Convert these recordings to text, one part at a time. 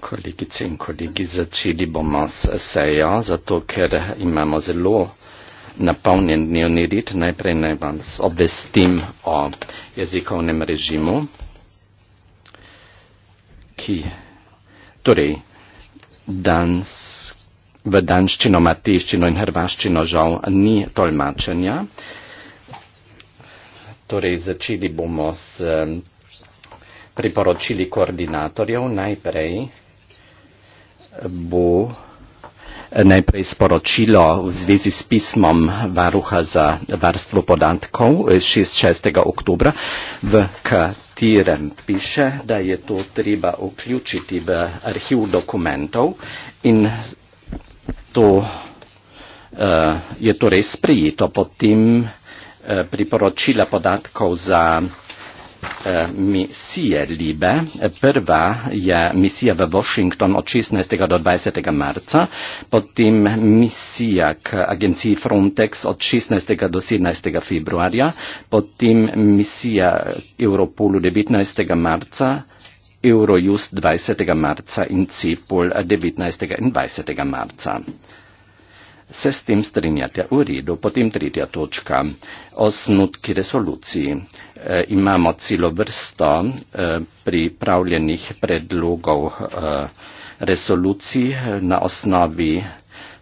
Kolegice in kolegi, začeli bomo s sejo, zato ker imamo zelo napolnjen dnevni red. Najprej naj vam obvestim o jezikovnem režimu, ki torej dans, v danščino, matiščino in hrvaščino žal ni tolmačenja. Torej, začeli bomo s priporočili koordinatorjev najprej bo najprej sporočilo v zvezi s pismom Varuha za varstvo podatkov 6. Eh, oktobra, v katerem piše, da je to treba vključiti v arhiv dokumentov in to uh, je torej sprejeto. Potem uh, priporočila podatkov za Eh, misije Libe. Prva je misija v Washington od 16. do 20. marca, potem misija k agenciji Frontex od 16. do 17. februarja, potem misija Europolu 19. marca, Eurojust 20. marca in Cipol 19. in 20. marca se s tem strinjate. V redu, potem tretja točka. Osnutki resoluciji. E, imamo celo vrsto e, pripravljenih predlogov e, resolucij na osnovi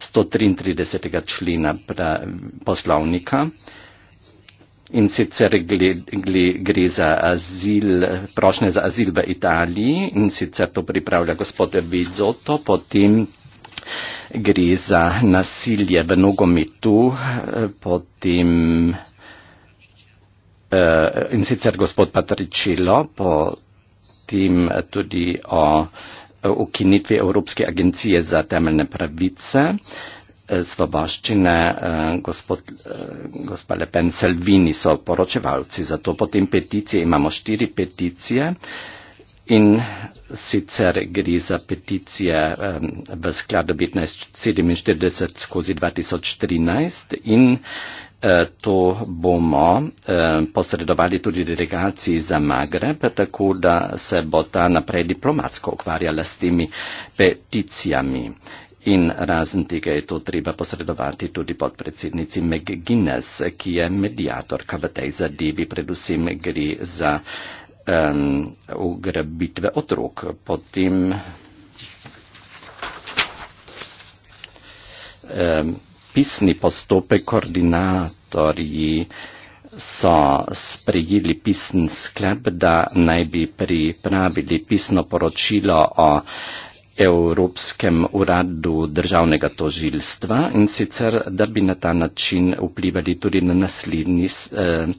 133. člena pra, poslovnika. In sicer gre za azil, prošnje za azil v Italiji in sicer to pripravlja gospod Vidzoto, potem gre za nasilje v nogometu, eh, potem eh, in sicer gospod Patričilo, potem tudi o ukinitvi Evropske agencije za temeljne pravice, eh, svoboščine, gospod, gospod Lepen Selvini so poročevalci, zato potem peticije, imamo štiri peticije, In sicer gre za peticije um, v skladu 1547 skozi 2013 in uh, to bomo uh, posredovali tudi delegaciji za Magreb, tako da se bo ta naprej diplomatsko ukvarjala s temi peticijami. In razen tega je to treba posredovati tudi podpredsednici McGuinness, ki je mediatorka v tej zadevi, predvsem gre za. Uh, ugrabitve um, otrok. Potem um, pisni postopek koordinatorji so sprejeli pisen sklep, da naj bi pripravili pisno poročilo o Evropskem uradu državnega tožilstva in sicer, da bi na ta način vplivali tudi na naslednji. Um,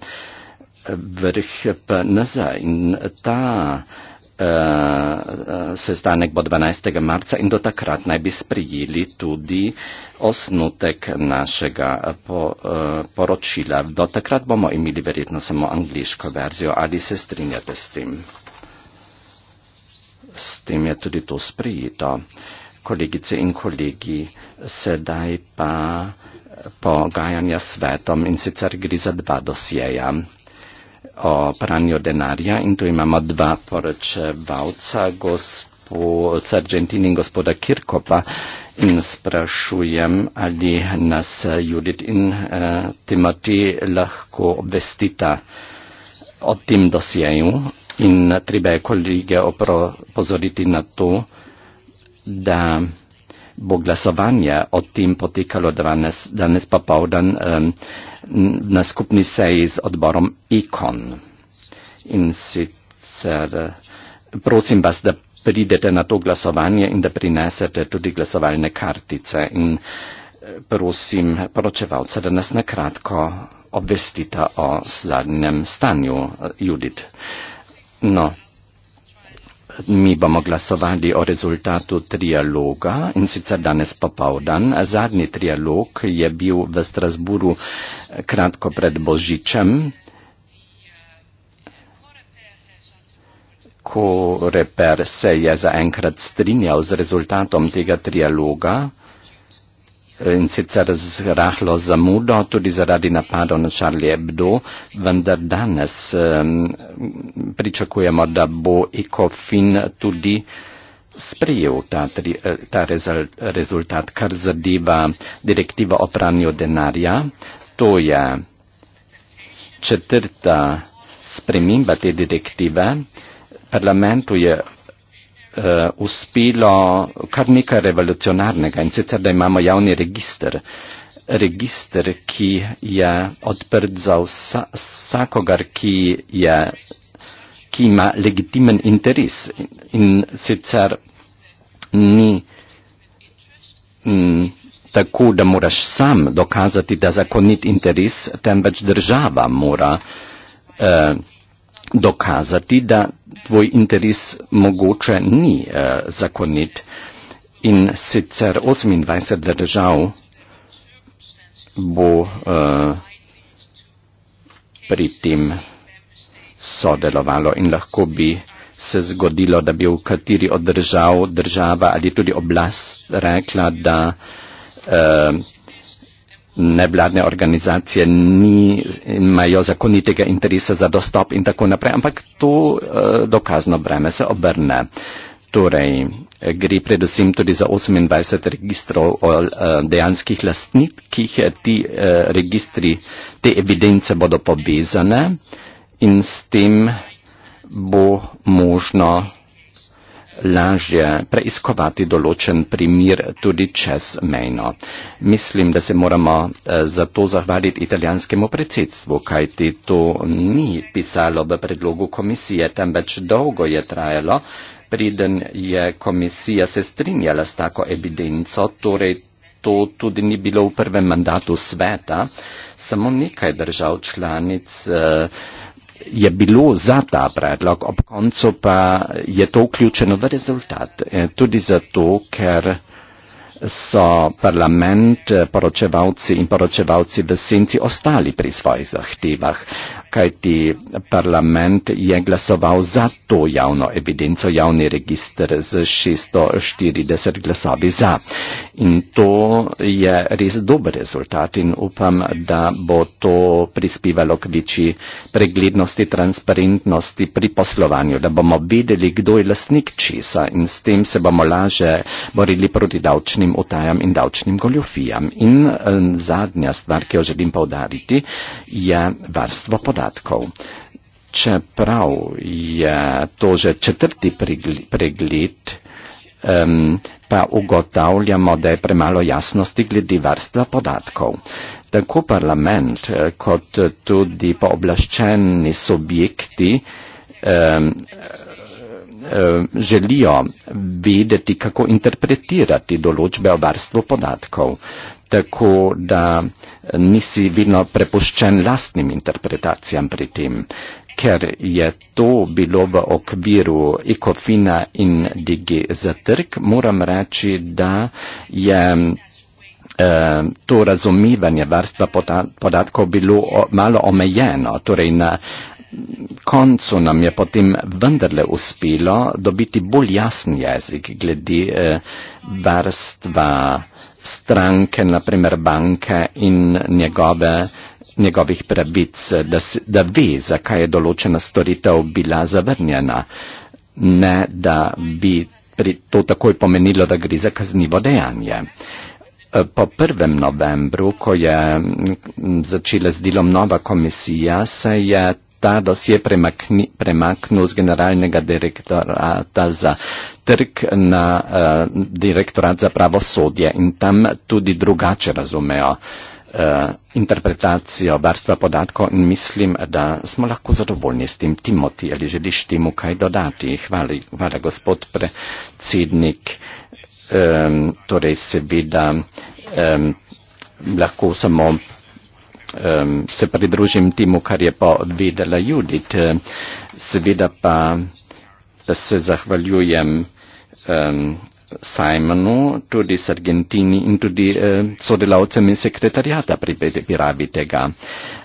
vrh PNZ in ta eh, eh, sestanek bo 12. marca in do takrat naj bi sprijeli tudi osnutek našega eh, poročila. Do takrat bomo imeli verjetno samo angliško verzijo. Ali se strinjate s tem? S tem je tudi to sprijeto. Kolegice in kolegi, sedaj pa pogajanja svetom in sicer gre za dva dosjeja o praniu denaria, intu imamo dva poročevalca, gospod Sargentin in gospoda Kirkopa, in sprašujem, ali nas Judit in uh, eh, Timoti lahko obvestita o tem dosjeju in treba je kolege opozoriti na to, da bo glasovanje o tem potekalo danes, danes popovdan um, na skupni seji z odborom ICON. In sicer eh, prosim vas, da pridete na to glasovanje in da prinesete tudi glasovalne kartice. In eh, prosim poročevalce, da nas nakratko obvestite o zadnjem stanju, eh, Judith. No, Mi bomo glasovali o rezultatu trialoga in sicer danes popovdan. Zadnji trialog je bil v Strasburu eh, kratko pred Božičem, ko reper se je zaenkrat strinjal z rezultatom tega trialoga in sicer z rahlo zamudo, tudi zaradi napadov na Charlie Hebdo, vendar danes um, pričakujemo, da bo ECOFIN tudi sprejel ta, tri, eh, ta rezul, rezultat, kar zadeva direktiva o pranju denarja. To je četrta sprememba te direktive. Parlamentu je uh, uspelo kar nekaj revolucionarnega in sicer, da imamo javni register. Register, ki je odprt za vsa, vsakogar, ki, je, ki ima legitimen interes in, in sicer ni m, mm, tako, da moraš sam dokazati, da zakonit interes, temveč država mora. Uh, dokazati, da tvoj interes mogoče ni uh, zakonit. In sicer 28 držav bo uh, pri tem sodelovalo in lahko bi se zgodilo, da bi v kateri od držav država ali tudi oblast rekla, da uh, nevladne organizacije ni, imajo zakonitega interesa za dostop in tako naprej, ampak tu eh, dokazno breme se obrne. Torej, eh, gre predvsem tudi za 28 registrov o eh, dejanskih lastnikih, ti registri, te evidence bodo povezane in s tem bo možno lažje preiskovati določen primir tudi čez mejno. Mislim, da se moramo eh, zato zahvaliti italijanskemu predsedstvu, kajti to ni pisalo v predlogu komisije, temveč dolgo je trajalo, preden je komisija se strinjala s tako evidenco, torej to tudi ni bilo v prvem mandatu sveta, samo nekaj držav članic. Eh, je bilo za ta predlog, ob koncu pa je to vključeno v rezultat. E, tudi zato, ker so parlament, poročevalci in poročevalci v senci ostali pri svojih zahtevah kajti parlament je glasoval za to javno evidenco, javni registr z 640 glasovi za. In to je res dober rezultat in upam, da bo to prispevalo k večji preglednosti, transparentnosti pri poslovanju, da bomo videli, kdo je lasnik česa in s tem se bomo laže borili proti davčnim utajam in davčnim goljofijam. In eh, zadnja stvar, ki jo želim povdariti, je varstvo podatkov podatkov. Čeprav je to že četrti pregled, um, pa ugotavljamo, da je premalo jasnosti glede varstva podatkov. Tako parlament eh, kot tudi pooblaščeni subjekti um, želijo vedeti, kako interpretirati določbe o varstvu podatkov tako da nisi vedno prepuščen lastnim interpretacijam pri tem, ker je to bilo v okviru ekofina in digi za trg, moram reči, da je eh, to razumevanje varstva podatkov bilo malo omejeno. Torej na koncu nam je potem vendarle uspelo dobiti bolj jasen jezik glede eh, varstva podatkov stranke, naprimer banke in njegove, njegovih pravic, da, da ve, zakaj je določena storitev bila zavrnjena, ne da bi pri, to takoj pomenilo, da gre za kaznivo dejanje. Po 1. novembru, ko je začela z delom nova komisija, se je ta dosje premakni, premaknil z generalnega direktorata za trg na uh, direktorat za pravosodje in tam tudi drugače razumejo eh, interpretacijo varstva podatkov in mislim, da smo lahko zadovoljni s tem Timoti, ali želiš temu kaj dodati. Hvala, hvala gospod predsednik. Um, torej, seveda um, lahko samo um, se pridružim temu, kar je pa vedela Judit. Ehm, seveda pa se zahvaljujem um, Simonu, tudi Sargentini in tudi uh, sodelavcem in sekretarjata pri pripravi tega.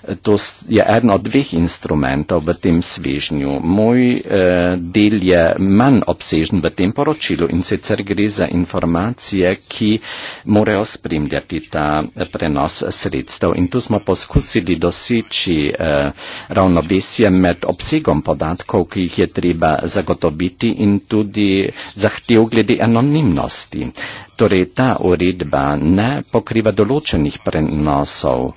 Uh, To je eden od dveh instrumentov v tem svežnju. Moj eh, del je manj obsežen v tem poročilu in sicer gre za informacije, ki morajo spremljati ta eh, prenos sredstev. In tu smo poskusili doseči eh, ravnovesje med obsegom podatkov, ki jih je treba zagotoviti in tudi zahtev glede anonimnosti. Torej ta uredba ne pokriva določenih prenosov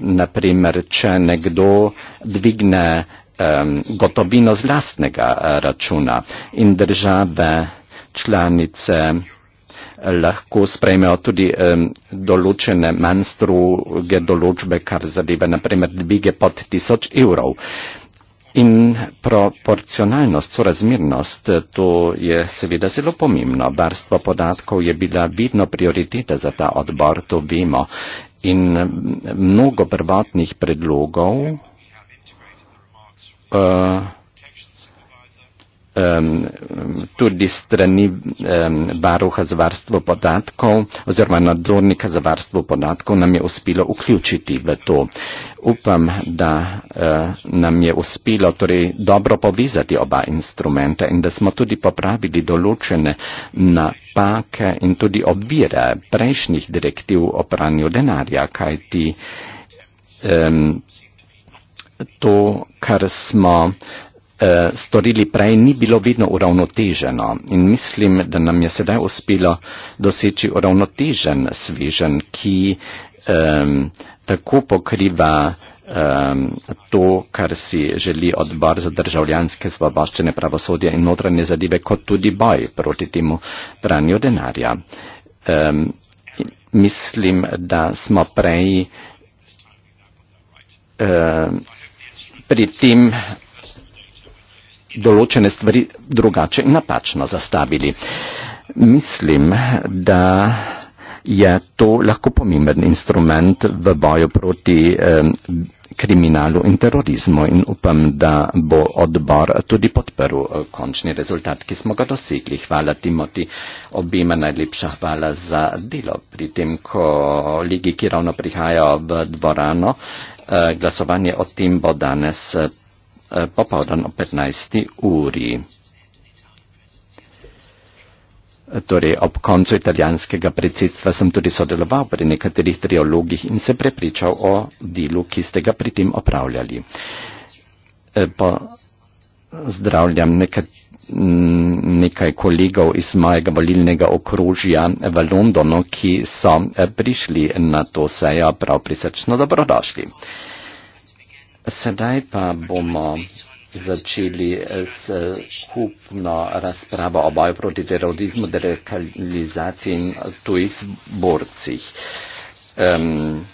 naprimer, če nekdo dvigne gotovino z lastnega eh, računa in države članice eh, lahko sprejmejo tudi določene manj stroge določbe, kar zadeva naprimer dvige pod tisoč evrov. In proporcionalnost, sorazmernost, eh, to je seveda zelo pomembno. Varstvo podatkov je bila vidno prioriteta za ta odbor, to vemo in eh, mnogo prvotnih predlogov, uh, Ehm, tudi strani ehm, varuha za varstvo podatkov oziroma nadzornika za varstvo podatkov nam je uspelo vključiti v to. Upam, da eh, nam je uspelo torej dobro povezati oba instrumenta in da smo tudi popravili določene napake in tudi obvire prejšnjih direktiv o pranju denarja, kajti ehm, to, kar smo Eh, storili prej, ni bilo vedno uravnoteženo. In mislim, da nam je sedaj uspelo doseči uravnotežen svežen, ki um, tako pokriva um, to, kar si želi odbor za državljanske svoboščine, pravosodje in notranje zadeve, kot tudi boj proti temu pranju denarja. Um, mislim, da smo prej um, pri tem določene stvari drugače in napačno zastavili. Mislim, da je to lahko pomemben instrument v boju proti eh, kriminalu in terorizmu in upam, da bo odbor tudi podprl eh, končni rezultat, ki smo ga dosegli. Hvala Timoti, obima najlepša hvala za delo pri tem, ko ligi, ki ravno prihajajo v dvorano, eh, glasovanje o tem bo danes eh, Eh, popovdan ob 15. uri. Torej, ob koncu italijanskega predsedstva sem tudi sodeloval pri nekaterih triologih in se prepričal o delu, ki ste ga pri tem opravljali. Eh, pozdravljam nekaj kolegov iz mojega volilnega okrožja v Londonu, ki so eh, prišli na to sejo prav prisrčno dobrodošli. Sedaj pa bomo začeli s skupno razpravo o boju proti terorizmu, delegalizaciji in tujih borcih. Um,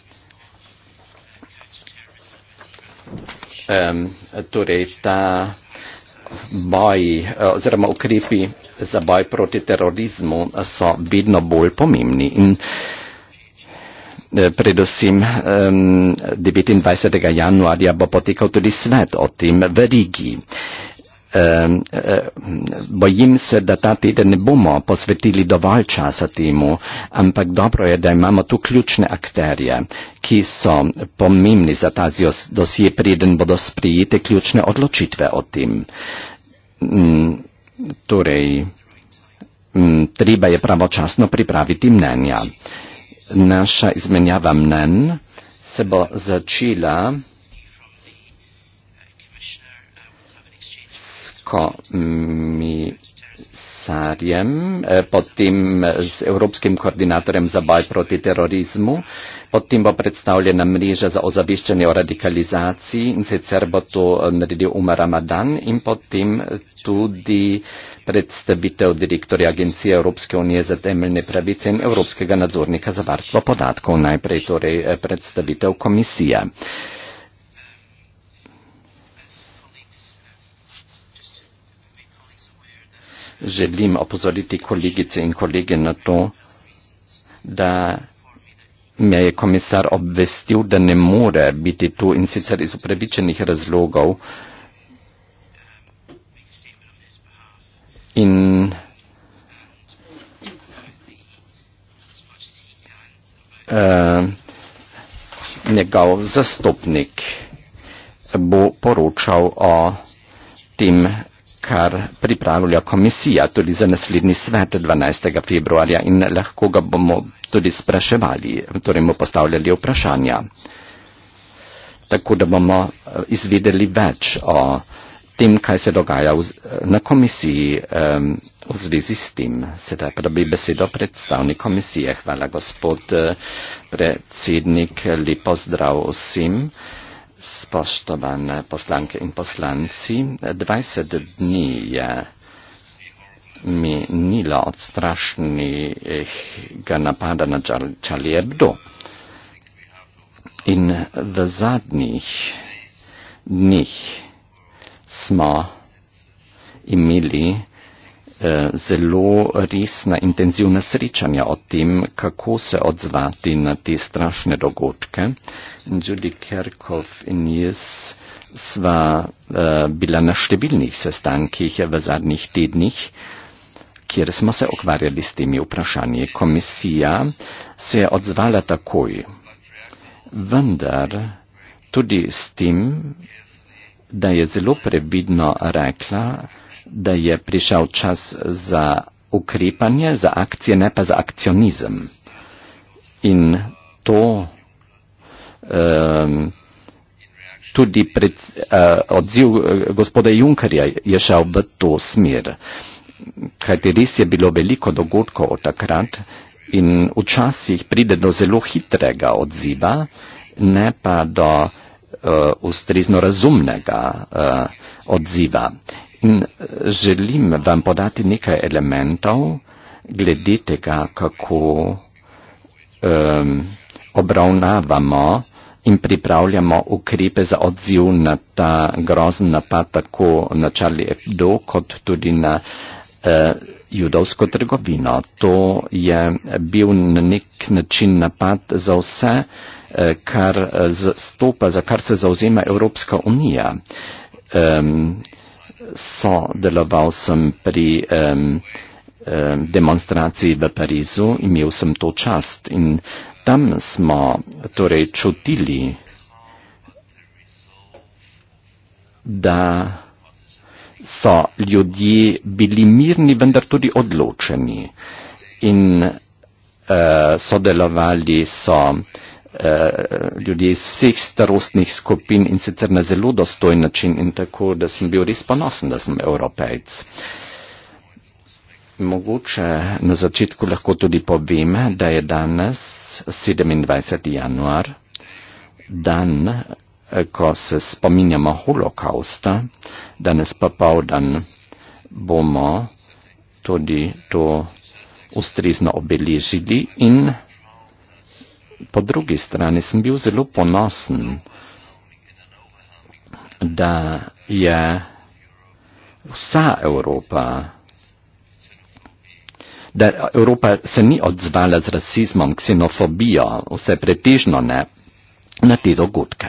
um, torej ta boj oziroma ukrepi za boj proti terorizmu so vedno bolj pomembni. In, um, Eh, predvsem 29. januarja bo potekal tudi svet o tem v Rigi. Eh, bojim se, da ta teden ne bomo posvetili dovolj časa temu, ampak dobro je, da imamo tu ključne akterje, ki so pomembni za ta dosje, preden bodo sprijete ključne odločitve o tem. Mm, torej, mm, treba je pravočasno pripraviti mnenja naša izmenjava mnen se bo začela s komisijo komisarjem, eh, potem eh, z Evropskim koordinatorjem za boj proti terorizmu, potem bo predstavljena mreža za ozaviščanje o radikalizaciji in sicer bo to eh, naredil Uma Ramadan in potem tudi predstavitev direktorja Agencije Evropske unije za temeljne pravice in Evropskega nadzornika za varstvo podatkov, najprej torej predstavitev komisije. želim opozoriti kolegice in kolege na to, da me je komisar obvestil, da ne more biti tu in sicer iz upravičenih razlogov. In uh, njegov zastopnik bo poročal o tem kar pripravlja komisija tudi za naslednji svet 12. februarja in lahko ga bomo tudi spraševali, torej mu postavljali vprašanja, tako da bomo eh, izvedeli več o tem, kaj se dogaja v, na komisiji um, v zvezi s tem. Sedaj pa dobi besedo predstavnik komisije. Hvala, gospod eh, predsednik. Lepo zdrav vsem. Uh, spoštovane poslanke in poslanci. 20 dni je minilo od strašnega napada na Čaljebdo in v zadnjih dnih smo imeli Eh, zelo resna, intenzivna srečanja o tem, kako se odzvati na te strašne dogodke. Judy Kerkov in jaz sva uh, bila na številnih sestankih v zadnjih tednih, kjer smo se ukvarjali s temi vprašanji. Komisija se je odzvala takoj, vendar tudi s tem, da je zelo previdno rekla, da je prišel čas za ukrepanje, za akcije, ne pa za akcionizem. In to um, tudi pred, uh, odziv eh, gospoda Junkerja je šel v to smer, kajti res je bilo veliko dogodkov od takrat in včasih pride do zelo hitrega odziva, ne pa do uh, ustrezno razumnega uh, odziva. In eh, želim vam podati nekaj elementov glede tega, kako um, obravnavamo in pripravljamo ukrepe za odziv na ta grozen napad, tako na Charlie Hebdo, kot tudi na uh, judovsko trgovino. To je bil na nek način napad za vse, eh, kar stopa, za kar se zauzema Evropska unija. Um, sodeloval sem pri um, um, demonstraciji v Parizu, imel sem to čast in tam smo torej čutili, da so ljudje bili mirni, vendar tudi odločeni in uh, sodelovali so uh, Eh, ljudje iz vseh starostnih skupin in sicer na zelo dostojen način in tako, da sem bil res ponosen, da sem evropejc. Mogoče na začetku lahko tudi povem, da je danes 27. januar, dan, eh, ko se spominjamo holokausta, danes pa povdan bomo tudi to ustrezno obeležili in po drugi strani sem bil zelo ponosen, da je vsa Evropa, da Evropa se ni odzvala z rasizmom, ksenofobijo, vse pretižno ne, na te dogodke.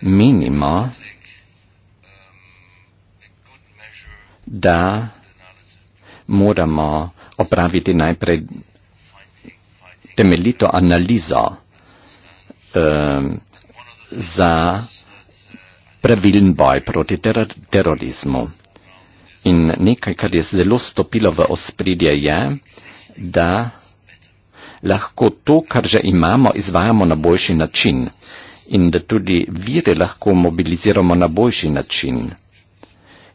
Menimo, da moramo opraviti najprej temeljito analizo eh, za pravilen boj proti ter terorizmu. In nekaj, kar je zelo stopilo v ospredje, je, da lahko to, kar že imamo, izvajamo na boljši način in da tudi vire lahko mobiliziramo na boljši način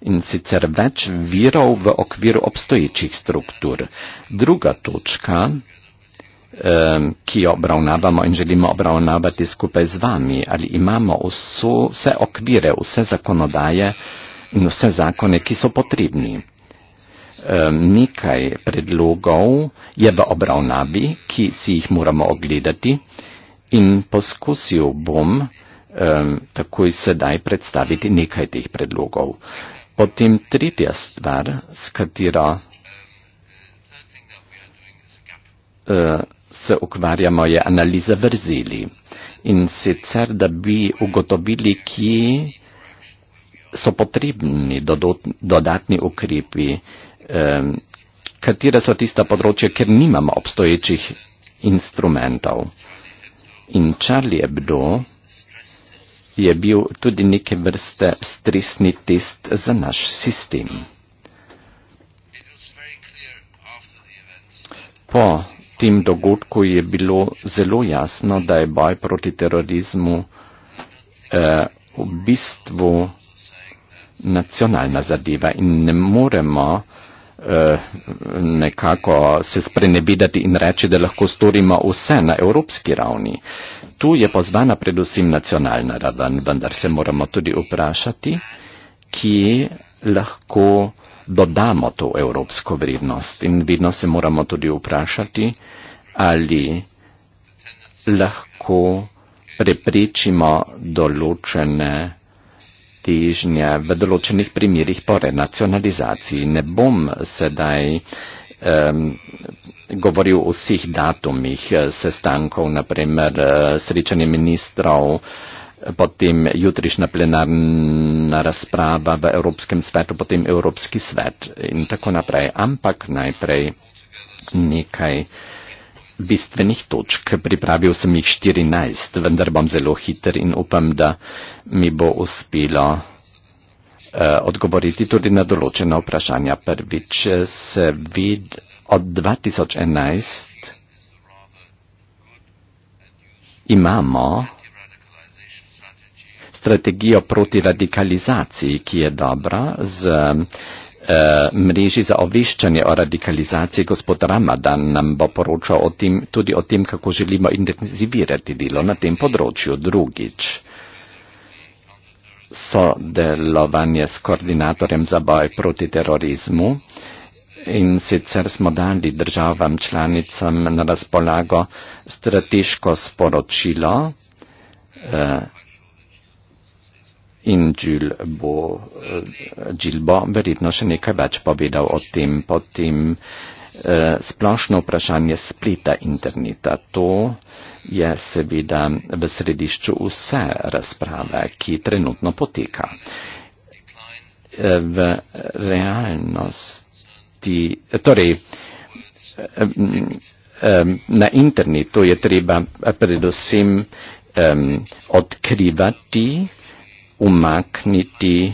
in sicer več virov v okviru obstoječih struktur. Druga točka, ki jo obravnavamo in želimo obravnavati skupaj z vami, ali imamo vso, vse okvire, vse zakonodaje in vse zakone, ki so potrebni. Nekaj predlogov je v obravnavi, ki si jih moramo ogledati in poskusil bom takoj sedaj predstaviti nekaj teh predlogov. Potem tretja stvar, s katero uh, se ukvarjamo, je analiza vrzeli. In sicer, da bi ugotovili, kje so potrebni dodatni ukrepi, um, e, katere so tista področja, ker nimamo obstoječih instrumentov. In Charlie Hebdo je bil tudi neke vrste stresni test za naš sistem. Po tem dogodku je bilo zelo jasno, da je boj proti terorizmu eh, v bistvu nacionalna zadeva in ne moremo eh, Eh, nekako se sprenebidati in reči, da lahko storimo vse na evropski ravni. Tu je pozvana predvsem nacionalna raven, vendar se moramo tudi vprašati, kje lahko dodamo to evropsko vrednost. In vedno se moramo tudi vprašati, ali lahko preprečimo določene težnje v določenih primerjih po renacionalizaciji. Ne bom sedaj um, govoril o vseh datumih eh, sestankov, naprimer eh, srečanje ministrov, potem jutrišnja plenarna razprava v Evropskem svetu, potem Evropski svet in tako naprej. Ampak najprej nekaj bistvenih točk, pripravil sem jih 14, vendar bom zelo hiter in upam, da mi bo uspelo eh, odgovoriti tudi na določena vprašanja. Prvič, eh, se vid od 2011 imamo strategijo proti radikalizaciji, ki je dobra z uh, Eh, mreži za obveščanje o radikalizaciji, gospod Ramadan nam bo poročal o tem, tudi o tem, kako želimo intenzivirati delo na tem področju. Drugič, sodelovanje s koordinatorjem za boj proti terorizmu in sicer smo dali državam članicam na razpolago strateško sporočilo. Eh, in Jul bo Džilbo eh, verjetno še nekaj več povedal o tem. Potem eh, splošno vprašanje spleta interneta. To je seveda v središču vse razprave, ki trenutno poteka. Eh, v realnosti, torej eh, na internetu je treba predvsem um, odkrivati, umakniti,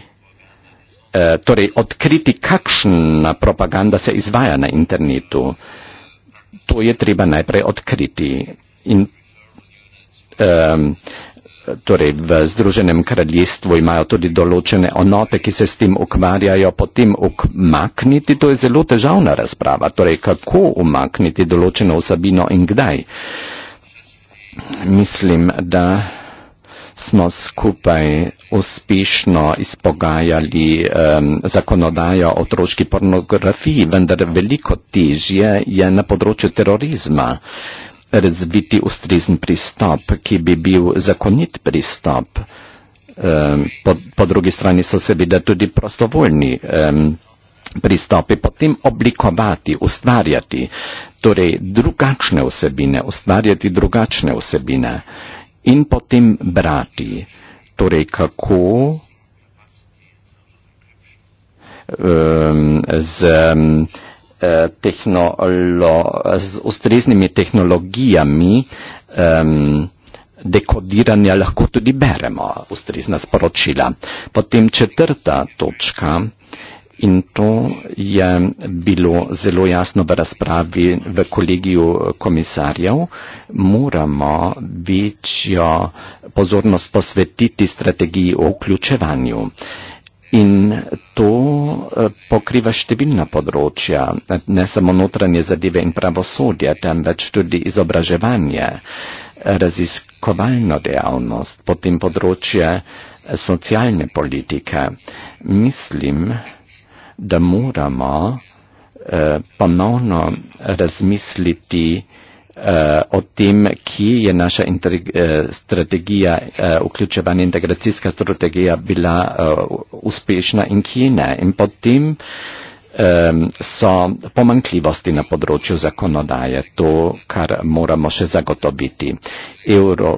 eh, torej odkriti, kakšna propaganda se izvaja na internetu. To je treba najprej odkriti. In, eh, torej v Združenem kraljestvu imajo tudi določene onote, ki se s tem ukvarjajo, potem umakniti, to je zelo težavna razprava. Torej, kako umakniti določeno vsebino in kdaj? Mislim, da smo skupaj uspešno izpogajali um, zakonodajo o otroški pornografiji, vendar veliko težje je na področju terorizma razviti ustrezen pristop, ki bi bil zakonit pristop. Um, po, po drugi strani so seveda tudi prostovoljni um, pristopi, potem oblikovati, ustvarjati, torej drugačne vsebine, ustvarjati drugačne vsebine in potem brati torej kako um, z, um, tehnolo, z ustreznimi tehnologijami um, dekodiranja lahko tudi beremo ustrezna sporočila. Potem četrta točka. In to je bilo zelo jasno v razpravi v kolegiju komisarjev. Moramo večjo pozornost posvetiti strategiji o vključevanju. In to eh, pokriva številna področja, ne samo notranje zadeve in pravosodje, temveč tudi izobraževanje, raziskovalno dejavnost, potem področje eh, socialne politike. Mislim, da moramo eh, ponovno razmisliti eh, o tem, ki je naša eh, strategija, vključevanje integracijska strategija bila uspešna in ki ne. In potem so pomankljivosti na področju zakonodaje, to, kar moramo še zagotoviti. Evropa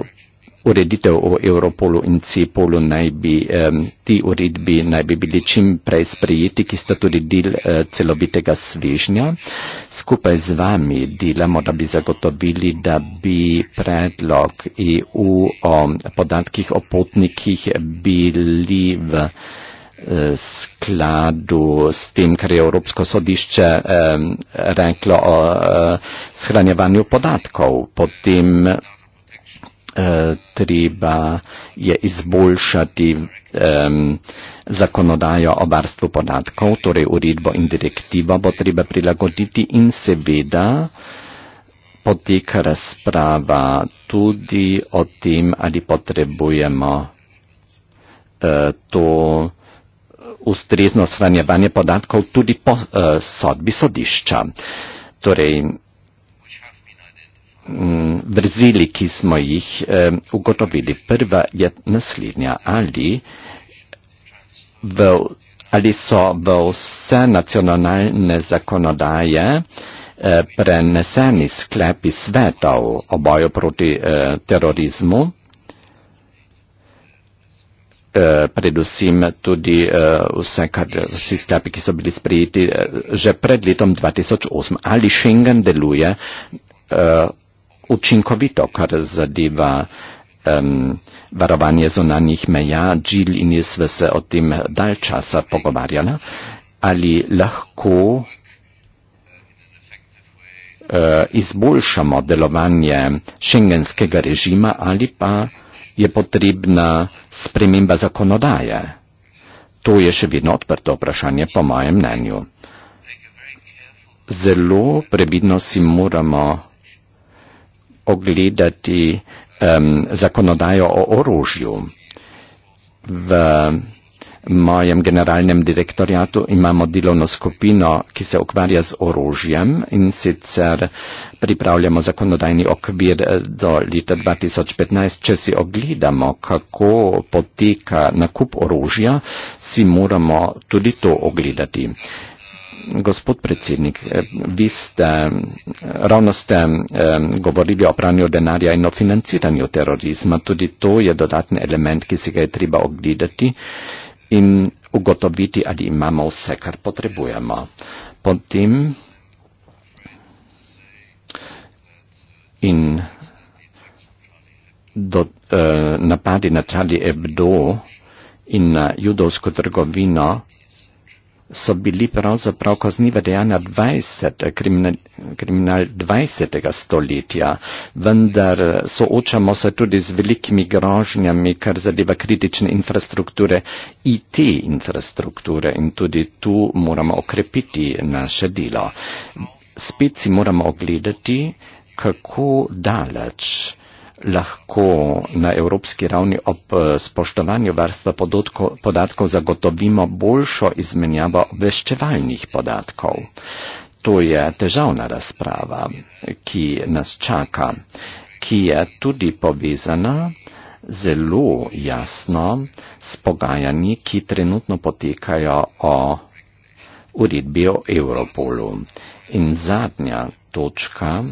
ureditev o Europolu in CIPOLu naj bi, eh, ti uredbi naj bi bili čim prej sprejeti, ki sta tudi del eh, celobitega svežnja. Skupaj z vami delamo, da bi zagotovili, da bi predlog EU o podatkih o potnikih bili v eh, skladu s tem, kar je Evropsko sodišče eh, reklo o eh, shranjevanju podatkov. Potem Eh, treba je izboljšati um, zakonodajo o varstvu podatkov, torej uredbo in direktivo bo treba prilagoditi in seveda poteka razprava tudi o tem, ali potrebujemo uh, to ustrezno shranjevanje podatkov tudi po uh, sodbi sodišča. Torej, Mm, vrzili, ki smo jih ugotovili. Prva je naslednja, ali, v, ali so v vse nacionalne zakonodaje eh, preneseni sklepi svetov o boju proti eh, terorizmu, eh, predvsem tudi vse, kar, vsi sklepi, ki so bili sprejeti že pred letom 2008, ali Schengen deluje učinkovito, kar zadeva um, varovanje zunanjih meja. Džil in jaz sva se o tem dalj časa pogovarjala, ali lahko e, izboljšamo delovanje šengenskega režima ali pa je potrebna sprememba zakonodaje. To je še vedno odprto vprašanje, po mojem mnenju. Zelo previdno si moramo ogledati um, zakonodajo o orožju. V mojem generalnem direktorjatu imamo delovno skupino, ki se ukvarja z orožjem in sicer pripravljamo zakonodajni okvir eh, do leta 2015. Če si ogledamo, kako poteka nakup orožja, si moramo tudi to ogledati gospod predsednik, eh, vi ste, eh, ravno ste eh, govorili o pranju denarja in o financiranju terorizma, tudi to je dodatni element, ki si ga je treba ogledati in ugotoviti, ali imamo vse, kar potrebujemo. Potem in do, eh, napadi na Charlie Hebdo in na judovsko trgovino so bili pravzaprav kazniva dejanja 20, kriminal 20. stoletja, vendar soočamo se tudi z velikimi grožnjami, kar zadeva kritične infrastrukture in te infrastrukture in tudi tu moramo okrepiti naše delo. Spet si moramo ogledati, kako daleč lahko na evropski ravni ob eh, spoštovanju varstva podatkov, podatkov zagotovimo boljšo izmenjavo obveščevalnih podatkov. To je težavna razprava, ki nas čaka, ki je tudi povezana zelo jasno s pogajanji, ki trenutno potekajo o uredbi o Europolu. In zadnja točka,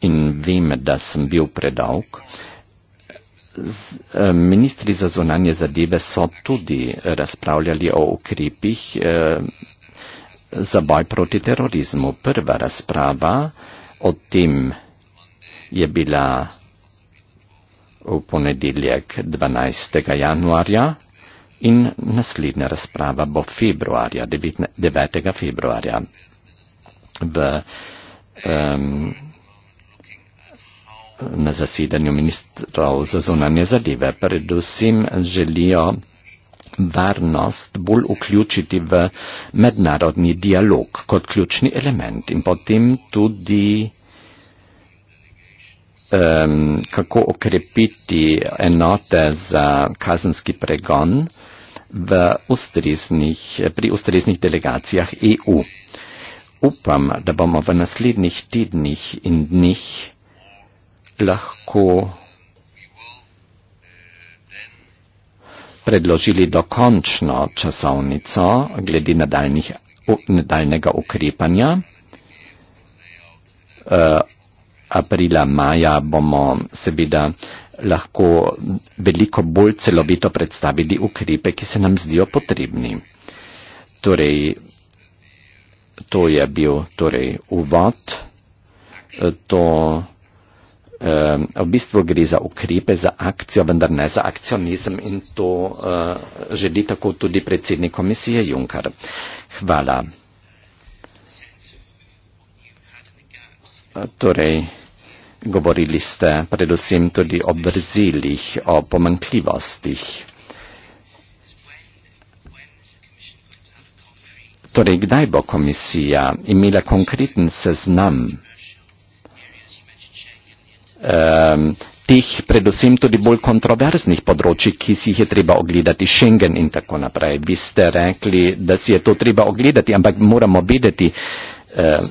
in vem, da sem bil predolg. Eh, ministri za zunanje zadeve so tudi razpravljali o ukrepih eh, za boj proti terorizmu. Prva razprava o tem je bila v ponedeljek 12. januarja in naslednja razprava bo februarja, 9. februarja. V, um, na zasedanju ministrov za zunanje zadeve. Predvsem želijo varnost bolj vključiti v mednarodni dialog kot ključni element in potem tudi um, kako okrepiti enote za kazenski pregon v ustreznih, pri ustreznih delegacijah EU. Upam, da bomo v naslednjih tednih in dneh lahko predložili dokončno časovnico glede nadaljnih, nadaljnega ukrepanja. Eh, aprila, maja bomo seveda lahko veliko bolj celovito predstavili ukrepe, ki se nam zdijo potrebni. Torej, to je bil torej, uvod. Eh, to Ehm, v bistvu gre za ukrepe, za akcijo, vendar ne za akcionizem in to eh, želi tako tudi predsednik komisije Junkar. Hvala. Eh, torej, govorili ste predvsem tudi o brzilih, o pomankljivostih. Torej, kdaj bo komisija imela konkreten seznam? Ehm, teh predvsem tudi bolj kontroverznih področji, ki si jih je treba ogledati, Schengen in tako naprej. Vi ste rekli, da si je to treba ogledati, ampak moramo vedeti, ehm,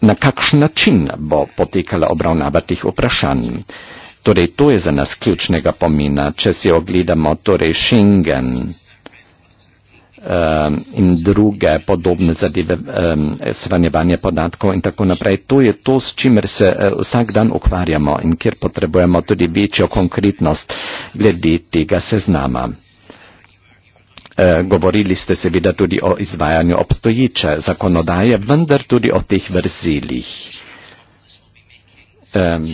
na kakšen način bo potekala obravnava teh vprašanj. Torej, to je za nas ključnega pomena, če si ogledamo torej Schengen um, in druge podobne zadeve, um, svanjevanje podatkov in tako naprej. To je to, s čimer se uh, vsak dan ukvarjamo in kjer potrebujemo tudi večjo konkretnost glede tega seznama. Eh, govorili ste seveda tudi o izvajanju obstoječe zakonodaje, vendar tudi o teh vrzelih. Um,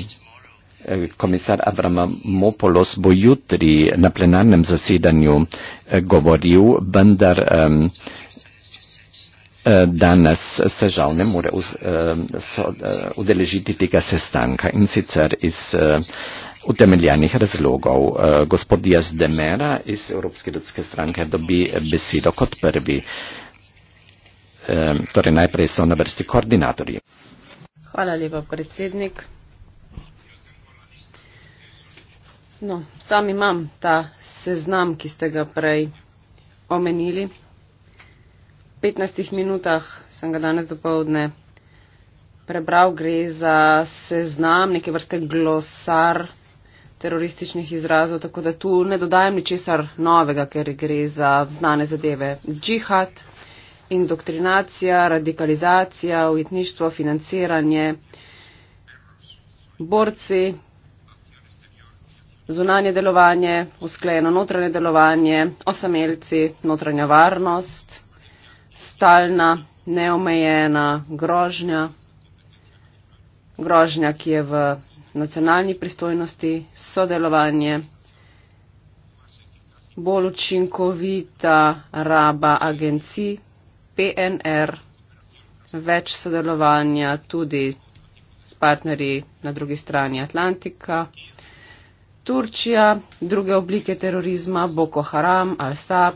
komisar Avramopoulos bo jutri na plenarnem zasedanju eh, govoril, vendar um, danes se žal ne more uz, um, so, uh, udeležiti tega sestanka in sicer iz uh, utemeljenih razlogov. Uh, gospod Jaz Demera iz Evropske ljudske stranke dobi besedo kot prvi. Um, torej najprej so na vrsti koordinatorji. Hvala lepa, predsednik. No, sam imam ta seznam, ki ste ga prej omenili. V 15 minutah sem ga danes dopoledne prebral. Gre za seznam, neke vrste glosar terorističnih izrazov, tako da tu ne dodajem ničesar novega, ker gre za znane zadeve. Džihad, indoktrinacija, radikalizacija, ujetništvo, financiranje, borci, zunanje delovanje, usklajeno notranje delovanje, osamelci, notranja varnost, stalna, neomejena grožnja, grožnja, ki je v nacionalni pristojnosti, sodelovanje, bolj učinkovita raba agencij, PNR, več sodelovanja tudi s partnerji na drugi strani Atlantika. Turčija, druge oblike terorizma, Boko Haram, Al-Sab,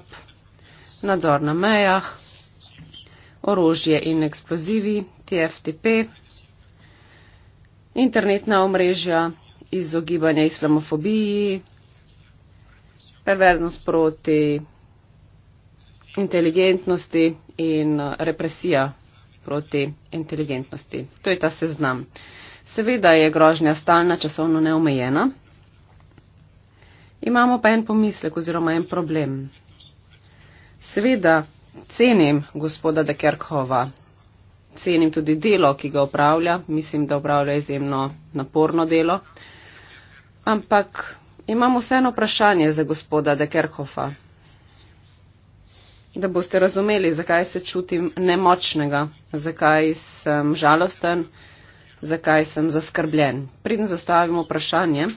nadzor na mejah, orožje in eksplozivi, TFTP, internetna omrežja, izogibanje islamofobiji, perverznost proti inteligentnosti in eh, represija proti inteligentnosti. To je ta seznam. Seveda je grožnja stalna, časovno neomejena. Imamo pa en pomislek oziroma en problem. Seveda cenim gospoda de Kerkhova, cenim tudi delo, ki ga upravlja, mislim, da upravlja izjemno naporno delo, ampak imam vseeno vprašanje za gospoda de Kerkhova, da boste razumeli, zakaj se čutim nemočnega, zakaj sem žalosten, zakaj sem zaskrbljen. Pridem zastavim vprašanje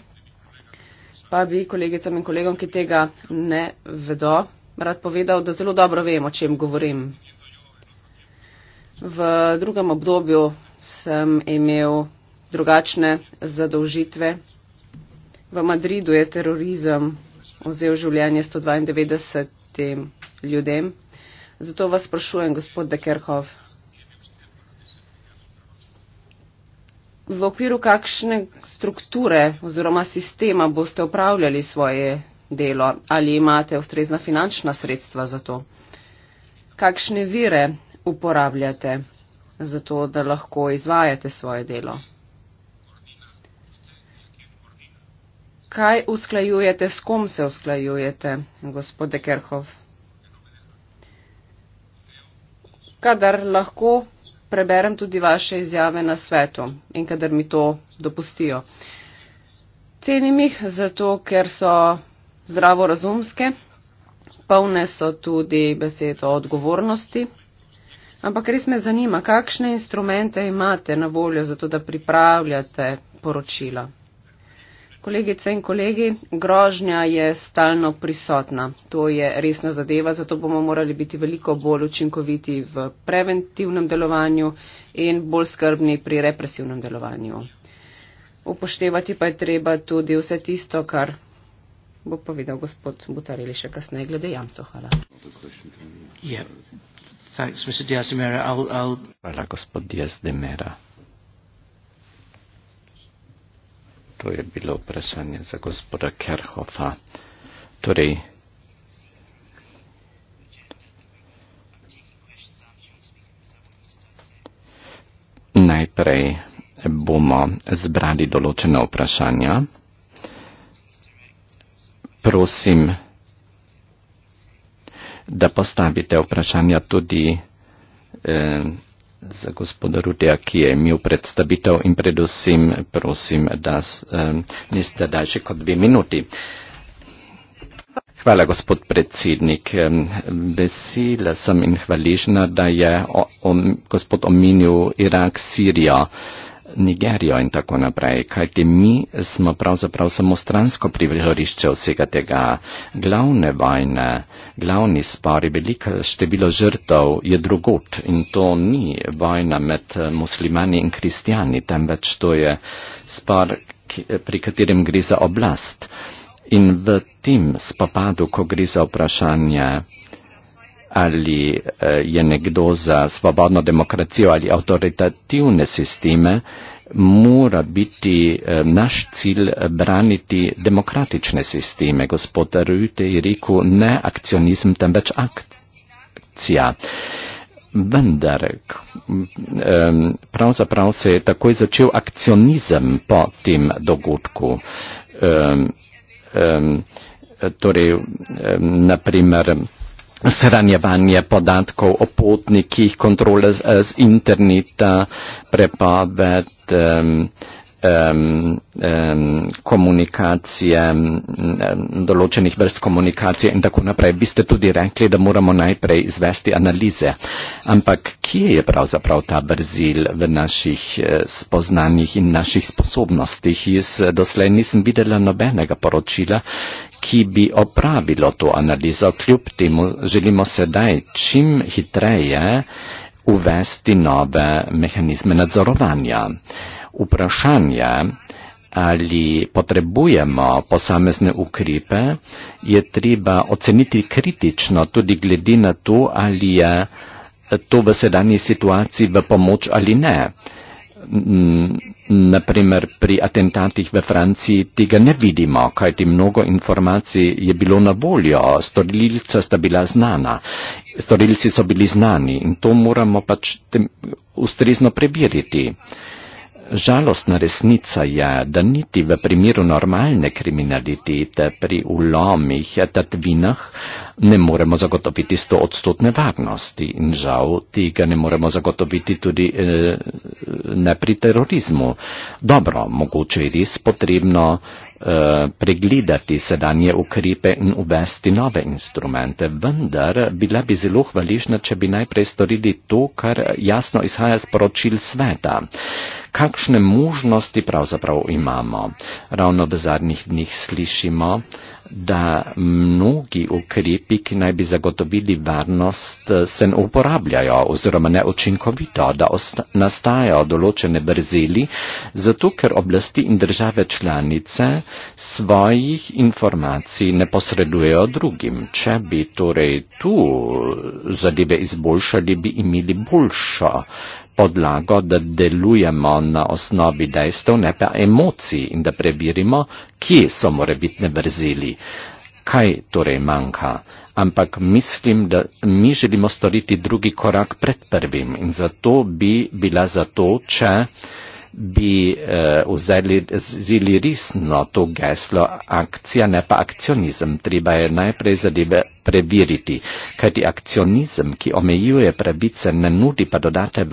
pa bi kolegicam in kolegom, ki tega ne vedo, rad povedal, da zelo dobro vem, o čem govorim. V drugem obdobju sem imel drugačne zadolžitve. V Madridu je terorizem vzel življenje 192 ljudem. Zato vas sprašujem, gospod Dekerhov, v okviru kakšne strukture oziroma sistema boste upravljali svoje delo? Ali imate ustrezna finančna sredstva za to? Kakšne vire uporabljate za to, da lahko izvajate svoje delo? Kaj usklajujete, s kom se usklajujete, gospod Dekerhov? Kadar lahko preberem tudi vaše izjave na svetu in kadar mi to dopustijo. Cenim jih zato, ker so zdravorazumske, polne so tudi besed o odgovornosti. Ampak res me zanima, kakšne instrumente imate na voljo za to, da pripravljate poročila. Kolegice in kolegi, grožnja je stalno prisotna. To je resna zadeva, zato bomo morali biti veliko bolj učinkoviti v preventivnem delovanju in bolj skrbni pri represivnem delovanju. Upoštevati pa je treba tudi vse tisto, kar bo povedal gospod Butareli še kasneje glede jamstva. Hvala. Yeah. Thanks, Hvala, gospod Diaz de Mera. To je bilo vprašanje za gospoda Kerhofa. Torej, najprej bomo zbrali določena vprašanja. Prosim, da postavite vprašanja tudi eh, za gospoda Rudija, ki je imel predstavitev in predvsem prosim, da um, niste daljši kot dve minuti. Hvala, gospod predsednik. Vesela sem in hvaležna, da je o, o, gospod omenil Irak, Sirijo. Um, Nigerijo in tako naprej, kajti mi smo pravzaprav samo stransko privežorišče vsega tega. Glavne vajne, glavni spori, veliko število žrtov je drugot in to ni vajna med eh, muslimani in kristijani, temveč to je spor, eh, pri katerem gre za oblast. In v tem spopadu, ko gre za vprašanje ali eh, je nekdo za svobodno demokracijo ali avtoritativne sisteme, mora biti eh, naš cilj eh, braniti demokratične sisteme. Gospod Rüte je rekel, ne akcionizem, temveč akcija. Vendar, eh, pravzaprav se je takoj začel akcionizem po tem dogodku. Eh, eh, torej, eh, naprimer, sranjevanje podatkov o potnikih, kontrole z, z interneta, prepoved um, um, um, komunikacije, um, določenih vrst komunikacije in tako naprej, bi ste tudi rekli, da moramo najprej izvesti analize. Ampak kje je pravzaprav ta brzil v naših eh, spoznanjih in naših sposobnostih? Jaz eh, doslej nisem videla nobenega poročila ki bi opravilo to analizo, kljub temu želimo sedaj čim hitreje uvesti nove mehanizme nadzorovanja vprašanje, ali potrebujemo posamezne ukripe, je treba oceniti kritično tudi glede na to, ali je eh, to v sedanji situaciji v pomoč ali ne. Mm, Naprimer, pri atentatih v Franciji tega ne vidimo, kajti mnogo informacij je bilo na voljo, storilca sta bila znana, storilci so bili znani in to moramo pač tem, ustrezno prebiriti. Uh, Žalostna resnica je, da niti v primeru normalne kriminalitete pri ulomih in tatvinah ne moremo zagotoviti stoodstotne varnosti in žal tega ne moremo zagotoviti tudi eh, ne pri terorizmu. Dobro, mogoče je res potrebno Eh, pregledati sedanje ukrepe in uvesti nove instrumente. Vendar bila bi zelo hvaležna, če bi najprej storili to, kar jasno izhaja z poročil sveta. Kakšne možnosti pravzaprav imamo? Ravno v zadnjih dneh slišimo, uh, da mnogi ukrepi, ki naj bi zagotovili varnost, se ne uporabljajo oziroma neučinkovito, da nastajajo določene brzeli, zato ker oblasti in države članice svojih informacij ne posredujejo drugim. Če bi torej tu zadeve izboljšali, bi imeli boljšo podlago, da delujemo na osnovi dejstev, ne pa emocij in da preverimo, kje so morebitne vrzeli, kaj torej manjka. Ampak mislim, da mi želimo storiti drugi korak pred prvim in zato bi bila zato, če. Uh, bi eh, vzeli, vzeli resno to geslo akcija, ne pa akcionizem. Treba je najprej zadeve preveriti, kajti akcionizem, ki omejuje pravice, ne nudi pa dodate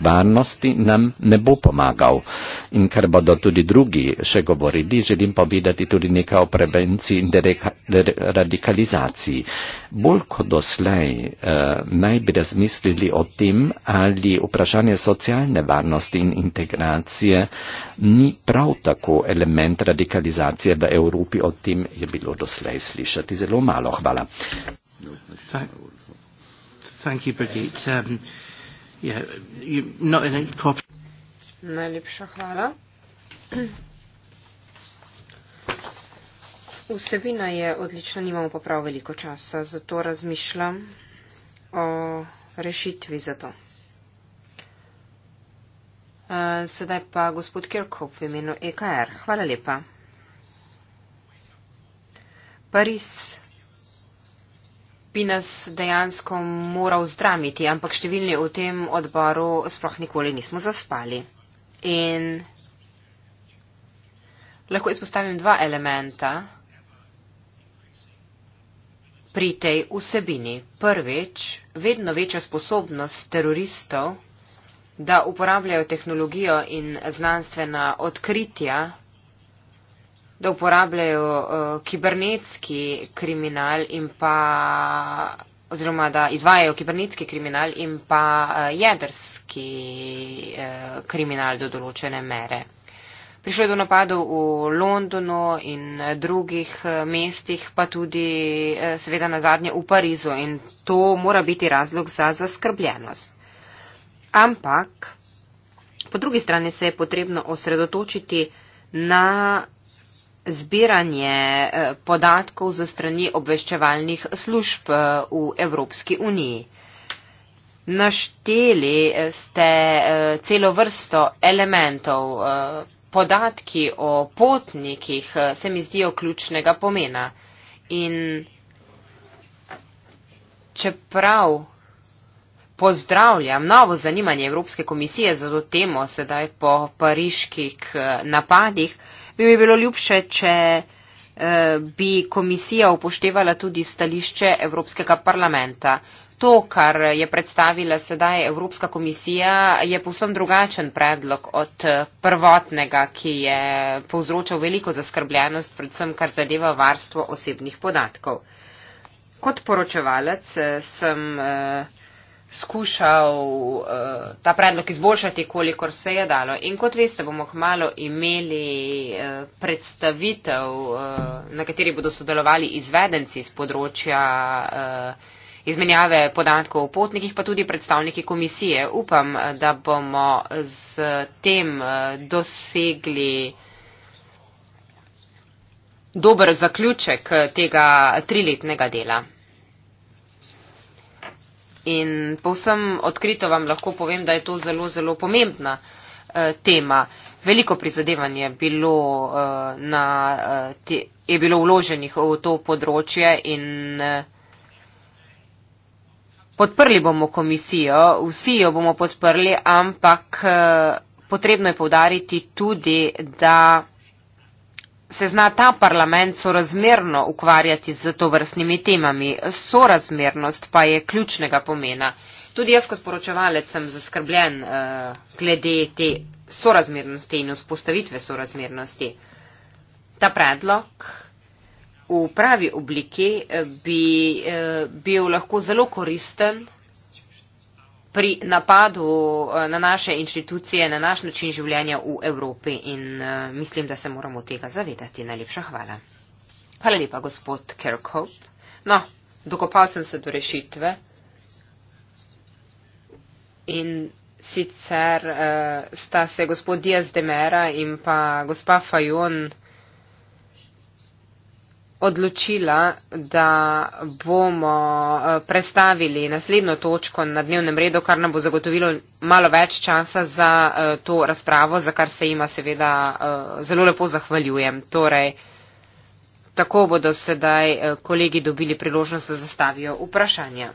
varnosti, nam ne bo pomagal. In ker bodo tudi drugi še govorili, želim povedati tudi nekaj o prevenciji in radikalizaciji. Bolj kot doslej eh, naj bi razmislili o tem, ali vprašanje socialne varnosti in integracije radikalizacije ni prav tako element radikalizacije v Evropi. O tem je bilo doslej slišati zelo malo. Hvala. Um, Najlepša hvala. Vsebina je odlična, nimamo pa prav veliko časa, zato razmišljam o rešitvi za to. Eh, sedaj pa gospod Kirkhoff v imenu EKR. Hvala lepa. Paris bi nas dejansko moral zdramiti, ampak številni v tem odboru sploh nikoli nismo zaspali. In lahko izpostavim dva elementa pri tej vsebini. Prvič, vedno večja sposobnost teroristov da uporabljajo tehnologijo in znanstvena odkritja, da uporabljajo uh, kibernetski kriminal in pa oziroma da izvajajo kibernetski kriminal in pa uh, jedrski uh, kriminal do določene mere. Prišlo je do napadov v Londonu in drugih mestih, pa tudi seveda na zadnje v Parizu in to mora biti razlog za zaskrbljenost. Ampak po drugi strani se je potrebno osredotočiti na zbiranje eh, podatkov za strani obveščevalnih služb eh, v Evropski uniji. Našteli eh, ste celo vrsto elementov. Podatki o potnikih se mi zdijo ključnega pomena. In čeprav Pozdravljam novo zanimanje Evropske komisije za to temo sedaj po pariških eh, napadih. Bi mi bilo ljubše, če eh, bi komisija upoštevala tudi stališče Evropskega parlamenta. To, kar je predstavila sedaj Evropska komisija, je povsem drugačen predlog od eh, prvotnega, ki je povzročal veliko zaskrbljenost, predvsem kar zadeva varstvo osebnih podatkov. Kot poročevalec sem. Eh, skušal uh, ta predlog izboljšati, kolikor se je dalo. In kot veste, bomo kmalo imeli uh, predstavitev, uh, na kateri bodo sodelovali izvedenci z področja uh, izmenjave podatkov o potnikih, pa tudi predstavniki komisije. Upam, da bomo z tem uh, dosegli dober zaključek tega triletnega dela. In povsem odkrito vam lahko povem, da je to zelo, zelo pomembna eh, tema. Veliko prizadevanj je bilo, eh, na, eh, te, je bilo vloženih v to področje in eh, podprli bomo komisijo, vsi jo bomo podprli, ampak eh, potrebno je povdariti tudi, da se zna ta parlament sorazmerno ukvarjati z to vrstnimi temami. Sorazmernost pa je ključnega pomena. Tudi jaz kot poročevalec sem zaskrbljen uh, glede te sorazmernosti in vzpostavitve sorazmernosti. Ta predlog v pravi obliki eh, bi uh, bil lahko zelo koristen pri napadu eh, na naše inštitucije, na naš način življenja v Evropi in eh, mislim, da se moramo tega zavedati. Najlepša hvala. Hvala lepa, gospod Kerkhope. No, dokopal sem se do rešitve in sicer uh, sta se gospod Diaz de Mera in pa gospa Fajon odločila, da bomo eh, prestavili naslednjo točko na dnevnem redu, kar nam bo zagotovilo malo več časa za eh, to razpravo, za kar se ima seveda eh, zelo lepo zahvaljujem. Torej, tako bodo sedaj kolegi dobili priložnost, da zastavijo vprašanja.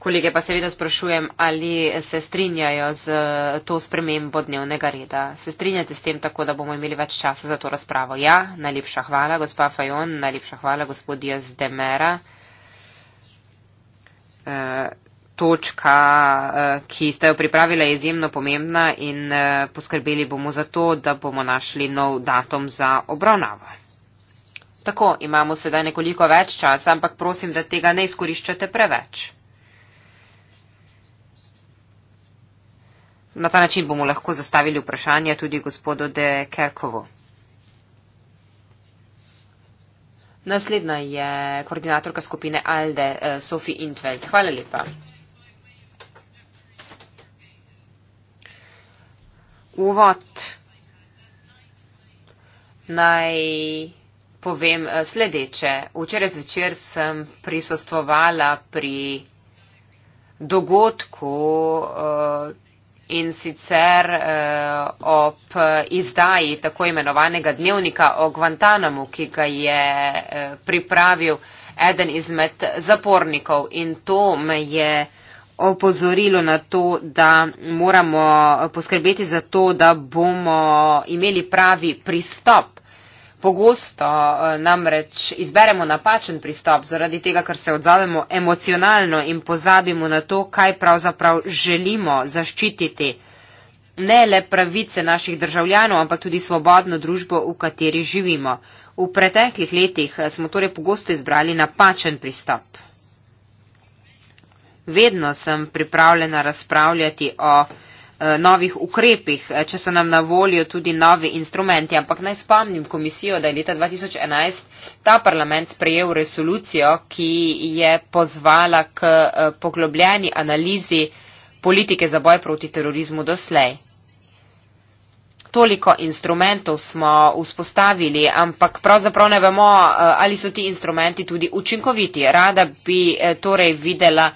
Kolege pa seveda sprašujem, ali se strinjajo z eh, to spremembo dnevnega reda. Se strinjate s tem tako, da bomo imeli več časa za to razpravo? Ja, najlepša hvala, gospa Fajon, najlepša hvala, gospod Jaz Demera. E, točka, eh, ki ste jo pripravila, je izjemno pomembna in poskrbeli bomo za to, da bomo našli nov datum za obravnavo. Tako, imamo sedaj nekoliko več časa, ampak prosim, da tega ne izkoriščate preveč. Na ta način bomo lahko zastavili vprašanje tudi gospodu De Kerkovu. Naslednja je koordinatorka skupine ALDE, eh, Sofi Intveld. Hvala lepa. Uvod. Naj povem eh, sledeče. Včeraj zvečer sem prisostvovala pri dogodku, eh, in sicer eh, ob izdaji tako imenovanega dnevnika o Guantanamu, ki ga je eh, pripravil eden izmed zapornikov in to me je opozorilo na to, da moramo poskrbeti za to, da bomo imeli pravi pristop Pogosto eh, namreč izberemo napačen pristop zaradi tega, ker se odzovemo emocionalno in pozabimo na to, kaj pravzaprav želimo zaščititi. Ne le pravice naših državljanov, ampak tudi svobodno družbo, v kateri živimo. V preteklih letih eh, smo torej pogosto izbrali napačen pristop. Vedno sem pripravljena razpravljati o Eh, novih ukrepih, eh, če so nam na voljo tudi novi instrumenti. Ampak naj spomnim komisijo, da je leta 2011 ta parlament sprejel resolucijo, ki je pozvala k eh, poglobljeni analizi politike za boj proti terorizmu doslej. Toliko instrumentov smo vzpostavili, ampak pravzaprav ne vemo, ali so ti instrumenti tudi učinkoviti. Rada bi torej videla,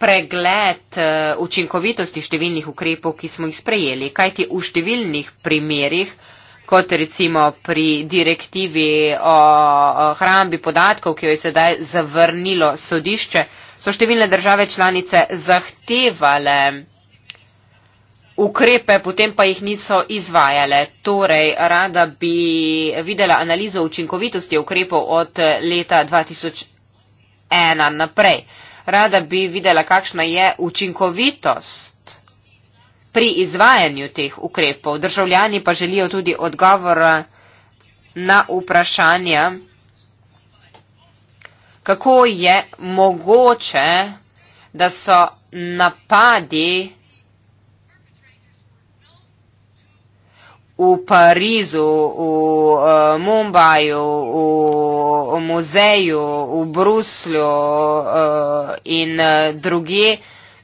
pregled eh, učinkovitosti številnih ukrepov, ki smo jih sprejeli. Kaj ti v številnih primerjih, kot recimo pri direktivi o hrambi podatkov, ki jo je sedaj zavrnilo sodišče, so številne države članice zahtevale ukrepe, potem pa jih niso izvajale. Torej, rada bi videla analizo učinkovitosti ukrepov od leta 2001 naprej rada bi videla, kakšna je učinkovitost pri izvajanju teh ukrepov. Državljani pa želijo tudi odgovora na vprašanja, kako je mogoče, da so napadi v Parizu, v uh, eh, Mumbaju, v, v muzeju, v Bruslju uh, in uh, druge,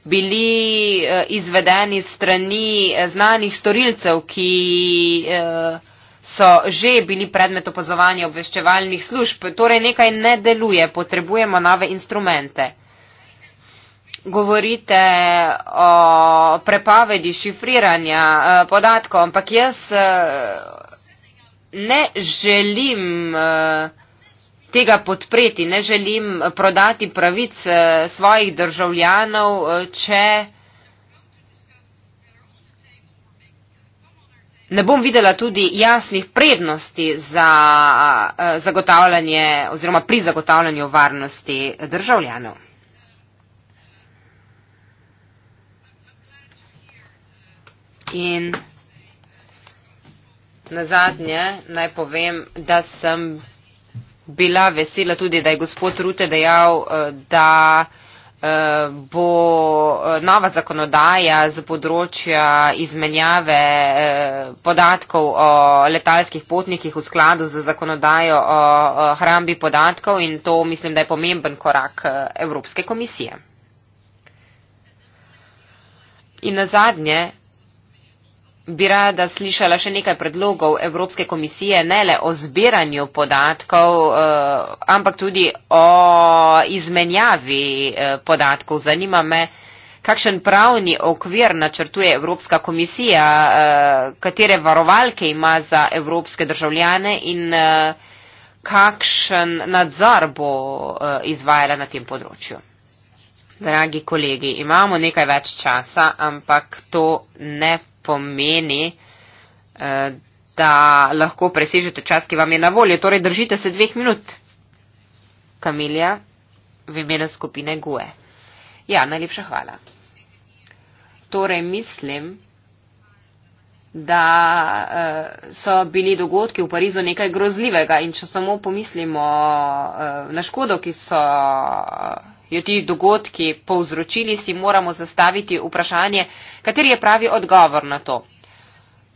bili uh, izvedeni strani znanih storilcev, ki uh, so že bili predmet opozovanja obveščevalnih služb. Torej nekaj ne deluje, potrebujemo nove instrumente govorite o prepovedi šifriranja eh, podatkov, ampak jaz eh, ne želim eh, tega podpreti, ne želim prodati pravic svojih državljanov, če ne bom videla tudi jasnih prednosti za zagotavljanje oziroma pri zagotavljanju varnosti državljanov. In na zadnje naj povem, da sem bila vesela tudi, da je gospod Rute dejal, eh, da eh, bo eh, nova zakonodaja z področja izmenjave podatkov o letalskih potnikih v skladu z zakonodajo o hrambi podatkov in to mislim, da je pomemben korak Evropske komisije. In na zadnje bi rada slišala še nekaj predlogov Evropske komisije, ne le o zbiranju podatkov, eh, ampak tudi o izmenjavi eh, podatkov. Zanima me, kakšen pravni okvir načrtuje Evropska komisija, eh, katere varovalke ima za evropske državljane in kakšen nadzor bo izvajala na tem področju. Dragi kolegi, imamo nekaj več časa, ampak to ne pomeni, eh, da lahko presežete čas, ki vam je na voljo. Torej, držite se dveh minut. Kamilja, v imenu skupine GUE. Ja, najlepša hvala. Torej, mislim, da eh, so bili dogodki v Parizu nekaj grozljivega in če samo pomislimo eh, na škodo, ki so jo ti dogodki povzročili, si moramo zastaviti vprašanje, kateri je pravi odgovor na to.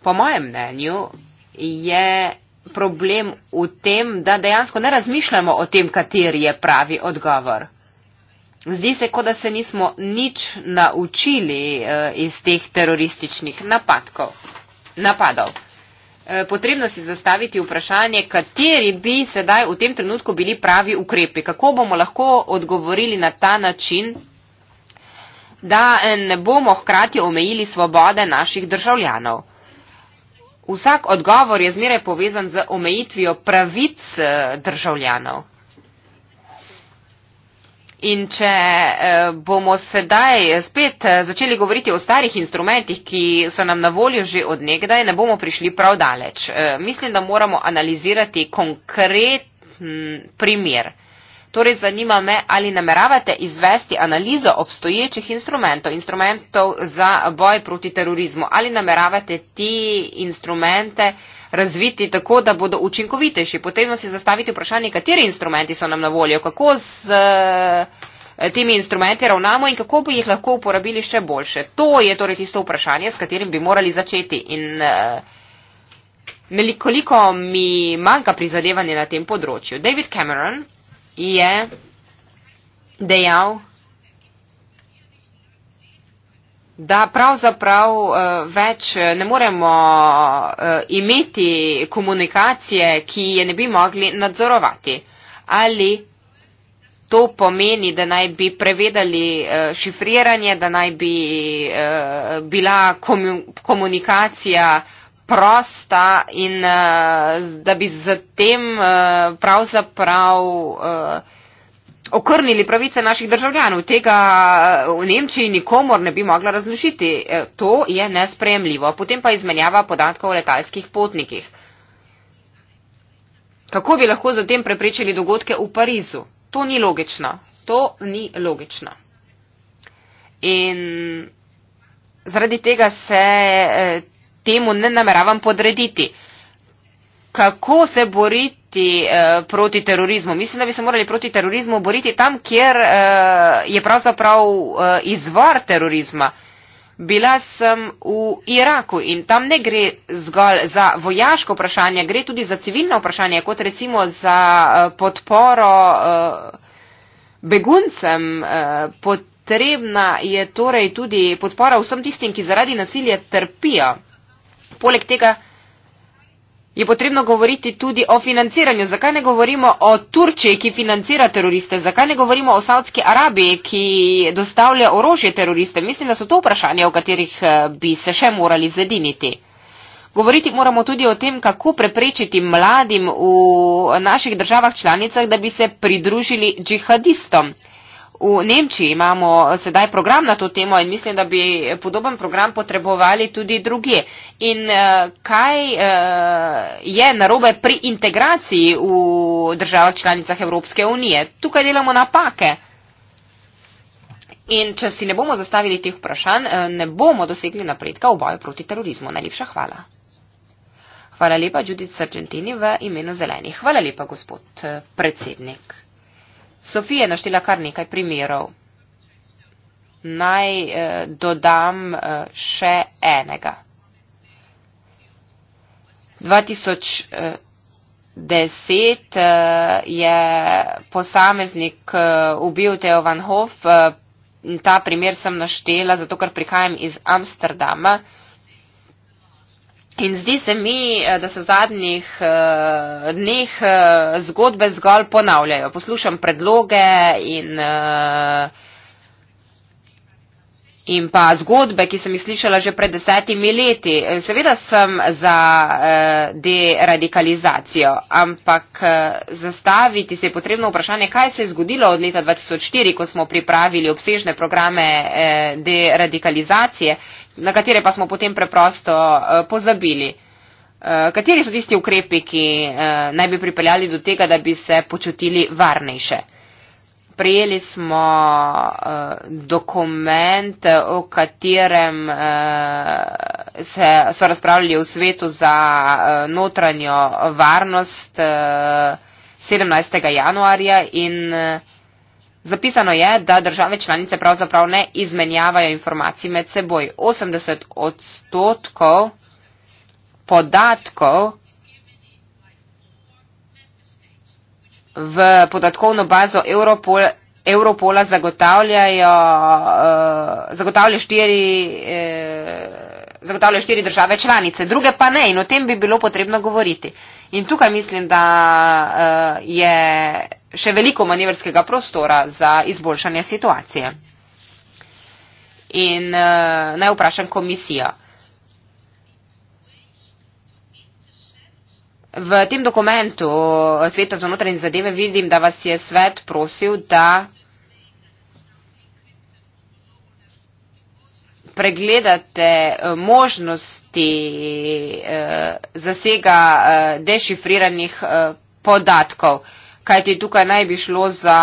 Po mojem mnenju je problem v tem, da dejansko ne razmišljamo o tem, kateri je pravi odgovor. Zdi se, kot da se nismo nič naučili eh, iz teh terorističnih napadkov, napadov. Eh, potrebno si zastaviti vprašanje, kateri bi sedaj v tem trenutku bili pravi ukrepi. Kako bomo lahko odgovorili na ta način, da eh, ne bomo hkrati omejili svobode naših državljanov. Vsak odgovor je zmeraj povezan z omejitvijo pravic eh, državljanov. In če eh, bomo sedaj spet eh, začeli govoriti o starih instrumentih, ki so nam na voljo že od nekdaj, ne bomo prišli prav daleč. Eh, mislim, da moramo analizirati konkreten primer. Torej, zanima me, ali nameravate izvesti analizo obstoječih instrumentov, instrumentov za boj proti terorizmu, ali nameravate te instrumente uh, razviti tako, da bodo učinkovitejši. Potrebno si zastaviti vprašanje, kateri instrumenti so nam na voljo, kako z eh, temi instrumenti ravnamo in kako bi jih lahko uporabili še boljše. To je torej tisto vprašanje, s katerim bi morali začeti. In, eh, Koliko mi manjka prizadevanje na tem področju? David Cameron je dejal, da pravzaprav eh, več eh, ne moremo eh, imeti komunikacije, ki je ne bi mogli nadzorovati. Ali to pomeni, da naj bi prevedali šifriranje, da naj bi bila komunikacija prosta in da bi zatem pravzaprav okrnili pravice naših državljanov. Tega eh, v Nemčiji nikomor ne bi mogla razložiti. Eh, to je nespremljivo. Potem pa izmenjava podatkov o letalskih potnikih. Kako bi lahko zatem preprečili dogodke v Parizu? To ni logično. To ni logično. In zaradi tega se eh, temu ne nameravam podrediti kako se boriti eh, proti terorizmu. Mislim, da bi se morali proti terorizmu boriti tam, kjer eh, je pravzaprav eh, izvor terorizma. Bila sem v Iraku in tam ne gre zgolj za vojaško vprašanje, gre tudi za civilno vprašanje, kot recimo za eh, podporo eh, beguncem. Eh, potrebna je torej tudi podpora vsem tistim, ki zaradi nasilja trpijo. Poleg tega, je potrebno govoriti tudi o financiranju. Zakaj ne govorimo o Turčiji, ki financira teroriste? Zakaj ne govorimo o Saudski Arabiji, ki dostavlja orožje teroriste? Mislim, da so to vprašanja, o katerih eh, bi se še morali zediniti. Govoriti moramo tudi o tem, kako preprečiti mladim v naših državah članicah, da bi se pridružili džihadistom. V Nemčiji imamo sedaj program na to temo in mislim, da bi podoben program potrebovali tudi druge. In eh, kaj eh, je narobe pri integraciji v državah članicah Evropske unije? Tukaj delamo napake. In če si ne bomo zastavili teh vprašanj, eh, ne bomo dosegli napredka v boju proti terorizmu. Najlepša hvala. Hvala lepa, Judith Sargentini, v imenu zelenih. Hvala lepa, gospod predsednik. Sofija je naštela kar nekaj primerov. Naj eh, dodam eh, še enega. 2010 eh, eh, je posameznik eh, ubil Teo Van Hof. Eh, ta primer sem naštela, zato ker prihajam iz Amsterdama. Eh, In zdi se mi, eh, da se v zadnjih eh, dneh eh, zgodbe zgolj ponavljajo. Poslušam predloge in, in pa zgodbe, ki sem jih slišala že pred desetimi leti. Seveda sem za deradikalizacijo, ampak zastaviti se je potrebno vprašanje, kaj se je zgodilo od leta 2004, ko smo pripravili obsežne programe deradikalizacije na katere pa smo potem preprosto uh, pozabili. Uh, kateri so tisti ukrepi, ki uh, naj bi pripeljali do tega, da bi se počutili varnejše? Prijeli smo uh, dokument, o katerem uh, se, so razpravljali v svetu za uh, notranjo varnost uh, 17. januarja in uh, Zapisano je, da države članice pravzaprav ne izmenjavajo informacij med seboj. 80 odstotkov podatkov v podatkovno bazo Europol, Europola zagotavljajo, uh, zagotavlja štiri. Uh, eh, zagotavljajo štiri države članice, druge pa ne in o tem bi bilo potrebno govoriti. In tukaj mislim, da uh, je še veliko manevrskega prostora za izboljšanje situacije. In uh, naj vprašam komisijo. V tem dokumentu eh, Sveta za notranje zadeve vidim, da vas je svet prosil, da pregledate eh, možnosti eh, zasega eh, dešifriranih podatkov, kajti tukaj naj bi šlo za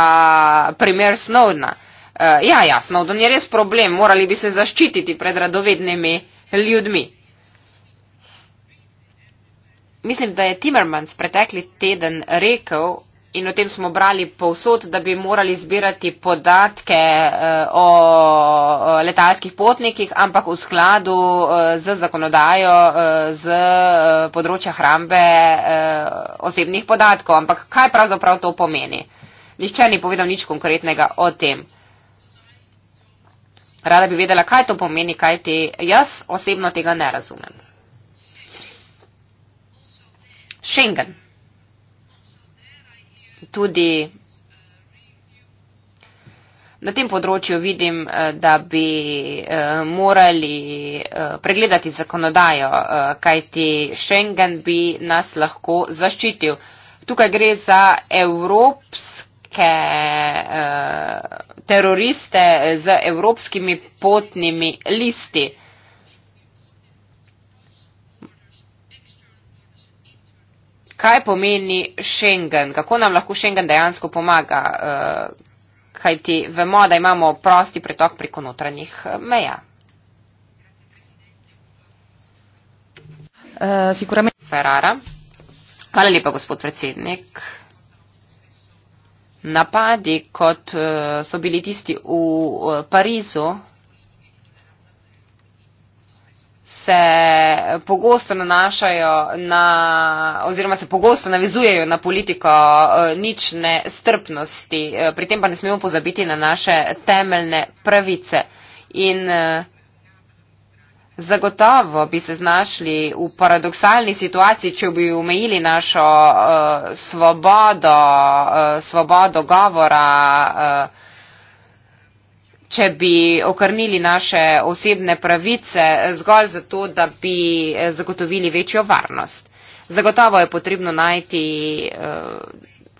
primer Snowdena. Ja, ja, Snowden je res problem, morali bi se zaščititi pred radovednimi ljudmi. Mislim, da je Timmermans pretekli teden rekel, In o tem smo brali povsod, da bi morali zbirati podatke eh, o letalskih potnikih, ampak v skladu eh, z zakonodajo, eh, z področja hrambe osebnih podatkov. Ampak kaj pravzaprav to pomeni? Nihče ni povedal nič konkretnega o tem. Rada bi vedela, kaj to pomeni, kaj ti jaz osebno tega ne razumem. Schengen tudi na tem področju vidim, eh, da bi eh, morali eh, pregledati zakonodajo, kajti Schengen bi nas lahko zaščitil. Tukaj gre za evropske teroriste z evropskimi potnimi listi. kaj pomeni Schengen, kako nam lahko Schengen dejansko pomaga, eh, kaj ti vemo, da imamo prosti pretok preko notranjih eh, meja. Eh, Ferrara. Hvala lepa, gospod predsednik. Napadi, kot so bili tisti v Parizu, se pogosto nanašajo na, oziroma se pogosto navizujejo na politiko eh, nične strpnosti, eh, pri tem pa ne smemo pozabiti na naše temeljne pravice. In eh, zagotovo bi se znašli v paradoksalni situaciji, če bi omejili našo svobodo, svobodo govora, če bi okrnili naše osebne pravice zgolj zato, da bi eh, zagotovili večjo varnost. Zagotovo je potrebno najti uh,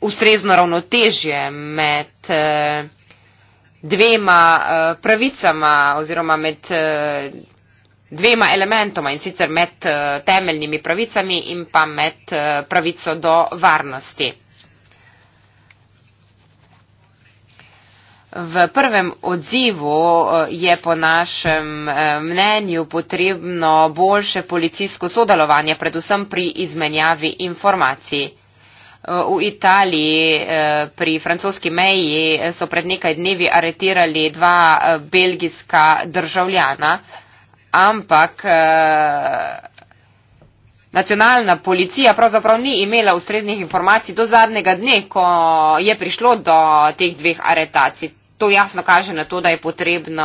ustrezno ravnotežje med uh, dvema uh, pravicama oziroma med uh, dvema elementoma in sicer med temeljnimi pravicami in pa med pravico do varnosti. V prvem odzivu eh, je po našem eh, mnenju potrebno boljše policijsko sodelovanje, predvsem pri izmenjavi informacij. Eh, v Italiji pri francoski meji so pred nekaj dnevi aretirali dva belgijska državljana, ampak nacionalna policija pravzaprav ni imela ustrednih informacij do zadnjega dne, ko je prišlo do teh dveh aretacij to jasno kaže na to, da je potrebno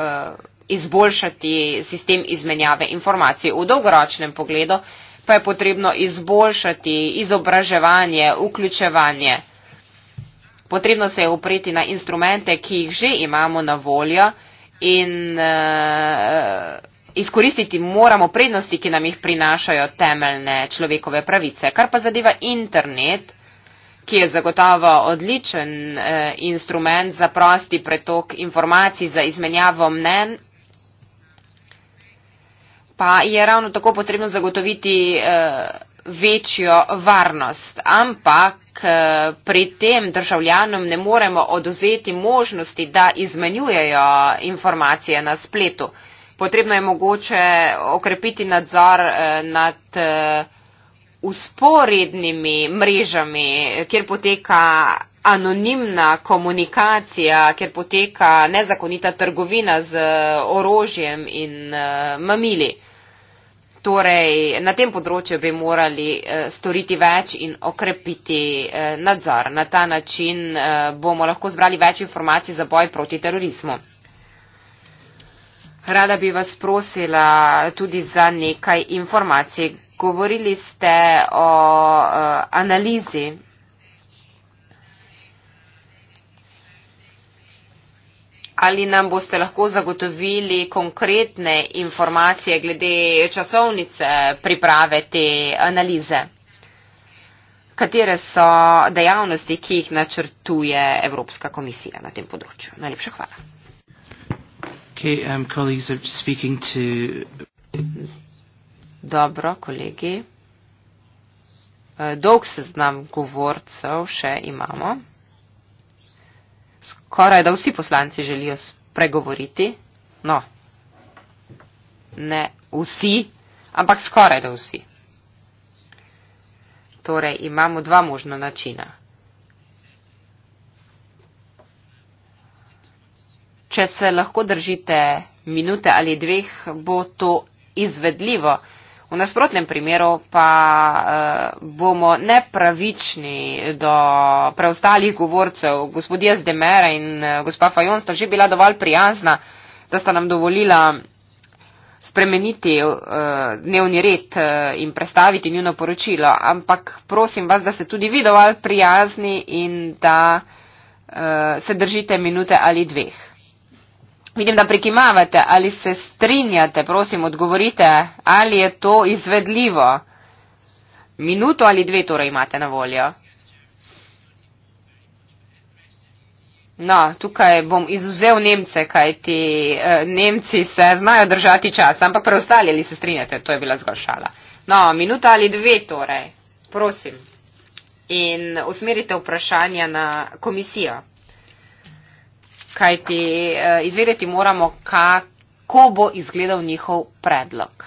eh, izboljšati sistem izmenjave informacij. V dolgoročnem pogledu pa je potrebno izboljšati izobraževanje, vključevanje. Potrebno se je upreti na instrumente, ki jih že imamo na voljo in uh, izkoristiti moramo prednosti, ki nam jih prinašajo temeljne človekove pravice. Kar pa zadeva internet, uh, ki je zagotovo odličen eh, instrument za prosti pretok informacij, za izmenjavo mnen, pa je ravno tako potrebno zagotoviti eh, večjo varnost. Ampak eh, pri tem državljanom ne moremo oduzeti možnosti, da izmenjujejo informacije na spletu. Potrebno je mogoče okrepiti nadzor eh, nad. Eh, usporednimi mrežami, kjer poteka anonimna komunikacija, kjer poteka nezakonita trgovina z orožjem in eh, mamili. Torej, na tem področju bi morali eh, storiti več in okrepiti eh, nadzor. Na ta način bomo lahko zbrali več informacij za boj proti terorizmu. Rada bi vas prosila tudi za nekaj informacij, govorili ste o uh, analizi. Ali nam boste lahko zagotovili konkretne informacije glede časovnice priprave te analize? Katere so dejavnosti, ki jih načrtuje Evropska komisija na tem področju? Najlepša hvala. Okay, um, Dobro, kolegi. Eh, dolg seznam govorcev še imamo. Skoraj da vsi poslanci želijo spregovoriti. No, ne vsi, ampak skoraj da vsi. Torej, imamo dva možna načina. Če se lahko držite minute ali dveh, bo to izvedljivo. V nasprotnem primeru pa uh, bomo nepravični do preostalih govorcev. Gospodje Zdemera in uh, gospa Fajon sta že bila dovolj prijazna, da sta nam dovolila spremeniti uh, dnevni red uh, in prestaviti njuno poročilo. Ampak prosim vas, da ste tudi vi dovolj prijazni in da uh, se držite minute ali dveh. Vidim, da prikimavate, ali se strinjate, prosim, odgovorite, ali je to izvedljivo. Minuto ali dve torej imate na voljo. No, tukaj bom izuzel Nemce, kaj ti eh, Nemci se znajo držati čas, ampak preostali ali se strinjate, to je bila zgolj šala. No, minuta ali dve torej, prosim. In usmerite vprašanja na komisijo kajti eh, izvedeti moramo, kako bo izgledal njihov predlog.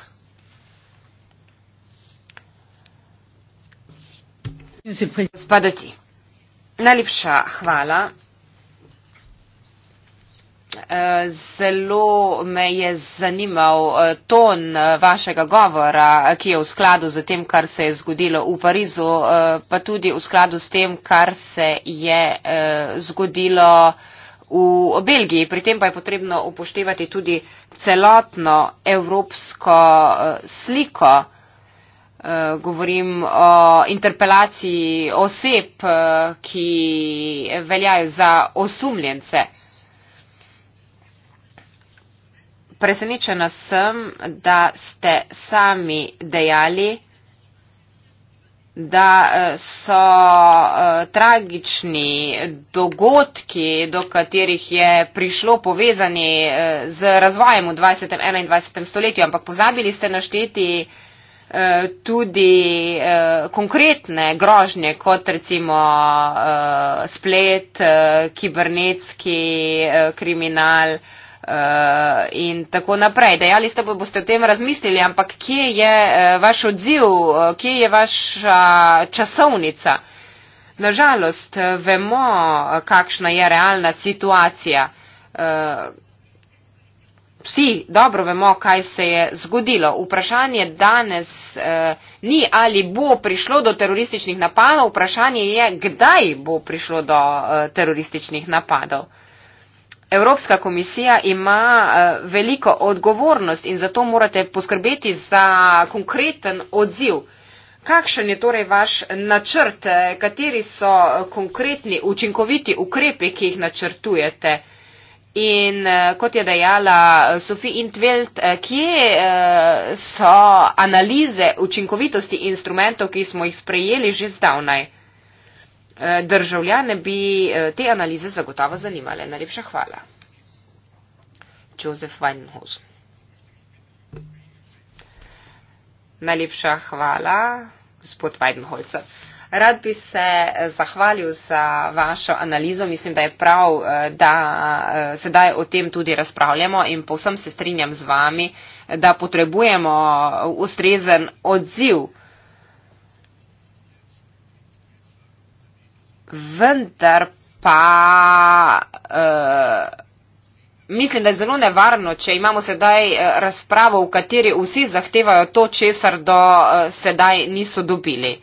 Spadati. Najlepša hvala. Eh, zelo me je zanimal eh, ton vašega govora, ki je v skladu z tem, kar se je zgodilo v Parizu, pa tudi v skladu s tem, kar se je zgodilo v Belgiji. Pri tem pa je potrebno upoštevati tudi celotno evropsko eh, sliko. Eh, govorim o interpelaciji oseb, eh, ki veljajo za osumljence. Presenečena sem, da ste sami dejali, da eh, so eh, tragični dogodki, do katerih je prišlo povezani eh, z razvojem v 20. in 21. stoletju, ampak pozabili ste našteti tudi konkretne grožnje, kot recimo splet, kibernetski kriminal, Eh, in tako naprej. Dejali ste, da boste o tem razmislili, ampak kje je eh, vaš odziv, eh, kje je vaša časovnica? Nažalost, vemo, kakšna je realna situacija. Vsi dobro vemo, kaj se je zgodilo. Vprašanje danes eh, ni, ali bo prišlo do terorističnih napadov, vprašanje je, kdaj bo prišlo do eh, terorističnih napadov. Evropska komisija ima eh, veliko odgovornost in zato morate poskrbeti za konkreten odziv. Kakšen je torej vaš načrt, kateri so konkretni, učinkoviti ukrepi, ki jih načrtujete? In eh, kot je dejala eh, Sofi Intveld, kje so analize učinkovitosti instrumentov, ki smo jih sprejeli že zdavnaj? Eh, državljane bi eh, te analize zagotovo zanimale. Najlepša hvala. Jozef Weinhausen. Najlepša hvala, gospod Weidenholzer. Rad bi se eh, zahvalil za vašo analizo. Mislim, da je prav, da sedaj o tem tudi razpravljamo in povsem se strinjam z vami, da potrebujemo ustrezen odziv. vendar pa uh, mislim, da je zelo nevarno, če imamo sedaj eh, razpravo, v kateri vsi zahtevajo to, česar do uh, sedaj niso dobili.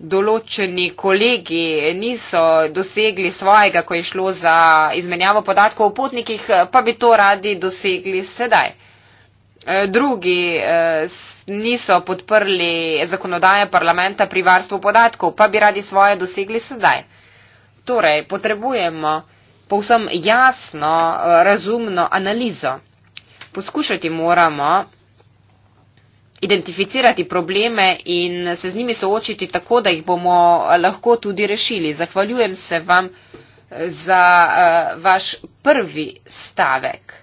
Določeni kolegi niso dosegli svojega, ko je šlo za izmenjavo podatkov o potnikih, pa bi to radi dosegli sedaj. Uh, drugi uh, niso podprli zakonodaje parlamenta pri varstvu podatkov, pa bi radi svoje dosegli sedaj. Torej, potrebujemo povsem jasno, eh, razumno analizo. Poskušati moramo identificirati probleme in se z njimi soočiti tako, da jih bomo eh, lahko tudi rešili. Zahvaljujem se vam eh, za vaš prvi stavek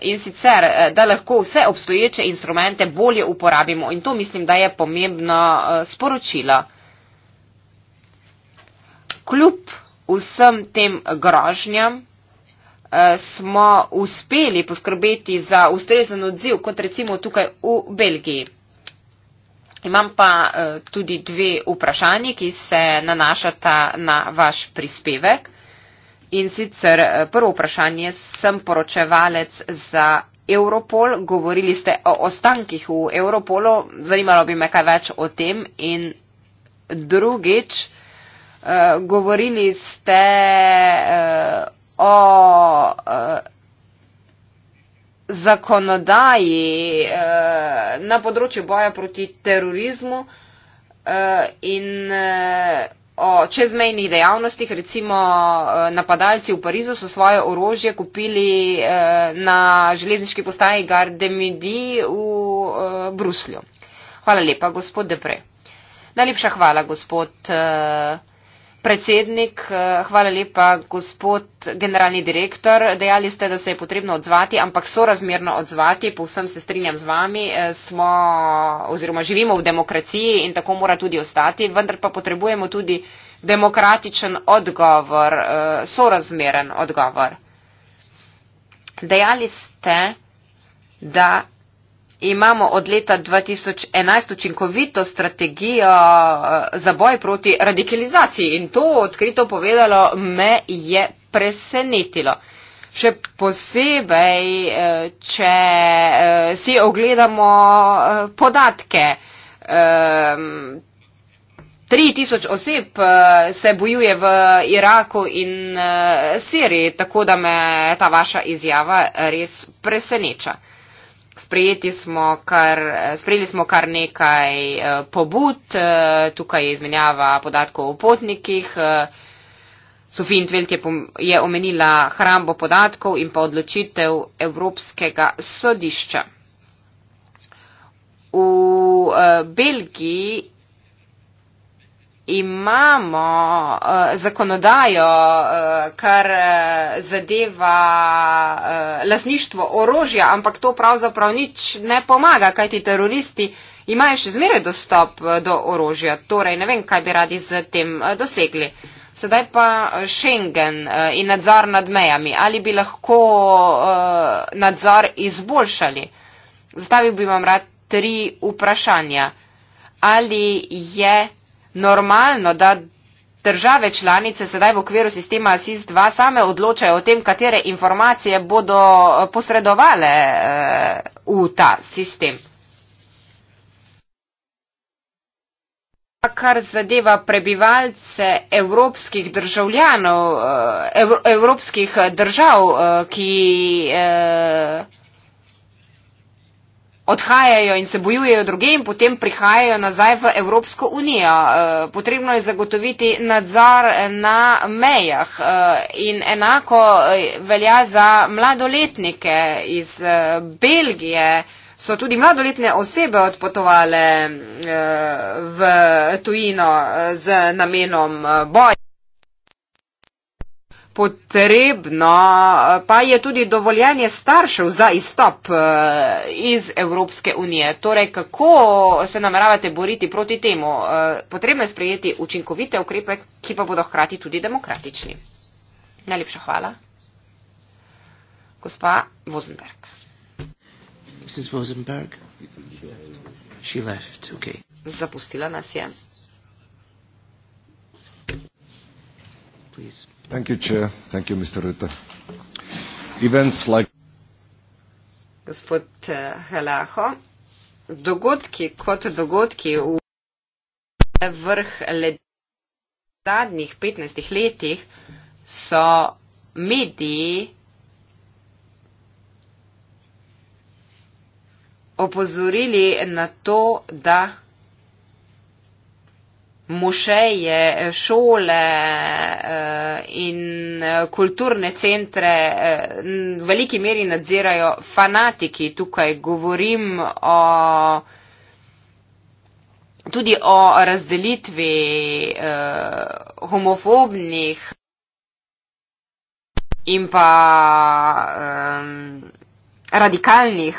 in sicer, eh, da lahko vse obstoječe instrumente bolje uporabimo in to mislim, da je pomembno eh, sporočilo. Kljub vsem tem grožnjam eh, smo uspeli poskrbeti za ustrezen odziv, kot recimo tukaj v Belgiji. Imam pa tudi dve vprašanje, ki se nanašata na vaš prispevek. In sicer eh, prvo vprašanje, sem poročevalec za Europol, govorili ste o ostankih v Europolu, zanimalo bi me kaj več o tem in drugič, eh, govorili ste eh, o zakonodaji na področju boja proti terorizmu in o čezmejnih dejavnostih, recimo e, napadalci v Parizu so svoje orožje kupili e, na železniški postaji Garde Midi v e, Bruslju. Hvala lepa, gospod Depre. Najlepša hvala, gospod predsednik, eh, hvala lepa, gospod generalni direktor. Dejali ste, da se je potrebno odzvati, ampak sorazmerno odzvati, povsem se strinjam z vami, eh, smo oziroma živimo v demokraciji in tako mora tudi ostati, vendar pa potrebujemo tudi demokratičen odgovor, eh, sorazmeren odgovor. Dejali ste, da imamo od leta 2011 učinkovito strategijo eh, za boj proti radikalizaciji in to odkrito povedalo me je presenetilo. Še posebej, eh, če eh, si ogledamo podatke. 3000 ehm, oseb se bojuje v Iraku in Siriji, tako da me ta vaša izjava res preseneča. Sprejeti smo kar, sprejeli smo kar nekaj eh, pobud, eh, tukaj je izmenjava podatkov o potnikih. Eh, Sofin Tvelt je, je omenila hrambo podatkov in pa odločitev Evropskega sodišča. V Belgiji imamo uh, zakonodajo, uh, kar uh, zadeva uh, lasništvo orožja, ampak to pravzaprav nič ne pomaga, kajti teroristi imajo še zmeraj dostop uh, do orožja. Torej, ne vem, kaj bi radi z tem uh, dosegli. Sedaj pa Schengen uh, in nadzor nad mejami. Ali bi lahko uh, nadzor izboljšali? Zastavil bi vam rad tri vprašanja. Ali je normalno, da države članice sedaj v okviru sistema SIS-2 same odločajo o tem, katere informacije bodo posredovale eh, v ta sistem. Kar zadeva prebivalce evropskih državljanov, eh, evropskih eh, držav, ki odhajajo in se bojujejo druge in potem prihajajo nazaj v Evropsko unijo. Eh, potrebno je zagotoviti nadzor na mejah eh, in enako eh, velja za mladoletnike iz Belgije. So tudi mladoletne osebe odpotovale v tujino z namenom boja potrebno, pa je tudi dovoljenje staršev za izstop eh, iz Evropske unije. Torej, kako se nameravate boriti proti temu? Eh, potrebno je sprejeti učinkovite ukrepe, ki pa bodo hkrati tudi demokratični. Najlepša hvala. Gospa Vozenberg. Mrs. Vozenberg. She left, okay. Zapustila nas je. Please. Thank you, Chair. Thank you, Mr. Rutte. Events like. Gospod eh, Helaho, dogodki kot dogodki v vrh zadnjih 15 letih so mediji opozorili na to, da mošeje, šole eh, in kulturne centre eh, v veliki meri nadzirajo fanatiki. Tukaj govorim o, tudi o razdelitvi eh, homofobnih in pa radikalnih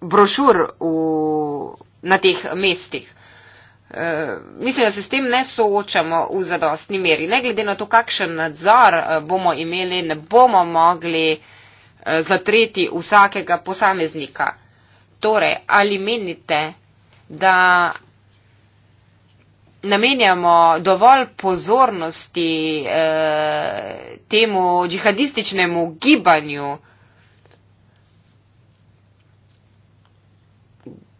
brošur v, na teh mestih. Eh, mislim, da se s tem ne soočamo v zadostni meri. Ne glede na to, kakšen nadzor eh, bomo imeli, ne bomo mogli eh, zatreti vsakega posameznika. Torej, ali menite, da namenjamo dovolj pozornosti eh, temu džihadističnemu gibanju eh,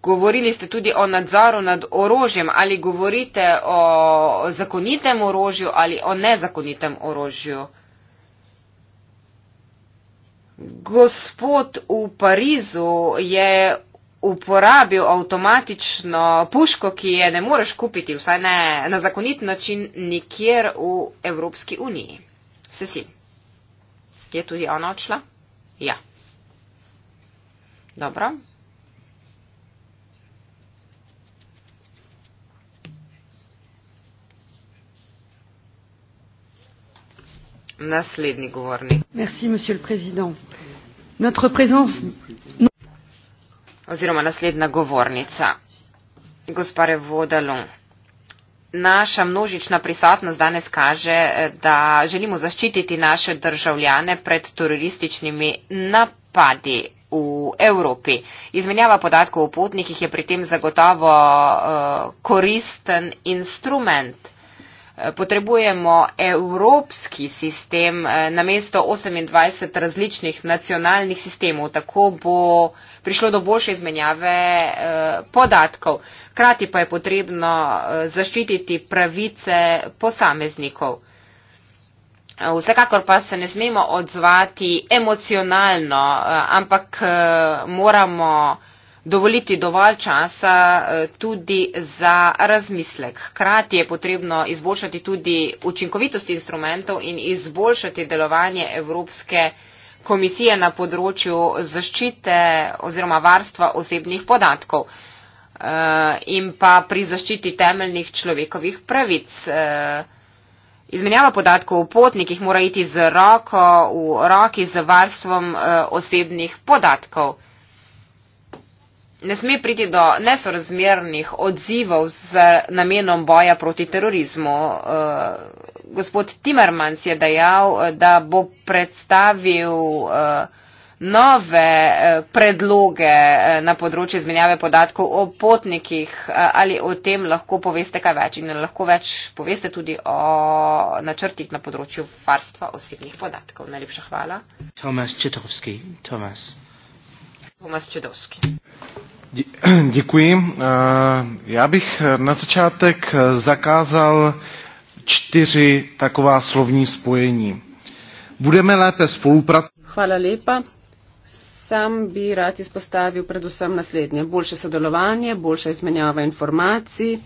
Govorili ste tudi o nadzoru nad orožjem. Ali govorite o zakonitem orožju ali o nezakonitem orožju? Gospod v Parizu je uporabil avtomatično puško, ki je ne moreš kupiti, vsaj ne na zakonit način, nikjer v Evropski uniji. Se si. Je tudi ona odšla? Ja. Dobro. Naslednji govornik. Merci, monsieur le président. Notre présence. Oziroma naslednja govornica. Gospa Revodalon. Naša množična prisotnost danes kaže, da želimo zaščititi naše državljane pred terorističnimi napadi v Evropi. Izmenjava podatkov o potnikih je pri tem zagotovo uh, koristen instrument potrebujemo evropski sistem eh, namesto 28 različnih nacionalnih sistemov. Tako bo prišlo do boljše izmenjave eh, podatkov. Krati pa je potrebno eh, zaščititi pravice posameznikov. Vsekakor pa se ne smemo odzvati emocionalno, ampak moramo dovoliti dovolj časa eh, tudi za razmislek. Hkrati je potrebno izboljšati tudi učinkovitost instrumentov in izboljšati delovanje Evropske komisije na področju zaščite oziroma varstva osebnih podatkov eh, in pa pri zaščiti temeljnih človekovih pravic. Eh, izmenjava podatkov v potnikih mora iti z roko v roki z varstvom osebnih podatkov ne sme priti do nesorazmernih odzivov z namenom boja proti terorizmu. Eh, gospod Timmermans je dejal, da bo predstavil eh, nove eh, predloge na področju izmenjave podatkov o potnikih ali o tem lahko poveste kaj več in lahko več poveste tudi o načrtih na področju varstva osebnih podatkov. Najlepša hvala. Tomas Četovski, Tomas. Tomaščedovski. Děkuji. Eh, já bych eh, na začátek eh, zakázal čtyři taková slovní spojení. Budeme lépe spolupracovat. Hvala lepa. Sam bi rad izpostavil predvsem naslednje. Boljše sodelovanje, boljša izmenjava informacij,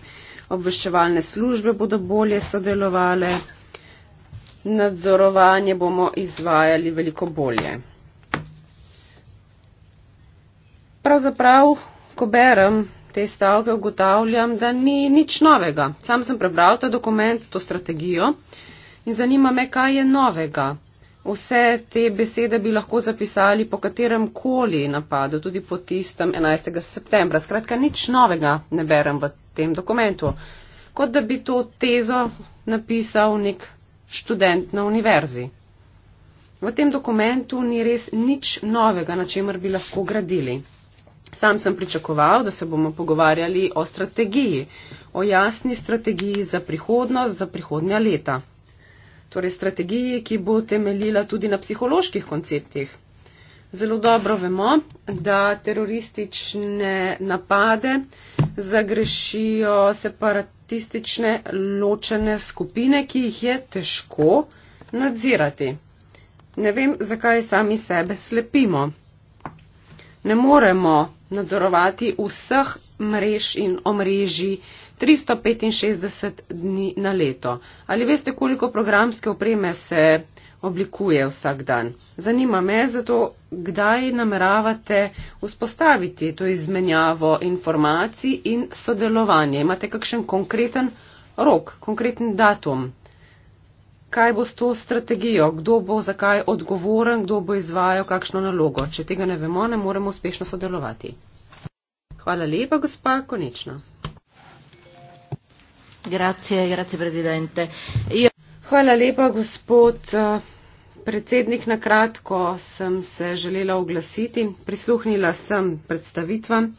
obveščevalne službe bodo bolje sodelovale, nadzorovanje bomo izvajali veliko bolje. Pravzaprav, ko berem te stavke, ugotavljam, da ni nič novega. Sam sem prebral ta dokument, to strategijo in zanima me, kaj je novega. Vse te besede bi lahko zapisali po katerem koli napadu, tudi po tistem 11. septembra. Skratka, nič novega ne berem v tem dokumentu. Kot da bi to tezo napisal nek študent na univerzi. V tem dokumentu ni res nič novega, na čemer bi lahko gradili. Sam sem pričakoval, da se bomo pogovarjali o strategiji, o jasni strategiji za prihodnost, za prihodnja leta. Torej strategiji, ki bo temeljila tudi na psiholoških konceptih. Zelo dobro vemo, da teroristične napade zagrešijo separatistične ločene skupine, ki jih je težko nadzirati. Ne vem, zakaj sami sebe slepimo. Ne moremo nadzorovati vseh mrež in omrežji 365 dni na leto. Ali veste, koliko programske opreme se oblikuje vsak dan? Zanima me zato, kdaj nameravate vzpostaviti to izmenjavo informacij in sodelovanje. Imate kakšen konkreten rok, konkreten datum? kaj bo s to strategijo, kdo bo zakaj odgovoren, kdo bo izvajal kakšno nalogo. Če tega ne vemo, ne moremo uspešno sodelovati. Hvala lepa, gospa Konečna. Grazie, grazie, prezidente. Io... Hvala lepa, gospod eh, predsednik. Na kratko sem se želela oglasiti. Prisluhnila sem predstavitvam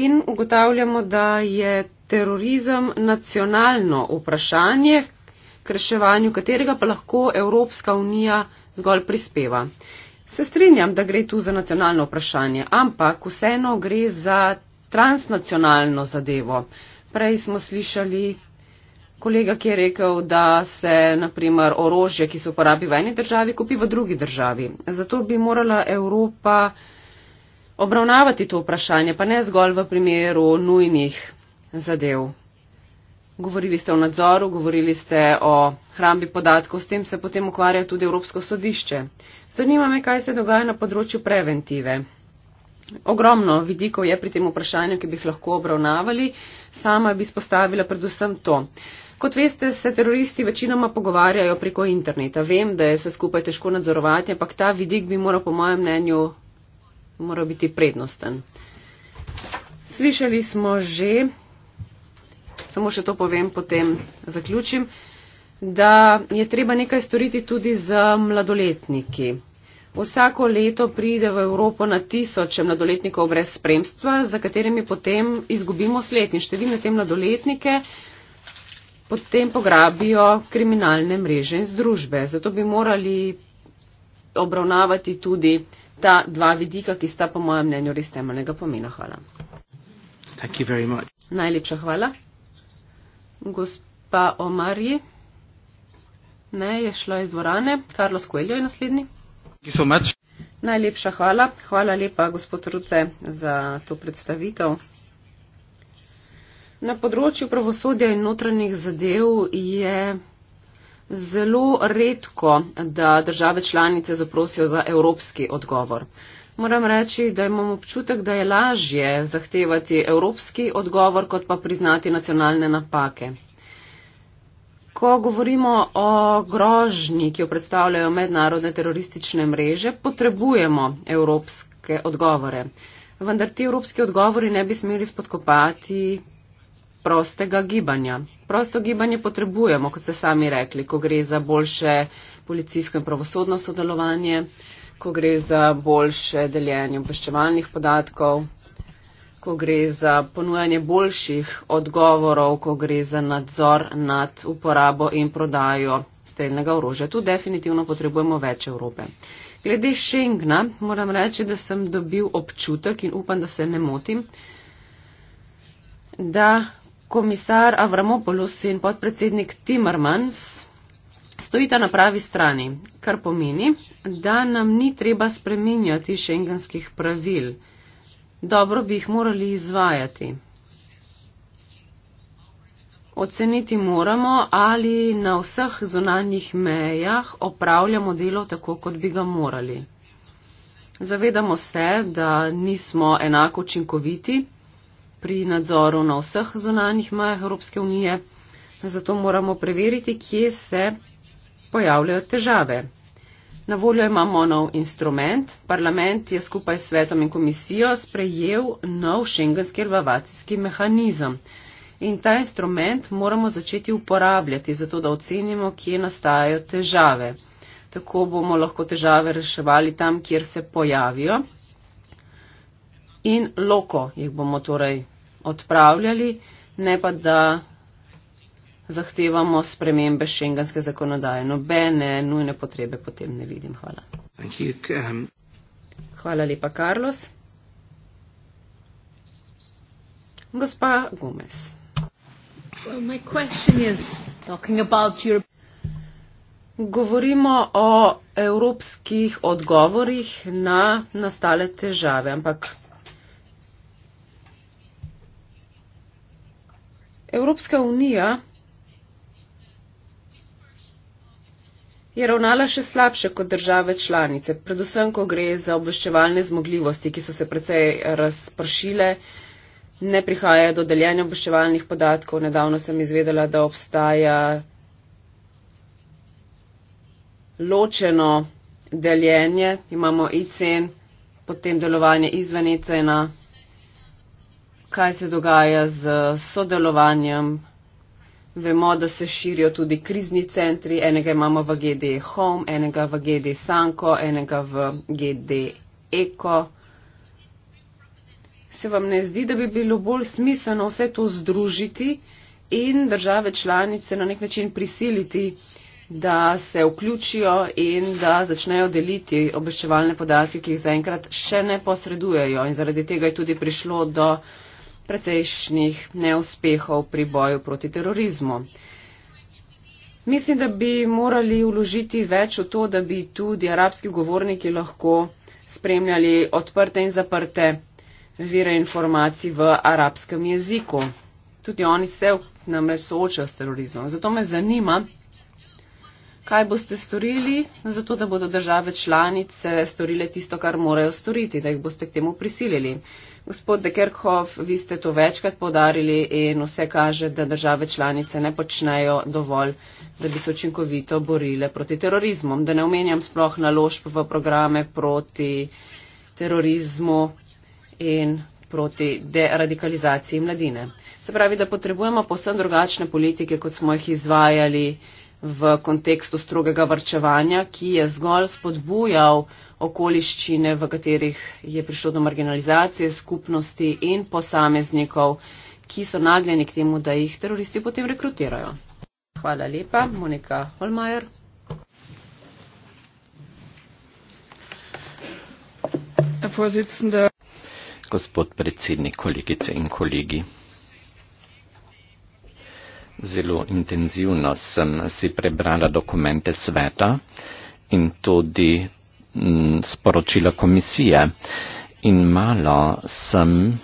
in ugotavljamo, da je terorizem nacionalno vprašanje, k reševanju katerega pa lahko Evropska unija zgolj prispeva. Se strinjam, da gre tu za nacionalno vprašanje, ampak vseeno gre za transnacionalno zadevo. Prej smo slišali kolega, ki je rekel, da se naprimer orožje, ki se uporabi v eni državi, kupi v drugi državi. Zato bi morala Evropa obravnavati to vprašanje, pa ne zgolj v primeru nujnih zadev. Govorili ste o nadzoru, govorili ste o hrambi podatkov, s tem se potem ukvarja tudi Evropsko sodišče. Zanima me, kaj se dogaja na področju preventive. Ogromno vidikov je pri tem vprašanju, ki bi jih lahko obravnavali. Sama bi spostavila predvsem to. Kot veste, se teroristi večinoma pogovarjajo preko interneta. Vem, da je vse skupaj težko nadzorovati, ampak ta vidik bi moral, po mojem mnenju, biti prednosten. Slišali smo že, samo še to povem, potem zaključim, da je treba nekaj storiti tudi z mladoletniki. Vsako leto pride v Evropo na tisoče mladoletnikov brez spremstva, za katerimi potem izgubimo sled in številne te mladoletnike potem pograbijo kriminalne mreže in združbe. Zato bi morali obravnavati tudi ta dva vidika, ki sta po mojem mnenju res temeljnega pomena. Hvala. Najlepša hvala gospa Omari. Ne, je šla iz dvorane. Carlos Coelho je naslednji. Najlepša hvala. Hvala lepa, gospod Ruce, za to predstavitev. Na področju pravosodja in notranjih zadev je zelo redko, da države članice zaprosijo za evropski odgovor. Moram reči, da imam občutek, da je lažje zahtevati evropski odgovor, kot pa priznati nacionalne napake. Ko govorimo o grožnji, ki jo predstavljajo mednarodne teroristične mreže, potrebujemo evropske odgovore. Vendar ti evropski odgovori ne bi smeli spodkopati prostega gibanja. Prosto gibanje potrebujemo, kot ste sami rekli, ko gre za boljše policijsko in pravosodno sodelovanje, ko gre za boljše deljenje obveščevalnih podatkov, ko gre za ponujanje boljših odgovorov, ko gre za nadzor nad uporabo in prodajo streljnega orožja. Tu definitivno potrebujemo več Evrope. Glede Schengna moram reči, da sem dobil občutek in upam, da se ne motim, da komisar Avramopoulos in podpredsednik Timmermans stojita na pravi strani, kar pomeni, da nam ni treba spreminjati šengenskih pravil. Dobro bi jih morali izvajati. Oceniti moramo, ali na vseh zunanjih mejah opravljamo delo tako, kot bi ga morali. Zavedamo se, da nismo enako učinkoviti pri nadzoru na vseh zunanjih mejah Evropske unije, zato moramo preveriti, kje se pojavljajo težave. Na voljo imamo nov instrument. Parlament je skupaj s svetom in komisijo sprejel nov šengenski evavacijski mehanizem. In ta instrument moramo začeti uporabljati, zato da ocenimo, kje nastajajo težave. Tako bomo lahko težave reševali tam, kjer se pojavijo. In loko jih bomo torej odpravljali, ne pa da zahtevamo spremembe šengenske zakonodaje. Nobene nujne potrebe potem ne vidim. Hvala. Um, Hvala lepa, Carlos. Gospa Gomez. Govorimo o evropskih odgovorih na nastale težave, ampak Evropska unija je ravnala še slabše kot države članice, predvsem, ko gre za obveščevalne zmogljivosti, ki so se precej razpršile, ne prihaja do deljenja obveščevalnih podatkov. Nedavno sem izvedela, da obstaja ločeno deljenje, imamo ICN, potem delovanje izven ICN-a, e kaj se dogaja z sodelovanjem Vemo, da se širijo tudi krizni centri, enega imamo v GD Home, enega v GD Sanko, enega v GD Eko. Se vam ne zdi, da bi bilo bolj smiselno vse to združiti in države članice na nek način prisiliti, da se vključijo in da začnejo deliti obveščevalne podatke, ki jih zaenkrat še ne posredujejo in zaradi tega je tudi prišlo do precejšnjih neuspehov pri boju proti terorizmu. Mislim, da bi morali vložiti več v to, da bi tudi arabski govorniki lahko spremljali odprte in zaprte vire informacij v arabskem jeziku. Tudi oni se namreč soočajo s terorizmom. Zato me zanima, kaj boste storili, zato da bodo države članice storile tisto, kar morajo storiti, da jih boste k temu prisilili. Gospod Dekerkhov, vi ste to večkrat podarili in vse kaže, da države članice ne počnejo dovolj, da bi se učinkovito borile proti terorizmom. Da ne omenjam sploh naložb v programe proti terorizmu in proti deradikalizaciji mladine. Se pravi, da potrebujemo posebno drugačne politike, kot smo jih izvajali v kontekstu strogega vrčevanja, ki je zgolj spodbujal okoliščine, v katerih je prišlo do marginalizacije skupnosti in posameznikov, ki so nagnjeni k temu, da jih teroristi potem rekrutirajo. Hvala lepa, Monika Holmajer. Gospod predsednik, kolegice in kolegi. Zelo intenzivno sem si prebrala dokumente sveta in tudi mm, sporočila komisije in malo sem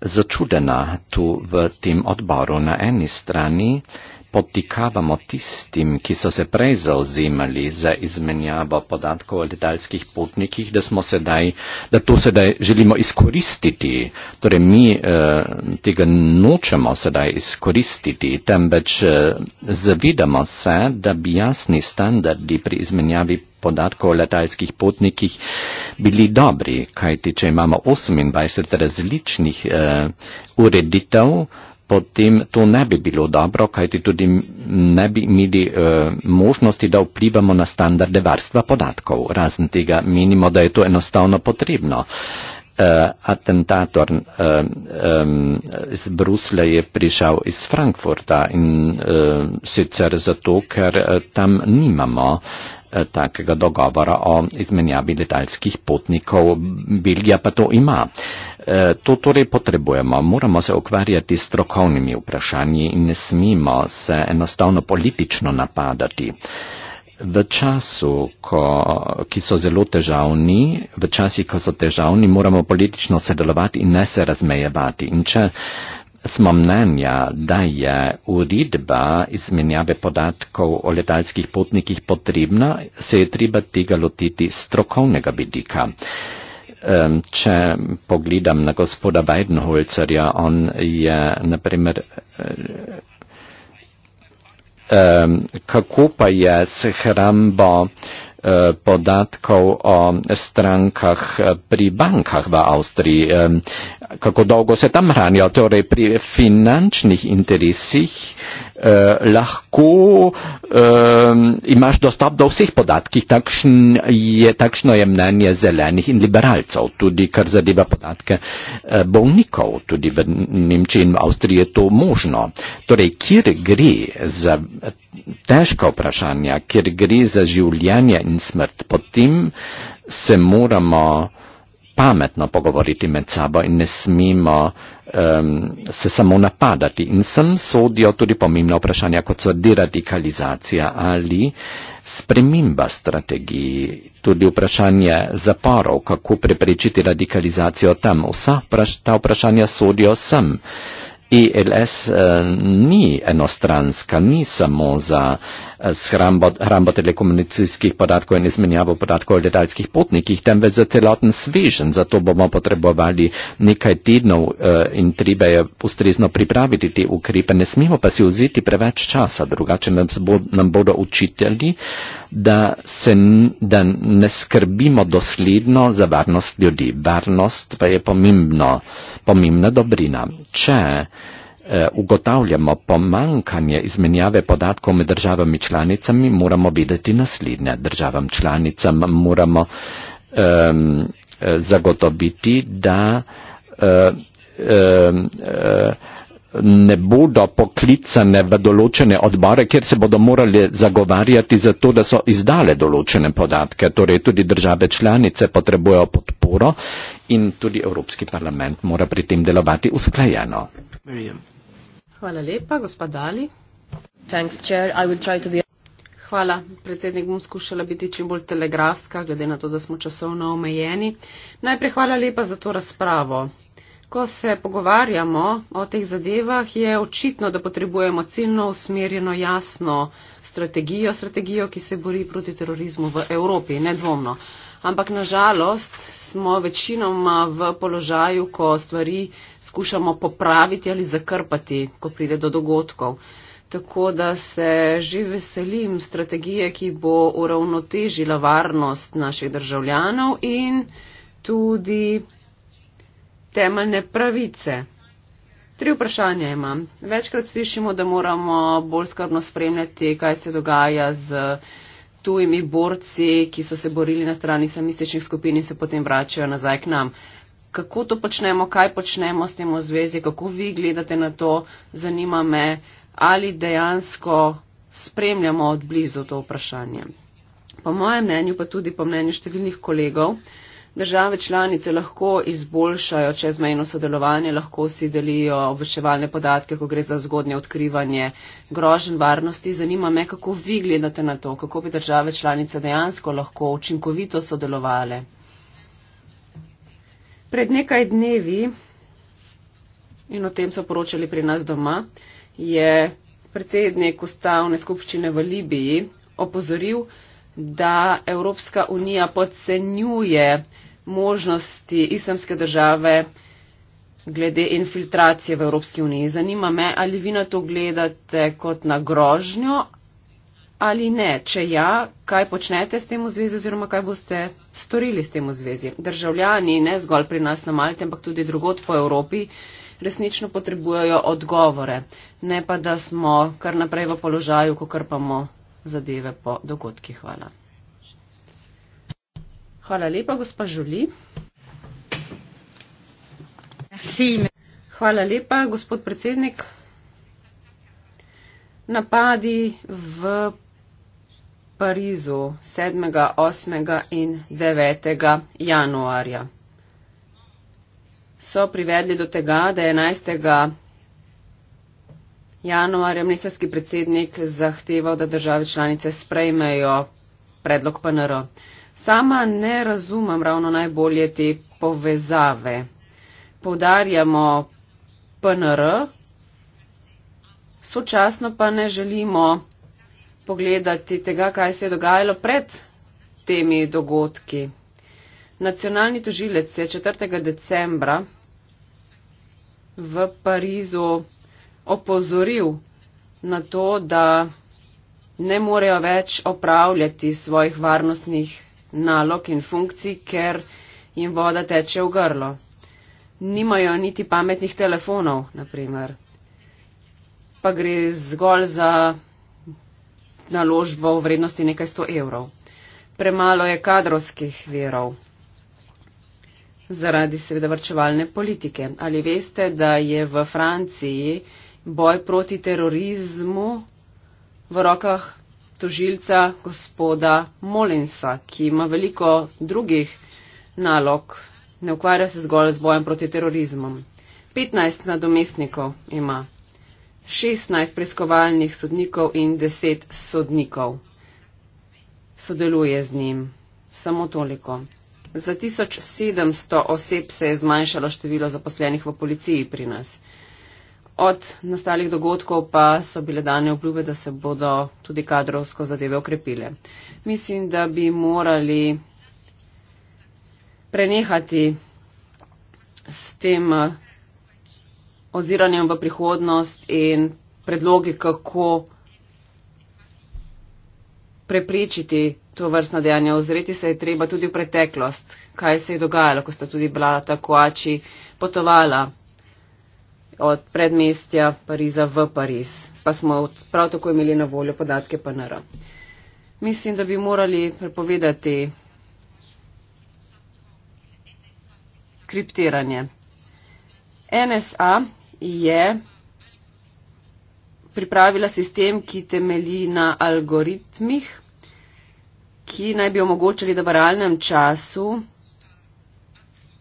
začudena tu v tem odboru. Na eni strani podtikavamo tistim, ki so se prej zauzimali za izmenjavo podatkov o letalskih potnikih, da, sedaj, da to sedaj želimo izkoristiti. Torej, mi eh, tega nočemo sedaj izkoristiti, temveč eh, zavidamo se, da bi jasni standardi pri izmenjavi podatkov o letalskih potnikih bili dobri, kajti če imamo 28 različnih eh, ureditev, potem to ne bi bilo dobro, kajti tudi ne bi imeli e, možnosti, da vplivamo na standarde varstva podatkov. Razen tega menimo, da je to enostavno potrebno. E, atentator e, eh, e, iz Brusle je prišel iz Frankfurta in e, sicer zato, ker tam nimamo Eh, takega dogovora o izmenjavi letalskih potnikov. Belgija pa to ima. Eh, to torej potrebujemo. Moramo se ukvarjati s strokovnimi vprašanji in ne smimo se enostavno politično napadati. V času, ko, ki so zelo težavni, v časih, ko so težavni, moramo politično sodelovati in ne se razmejevati. In če Smo mnenja, da je uredba izmenjave podatkov o letalskih potnikih potrebna, se je treba tega lotiti strokovnega vidika. Če pogledam na gospoda Weidenholzerja, on je naprimer. Kako pa je s hrambo e, podatkov o strankah pri bankah v Avstriji? kako dolgo se tam hranijo. Torej, pri finančnih interesih eh, lahko eh, imaš dostop do vseh podatkih. Takšn je, takšno je mnenje zelenih in liberalcev, tudi kar zadeva podatke eh, bolnikov. Tudi v Nemčiji in v Avstriji je to možno. Torej, kjer gre za eh, težka vprašanja, kjer gre za življenje in smrt, potem se moramo pametno pogovoriti med sabo in ne smemo um, se samo napadati. In sem sodijo tudi pomembna vprašanja, kot so deradikalizacija ali sprememba strategiji, tudi vprašanje zaporov, kako preprečiti radikalizacijo tam. Vsa vpraš ta vprašanja sodijo sem. ELS uh, eh, ni enostranska, ni samo za uh, shrambo, eh, hrambo telekomunikacijskih podatkov in izmenjavo podatkov o letalskih potnikih, temveč za celoten svežen. Zato bomo potrebovali nekaj tednov uh, in treba je ustrezno pripraviti te ukrepe. Ne smemo pa si vzeti preveč časa, drugače nam, bo, nam bodo učitelji, da, se, da ne skrbimo dosledno za varnost ljudi. Varnost pa je pomembno, pomembna dobrina. Če Eh, ugotavljamo pomankanje izmenjave podatkov med državami članicami, moramo videti naslednje. Državam članicam moramo um, zagotoviti, da um, um, ne bodo poklicane v določene odbore, kjer se bodo morali zagovarjati za to, da so izdale določene podatke. Torej tudi države članice potrebujejo podporo in tudi Evropski parlament mora pri tem delovati usklajeno. Miriam. Hvala lepa, gospod Dali. Thanks, chair. I will try to be. Hvala, predsednik, bom skušala biti čim bolj telegrafska, glede na to, da smo časovno omejeni. Najprej hvala lepa za to razpravo. Ko se pogovarjamo o teh zadevah, je očitno, da potrebujemo ciljno usmerjeno jasno strategijo, strategijo, ki se bori proti terorizmu v Evropi, nedvomno ampak na žalost smo večinoma v položaju, ko stvari skušamo popraviti ali zakrpati, ko pride do dogodkov. Tako da se že veselim strategije, ki bo uravnotežila varnost naših državljanov in tudi temeljne pravice. Tri vprašanja imam. Večkrat slišimo, da moramo bolj skrbno spremljati, kaj se dogaja z tujimi borci, ki so se borili na strani samističnih skupin in se potem vračajo nazaj k nam. Kako to počnemo, kaj počnemo s tem v zvezi, kako vi gledate na to, zanima me, ali dejansko spremljamo od blizu to vprašanje. Po mojem mnenju, pa tudi po mnenju številnih kolegov, uh, države članice lahko izboljšajo čezmejno sodelovanje, lahko si delijo obveščevalne podatke, ko gre za zgodnje odkrivanje grožen varnosti. Zanima me, kako vi gledate na to, kako bi države članice dejansko lahko učinkovito sodelovale. Pred nekaj dnevi, in o tem so poročali pri nas doma, je predsednik ustavne skupščine v Libiji opozoril, da Evropska unija podcenjuje možnosti islamske države glede infiltracije v Evropski uniji. Zanima me, ali vi na to gledate kot na grožnjo ali ne. Če ja, kaj počnete s tem v zvezi oziroma kaj boste storili s tem v zvezi. Državljani, ne zgolj pri nas na Malti, ampak tudi drugot po Evropi, resnično potrebujejo odgovore, ne pa da smo kar naprej v položaju, ko krpamo zadeve po dogodkih. Hvala. Hvala lepa, gospa Žuli. Hvala lepa, gospod predsednik. Napadi v Parizu 7., 8. in 9. januarja so privedli do tega, da je 11. januarja ministerski predsednik zahteval, da države članice sprejmejo predlog PNR. -o. Sama ne razumem ravno najbolje te povezave. Povdarjamo PNR, sočasno pa ne želimo pogledati tega, kaj se je dogajalo pred temi dogodki. Nacionalni tožilec je 4. decembra v Parizu opozoril na to, da ne morejo več opravljati svojih varnostnih nalog in funkcij, ker jim voda teče v grlo. Nimajo niti pametnih telefonov, naprimer. Pa gre zgolj za naložbo v vrednosti nekaj sto evrov. Premalo je kadrovskih verov. Zaradi seveda vrčevalne politike. Ali veste, da je v Franciji boj proti terorizmu v rokah tožilca gospoda Molinsa, ki ima veliko drugih nalog, ne ukvarja se zgolj z bojem proti terorizmom. 15 nadomestnikov ima, 16 preiskovalnih sodnikov in 10 sodnikov sodeluje z njim. Samo toliko. Za 1700 oseb se je zmanjšalo število zaposlenih v policiji pri nas. Od nastalih dogodkov pa so bile dane obljube, da se bodo tudi kadrovsko zadeve okrepile. Mislim, da bi morali prenehati s tem eh, oziranjem v prihodnost in predlogi, kako prepričiti to vrstno dejanje. Ozreti se je treba tudi v preteklost, kaj se je dogajalo, ko sta tudi bila tako ači potovala od predmestja Pariza v Pariz, pa smo od, prav tako imeli na voljo podatke PNR. Mislim, da bi morali prepovedati kriptiranje. NSA je pripravila sistem, ki temelji na algoritmih, ki naj bi omogočili, da v realnem času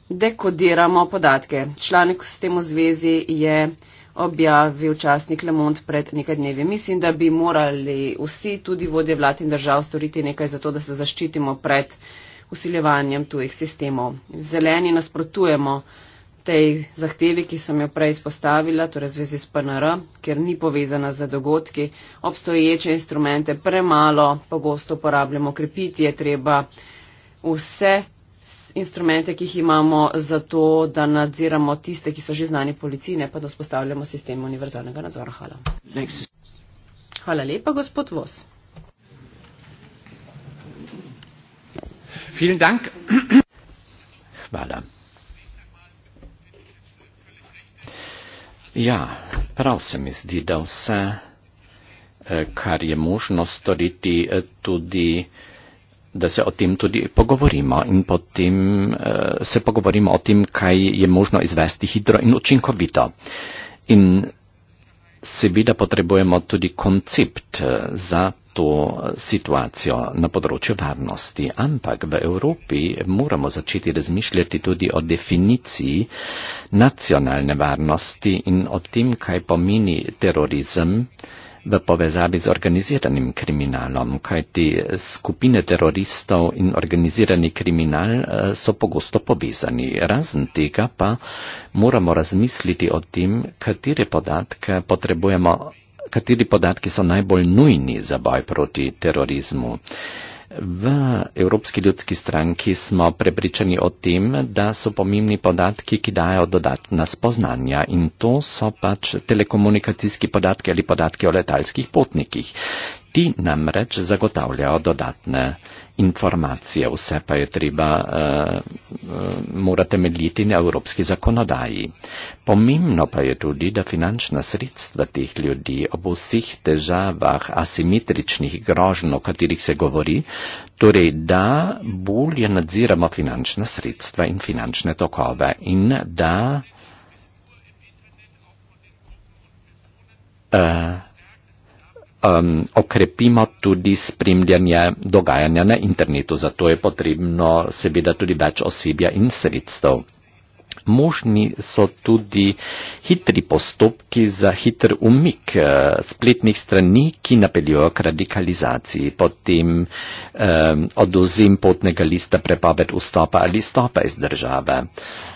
dekodiramo podatke. Članek s tem v zvezi je objavil časnik Le Monde pred nekaj dnevi. Mislim, da bi morali vsi, tudi vodje vlad in držav, storiti nekaj za to, da se zaščitimo pred usiljevanjem tujih sistemov. Zeleni nasprotujemo tej zahtevi, ki sem jo prej izpostavila, torej zvezi s PNR, ker ni povezana z dogodki. Obstoječe instrumente premalo pogosto uporabljamo. Krepiti je treba vse instrumente, ki jih imamo za to, da nadziramo tiste, ki so že znani policine, pa da vzpostavljamo sistem univerzalnega nadzora. Hvala. Hvala lepa, gospod Vos. Hvala. Ja, prav se mi zdi, da vse, eh, kar je možno storiti, eh, tudi da se o tem tudi pogovorimo in potem uh, se pogovorimo o tem, kaj je možno izvesti hitro in učinkovito. In seveda potrebujemo tudi koncept eh, za to eh, situacijo na področju varnosti, ampak v Evropi moramo začeti razmišljati tudi o definiciji nacionalne varnosti in o tem, kaj pomeni terorizem. Uh, v povezavi z organiziranim kriminalom, kajti skupine teroristov in organizirani kriminal eh, so pogosto povezani. Razen tega pa moramo razmisliti o tem, katere podatke potrebujemo, kateri podatki so najbolj nujni za boj proti terorizmu. V Evropski ljudski stranki smo prepričani o tem, da so pomembni podatki, ki dajo dodatna spoznanja in to so pač telekomunikacijski podatki ali podatki o letalskih potnikih. Ti namreč zagotavljajo dodatne informacije, vse pa je treba, uh, mora temeljiti na evropski zakonodaji. Pomembno pa je tudi, da finančna sredstva teh ljudi ob vseh težavah, asimetričnih grožn, o katerih se govori, torej da bolje nadziramo finančna sredstva in finančne tokove in da uh, um, okrepimo tudi spremljanje dogajanja na internetu. Zato je potrebno seveda tudi več osebja in sredstev. Možni so tudi hitri postopki za hiter umik eh, spletnih strani, ki napeljujo k radikalizaciji, potem um, eh, oduzim potnega lista, prepoved vstopa ali stopa iz države.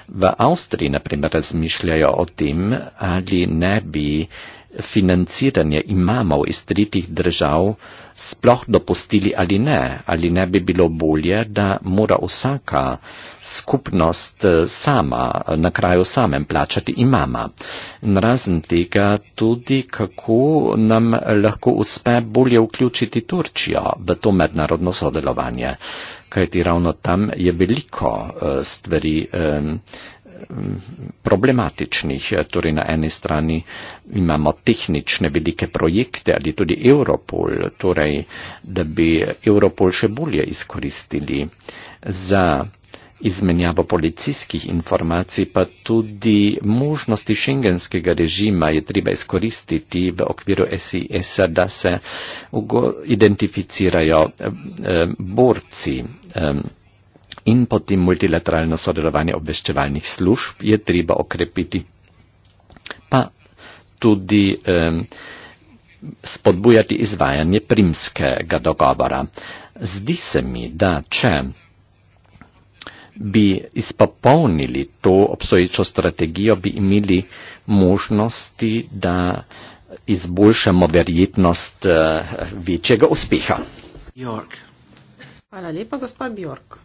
V Avstriji, na primer, razmišljajo o tem, ali ne bi uh, financiranje imamov iz tretjih držav sploh dopustili ali ne, ali ne bi bilo bolje, da mora vsaka skupnost eh, sama eh, na kraju samem plačati imama. In razen tega tudi, kako nam lahko uspe bolje vključiti Turčijo v to mednarodno sodelovanje, kajti ravno tam je veliko eh, stvari. Eh, problematičnih. Torej na eni strani imamo tehnične velike projekte ali tudi Europol, torej da bi Europol še bolje izkoristili za izmenjavo policijskih informacij, pa tudi možnosti šengenskega režima je treba izkoristiti v okviru SIS, da se identificirajo eh, borci. Eh, in potem multilateralno sodelovanje obveščevalnih služb je treba okrepiti. Pa tudi eh, spodbujati izvajanje primskega dogovora. Zdi se mi, da če bi izpopolnili to obstoječo strategijo, bi imeli možnosti, da izboljšamo verjetnost eh, večjega uspeha. York. Hvala lepa, gospod Bjork.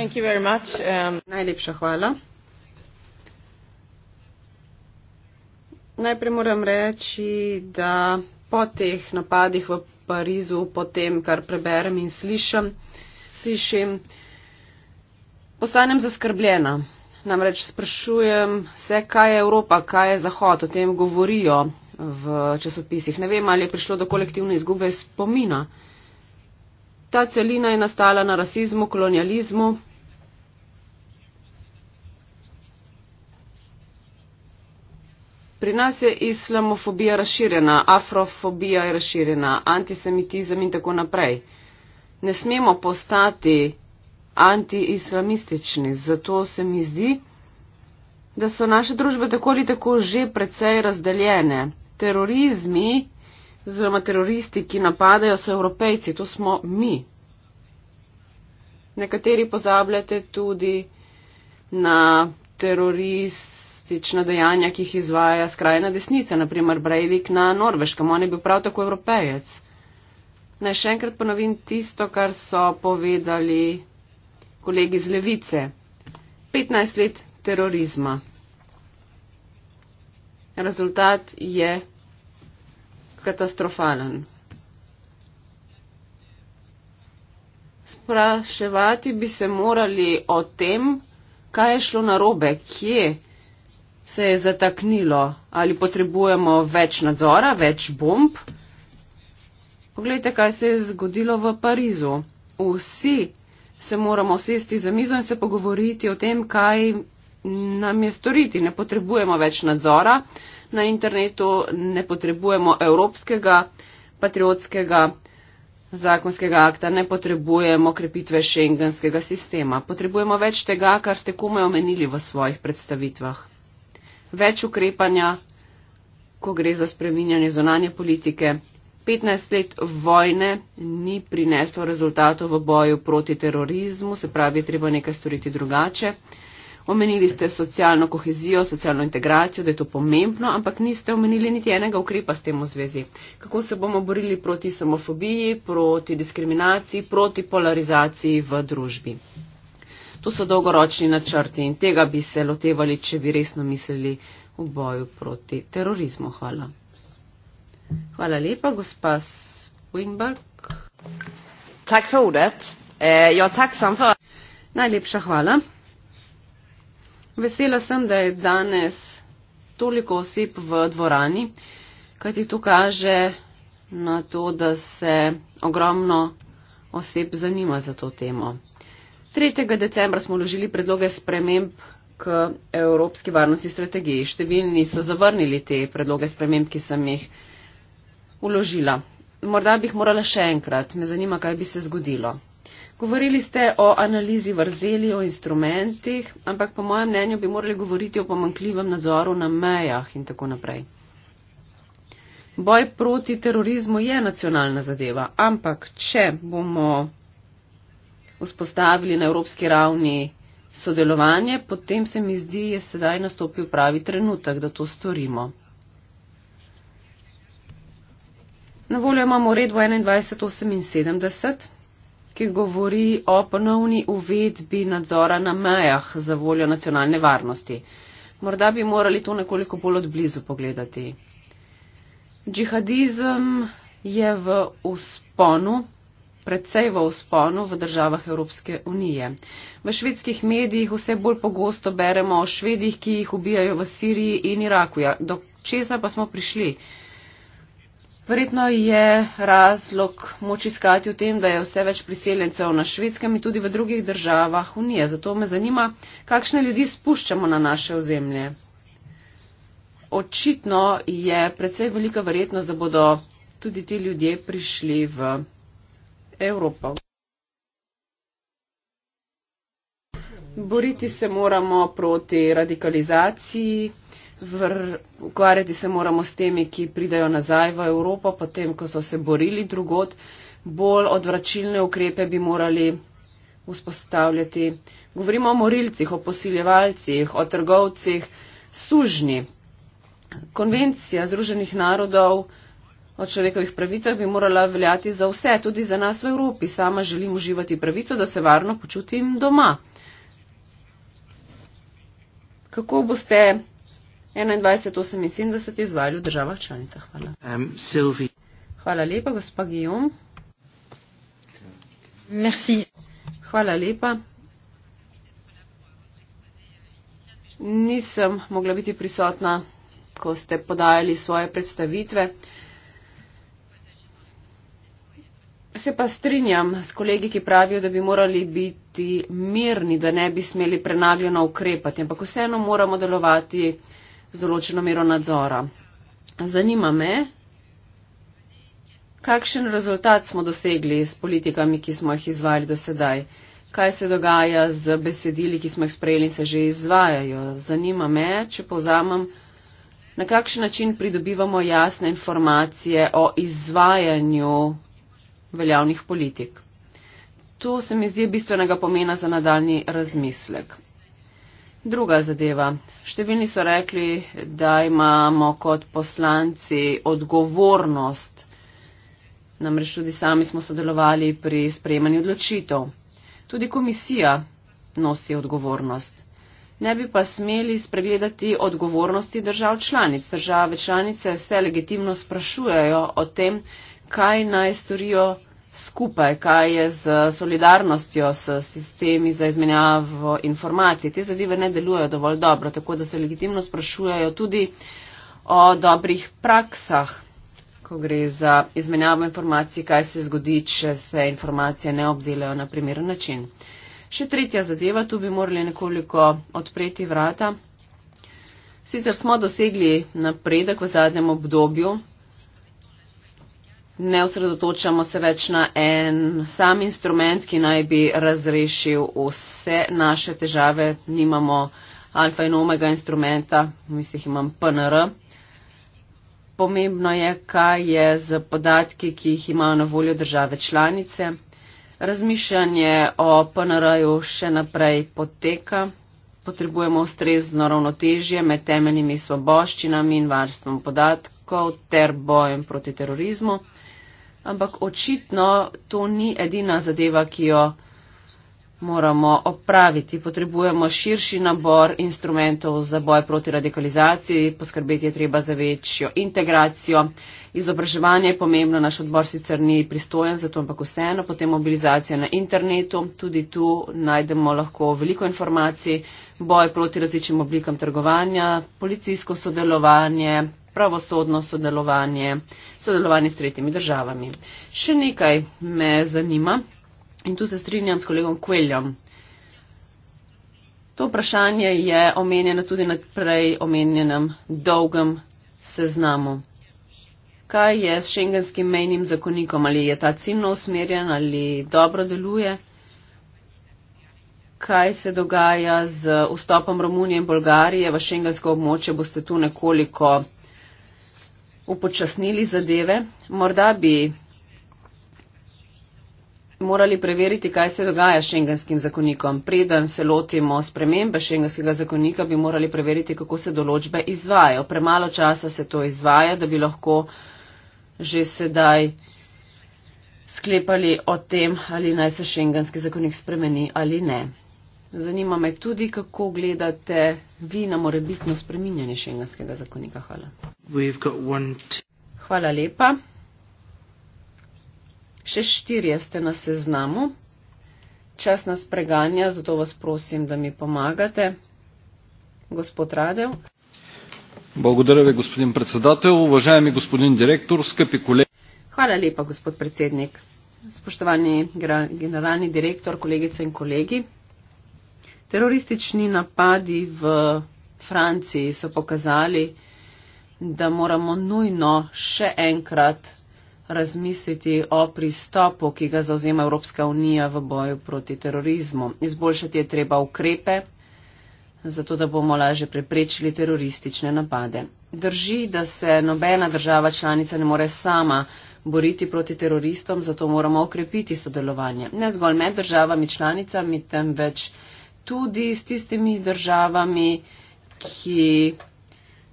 Thank you very much. Um, Najlepša hvala. Najprej moram reči, da po teh napadih v Parizu, po tem, kar preberem in slišem, slišim, postanem zaskrbljena. Namreč sprašujem se, kaj je Evropa, kaj je Zahod, o tem govorijo v časopisih. Ne vem, ali je prišlo do kolektivne izgube spomina. Ta celina je nastala na rasizmu, kolonializmu, Pri nas je islamofobija razširjena, afrofobija je razširjena, antisemitizem in tako naprej. Ne smemo postati anti-islamistični, zato se mi zdi, da so naše družbe tako ali tako že precej razdeljene. Terorizmi oziroma teroristi, ki napadajo, so evropejci, to smo mi. Nekateri pozabljate tudi na terorist rasistična dejanja, ki jih izvaja skrajna desnica, naprimer Breivik na Norveškem, on je bil prav tako evropejec. Naj še enkrat ponovim tisto, kar so povedali kolegi iz Levice. 15 let terorizma. Rezultat je katastrofalen. Spraševati bi se morali o tem, kaj je šlo narobe, kje je se je zataknilo. Ali potrebujemo več nadzora, več bomb? Poglejte, kaj se je zgodilo v Parizu. Vsi se moramo sesti za mizo in se pogovoriti o tem, kaj nam je storiti. Ne potrebujemo več nadzora na internetu, ne potrebujemo evropskega patriotskega zakonskega akta, ne potrebujemo krepitve šengenskega sistema. Potrebujemo več tega, kar ste komaj omenili v svojih predstavitvah več ukrepanja, ko gre za spreminjanje zonanje politike. 15 let vojne ni prineslo rezultatov v boju proti terorizmu, se pravi, treba nekaj storiti drugače. Omenili ste socialno kohezijo, socialno integracijo, da je to pomembno, ampak niste omenili niti enega ukrepa s tem v zvezi. Kako se bomo borili proti samofobiji, proti diskriminaciji, proti polarizaciji v družbi? To so dolgoročni načrti in tega bi se lotevali, če bi resno mislili v boju proti terorizmu. Hvala. Hvala lepa, gospa Swingbark. Tak eh, ja, for... Najlepša hvala. Vesela sem, da je danes toliko oseb v dvorani, kaj ti to kaže na to, da se ogromno oseb zanima za to temo. 3. decembra smo vložili predloge sprememb k Evropski varnosti strategiji. Številni so zavrnili te predloge sprememb, ki sem jih vložila. Morda bi jih morala še enkrat, me zanima, kaj bi se zgodilo. Govorili ste o analizi vrzeli, o instrumentih, ampak po mojem mnenju bi morali govoriti o pomankljivem nadzoru na mejah in tako naprej. Boj proti terorizmu je nacionalna zadeva, ampak če bomo vzpostavili na evropski ravni sodelovanje, potem se mi zdi, je sedaj nastopil pravi trenutek, da to storimo. Na voljo imamo uredbo 2178, ki govori o ponovni uvedbi nadzora na mejah za voljo nacionalne varnosti. Morda bi morali to nekoliko bolj odblizu pogledati. Džihadizem je v usponu predvsej v usponu v državah Evropske unije. V švedskih medijih vse bolj pogosto beremo o švedih, ki jih ubijajo v Siriji in Iraku. Ja, do česa pa smo prišli? Verjetno je razlog moč iskati v tem, da je vse več priseljencev na švedskem in tudi v drugih državah unije. Zato me zanima, kakšne ljudi spuščamo na naše ozemlje. Očitno je predvsej velika verjetnost, da bodo tudi ti ljudje prišli v Evropa. Boriti se moramo proti radikalizaciji, vr, ukvarjati se moramo s temi, ki pridajo nazaj v Evropo, potem, ko so se borili drugot. Bolj odvračilne ukrepe bi morali vzpostavljati. Govorimo o morilcih, o posiljevalcih, o trgovcih, sužni. Konvencija Združenih narodov o človekovih pravicah bi morala veljati za vse, tudi za nas v Evropi. Sama želim uživati pravico, da se varno počutim doma. Kako boste 21.78 izvajali v državah članicah? Hvala. Um, Hvala lepa, gospa Guillaume. Merci. Hvala lepa. Nisem mogla biti prisotna, ko ste podajali svoje predstavitve. Se pa strinjam s kolegi, ki pravijo, da bi morali biti mirni, da ne bi smeli prenagljeno ukrepati, ampak vseeno moramo delovati z določeno mero nadzora. Zanima me, kakšen rezultat smo dosegli s politikami, ki smo jih izvajali do sedaj. Kaj se dogaja z besedili, ki smo jih sprejeli in se že izvajajo? Zanima me, če povzamem, na kakšen način pridobivamo jasne informacije o izvajanju veljavnih politik. Tu se mi zdi bistvenega pomena za nadaljni razmislek. Druga zadeva. Številni so rekli, da imamo kot poslanci odgovornost, namreč tudi sami smo sodelovali pri sprejemanju odločitev. Tudi komisija nosi odgovornost. Ne bi pa smeli spregledati odgovornosti držav članic. Države članice se legitimno sprašujejo o tem, kaj naj storijo skupaj, kaj je z solidarnostjo, s sistemi za izmenjavo informacij. Te zadeve ne delujejo dovolj dobro, tako da se legitimno sprašujejo tudi o dobrih praksah, ko gre za izmenjavo informacij, kaj se zgodi, če se informacije ne obdelajo na primeren način. Še tretja zadeva, tu bi morali nekoliko odpreti vrata. Sicer smo dosegli napredek v zadnjem obdobju, ne osredotočamo se več na en sam instrument, ki naj bi razrešil vse naše težave. Nimamo alfa in omega instrumenta, v mislih imam PNR. Pomembno je, kaj je z podatki, ki jih imajo na voljo države članice. Razmišljanje o PNR-ju še naprej poteka. Potrebujemo ustrezno ravnotežje med temeljnimi svoboščinami in varstvom podatkov ter bojem proti terorizmu ampak očitno to ni edina zadeva, ki jo moramo opraviti. Potrebujemo širši nabor instrumentov za boj proti radikalizaciji, poskrbeti je treba za večjo integracijo. Izobraževanje je pomembno, naš odbor sicer ni pristojen za to, ampak vseeno potem mobilizacija na internetu. Tudi tu najdemo lahko veliko informacij, boj proti različnim oblikam trgovanja, policijsko sodelovanje, pravosodno sodelovanje, sodelovanje s tretjimi državami. Še nekaj me zanima in tu se strinjam s kolegom Kveljom. To vprašanje je omenjeno tudi na prej omenjenem dolgem seznamu. Kaj je s šengenskim mejnim zakonikom? Ali je ta ciljno usmerjen ali dobro deluje? Kaj se dogaja z vstopom Romunije in Bolgarije v šengensko območje? Boste tu nekoliko upočasnili zadeve. Morda bi morali preveriti, kaj se dogaja s šengenskim zakonikom. Preden se lotimo spremembe šengenskega zakonika, bi morali preveriti, kako se določbe izvajo. Premalo časa se to izvaja, da bi lahko že sedaj sklepali o tem, ali naj se šengenski zakonik spremeni ali ne. Zanima me tudi, kako gledate vi na morebitno spreminjanje šengenskega zakonika. Hvala. Hvala lepa. Še štirje ste na seznamu. Čas nas preganja, zato vas prosim, da mi pomagate. Gospod Radev. Благодаря ви, господин председател. Уважаеми господин директор, скъпи колеги. Хвала лепа, господ председник. Споштовани генерални директор, колегица и колеги. Teroristični napadi v Franciji so pokazali, da moramo nujno še enkrat razmisliti o pristopu, ki ga zauzema Evropska unija v boju proti terorizmu. Izboljšati je treba ukrepe, zato da bomo lažje preprečili teroristične napade. Drži, da se nobena država članica ne more sama boriti proti teroristom, zato moramo ukrepiti sodelovanje. Ne zgolj med državami članicami, temveč tudi s tistimi državami, ki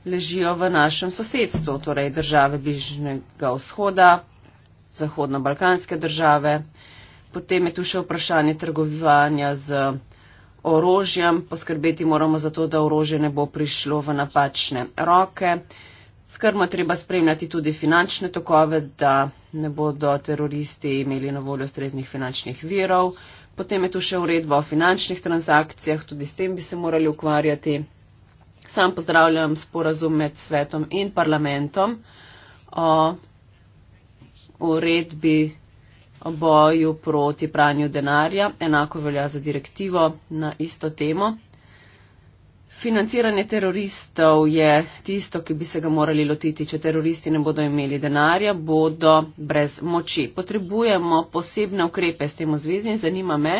ležijo v našem sosedstvu, torej države Bližnjega vzhoda, Zahodno-Balkanske države. Potem je tu še vprašanje trgovanja z orožjem, poskrbeti moramo za to, da orožje ne bo prišlo v napačne roke. Skrbno treba spremljati tudi finančne tokove, da ne bodo teroristi imeli na voljo ustreznih finančnih virov. Potem je tu še uredba o finančnih transakcijah, tudi s tem bi se morali ukvarjati. Sam pozdravljam sporazum med svetom in parlamentom o uredbi o boju proti pranju denarja. Enako velja za direktivo na isto temo. Financiranje teroristov je tisto, ki bi se ga morali lotiti. Če teroristi ne bodo imeli denarja, bodo brez moči. Potrebujemo posebne ukrepe s tem v zvezi in zanima me,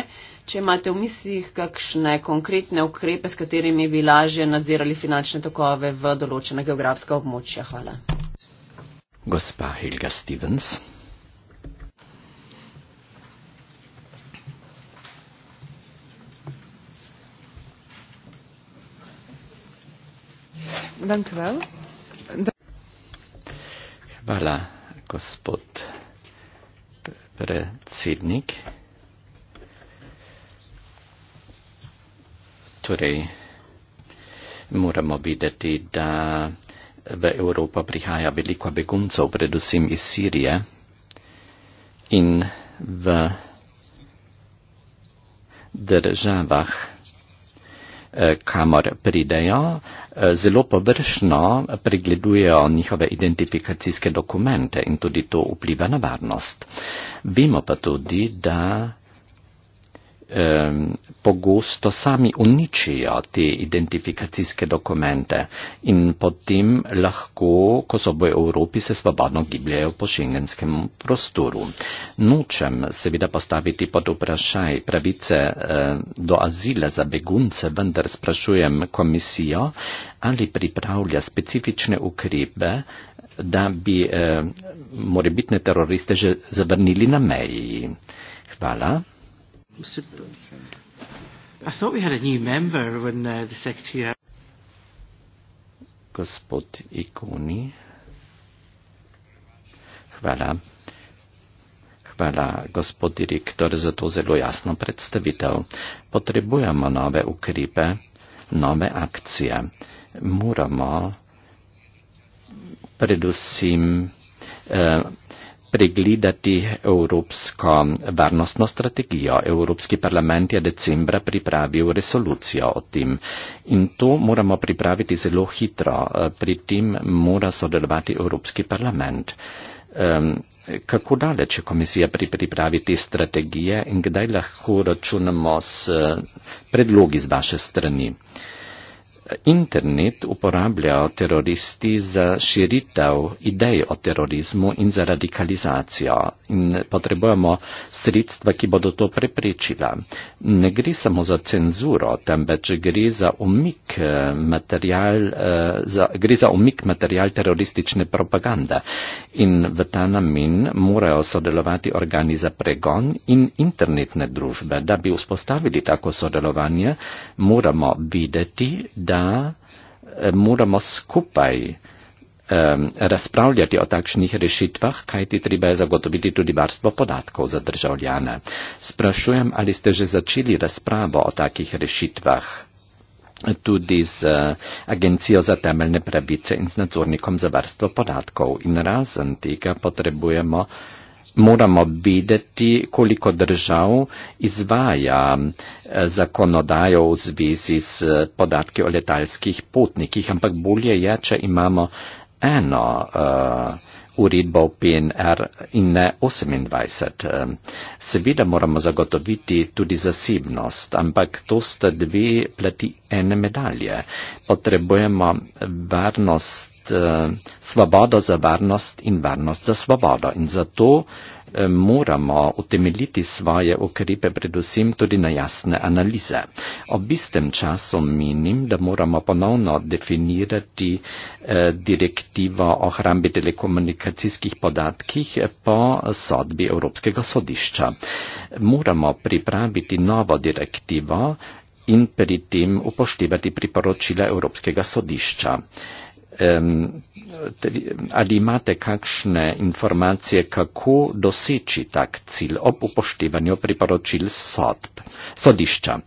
če imate v mislih kakšne konkretne ukrepe, s katerimi bi lažje nadzirali finančne tokove v določena geografska območja. Hvala. Gospa Helga Stevens. Dank u wel. Hvala, gospod predsednik. Torej, moramo videti, da v Evropo prihaja veliko beguncov, predvsem iz Sirije. In v državah, Eh, kamor pridejo, eh, zelo površno pregledujejo njihove identifikacijske dokumente in tudi to vpliva na varnost. Vemo pa tudi, da Ehm, pogosto sami uničijo te identifikacijske dokumente in potem lahko, ko so v Evropi, se svobodno gibljajo po šengenskem prostoru. Nočem seveda postaviti pod vprašaj pravice ehm, do azila za begunce, vendar sprašujem komisijo, ali pripravlja specifične ukrepe, da bi ehm, morebitne teroriste že zavrnili na meji. Hvala. I thought we had a new member when uh, the secretary. Gospod Ikoni. Hvala. Hvala, gospod direktor, za to zelo jasno predstavitev. Potrebujemo nove ukrepe, nove akcije. Moramo predvsem eh, pregledati evropsko varnostno strategijo. Evropski parlament je decembra pripravil resolucijo o tem in to moramo pripraviti zelo hitro. Pri tem mora sodelovati Evropski parlament. Kako daleč je komisija pri pripravi te strategije in kdaj lahko računamo s predlogi z vaše strani? Internet uporabljajo teroristi za širitev idej o terorizmu in za radikalizacijo. In potrebujemo sredstva, ki bodo to preprečila. Ne gre samo za cenzuro, temveč gre za umik, eh, material, eh, za, gre za umik material teroristične propagande. In v ta namen morajo sodelovati organi za pregon in internetne družbe. Da bi vzpostavili tako sodelovanje, moramo videti, da da eh, moramo skupaj ehm, razpravljati o takšnih rešitvah, kajti treba je zagotoviti tudi varstvo podatkov za državljane. Sprašujem, ali ste že začeli razpravo o takih rešitvah tudi z eh, Agencijo za temeljne pravice in z nadzornikom za varstvo podatkov. In razen tega potrebujemo moramo videti, koliko držav izvaja eh, zakonodajo v zvezi s eh, podatki o letalskih potnikih, ampak bolje je, če imamo eno uh, uredbo v PNR in ne 28. Seveda moramo zagotoviti tudi zasebnost, ampak to sta dve plati ene medalje. Potrebujemo varnost Eh, svoboda za varnost in varnost za svobodo. In zato eh, moramo utemeljiti svoje ukrepe predvsem tudi na jasne analize. Ob istem času menim, da moramo ponovno definirati eh, direktivo o hrambi telekomunikacijskih podatkih po sodbi Evropskega sodišča. Moramo pripraviti novo direktivo in pri tem upoštevati priporočila Evropskega sodišča ali imate kakšne informacije, kako doseči tak cilj ob upoštevanju priporočil sodb, sodišča.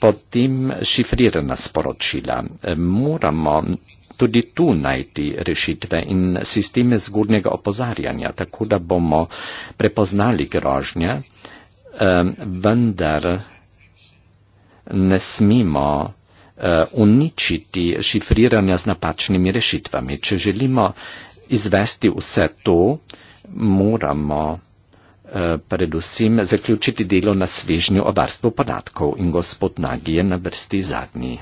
Potem šifrirana sporočila. Moramo tudi tu najti rešitve in sisteme zgodnjega opozarjanja, tako da bomo prepoznali grožnje, vendar ne smemo uh, uničiti šifriranja z napačnimi rešitvami. Če želimo izvesti vse to, moramo eh, predvsem zaključiti delo na svežnju o varstvu podatkov in gospod Nagi je na vrsti zadnji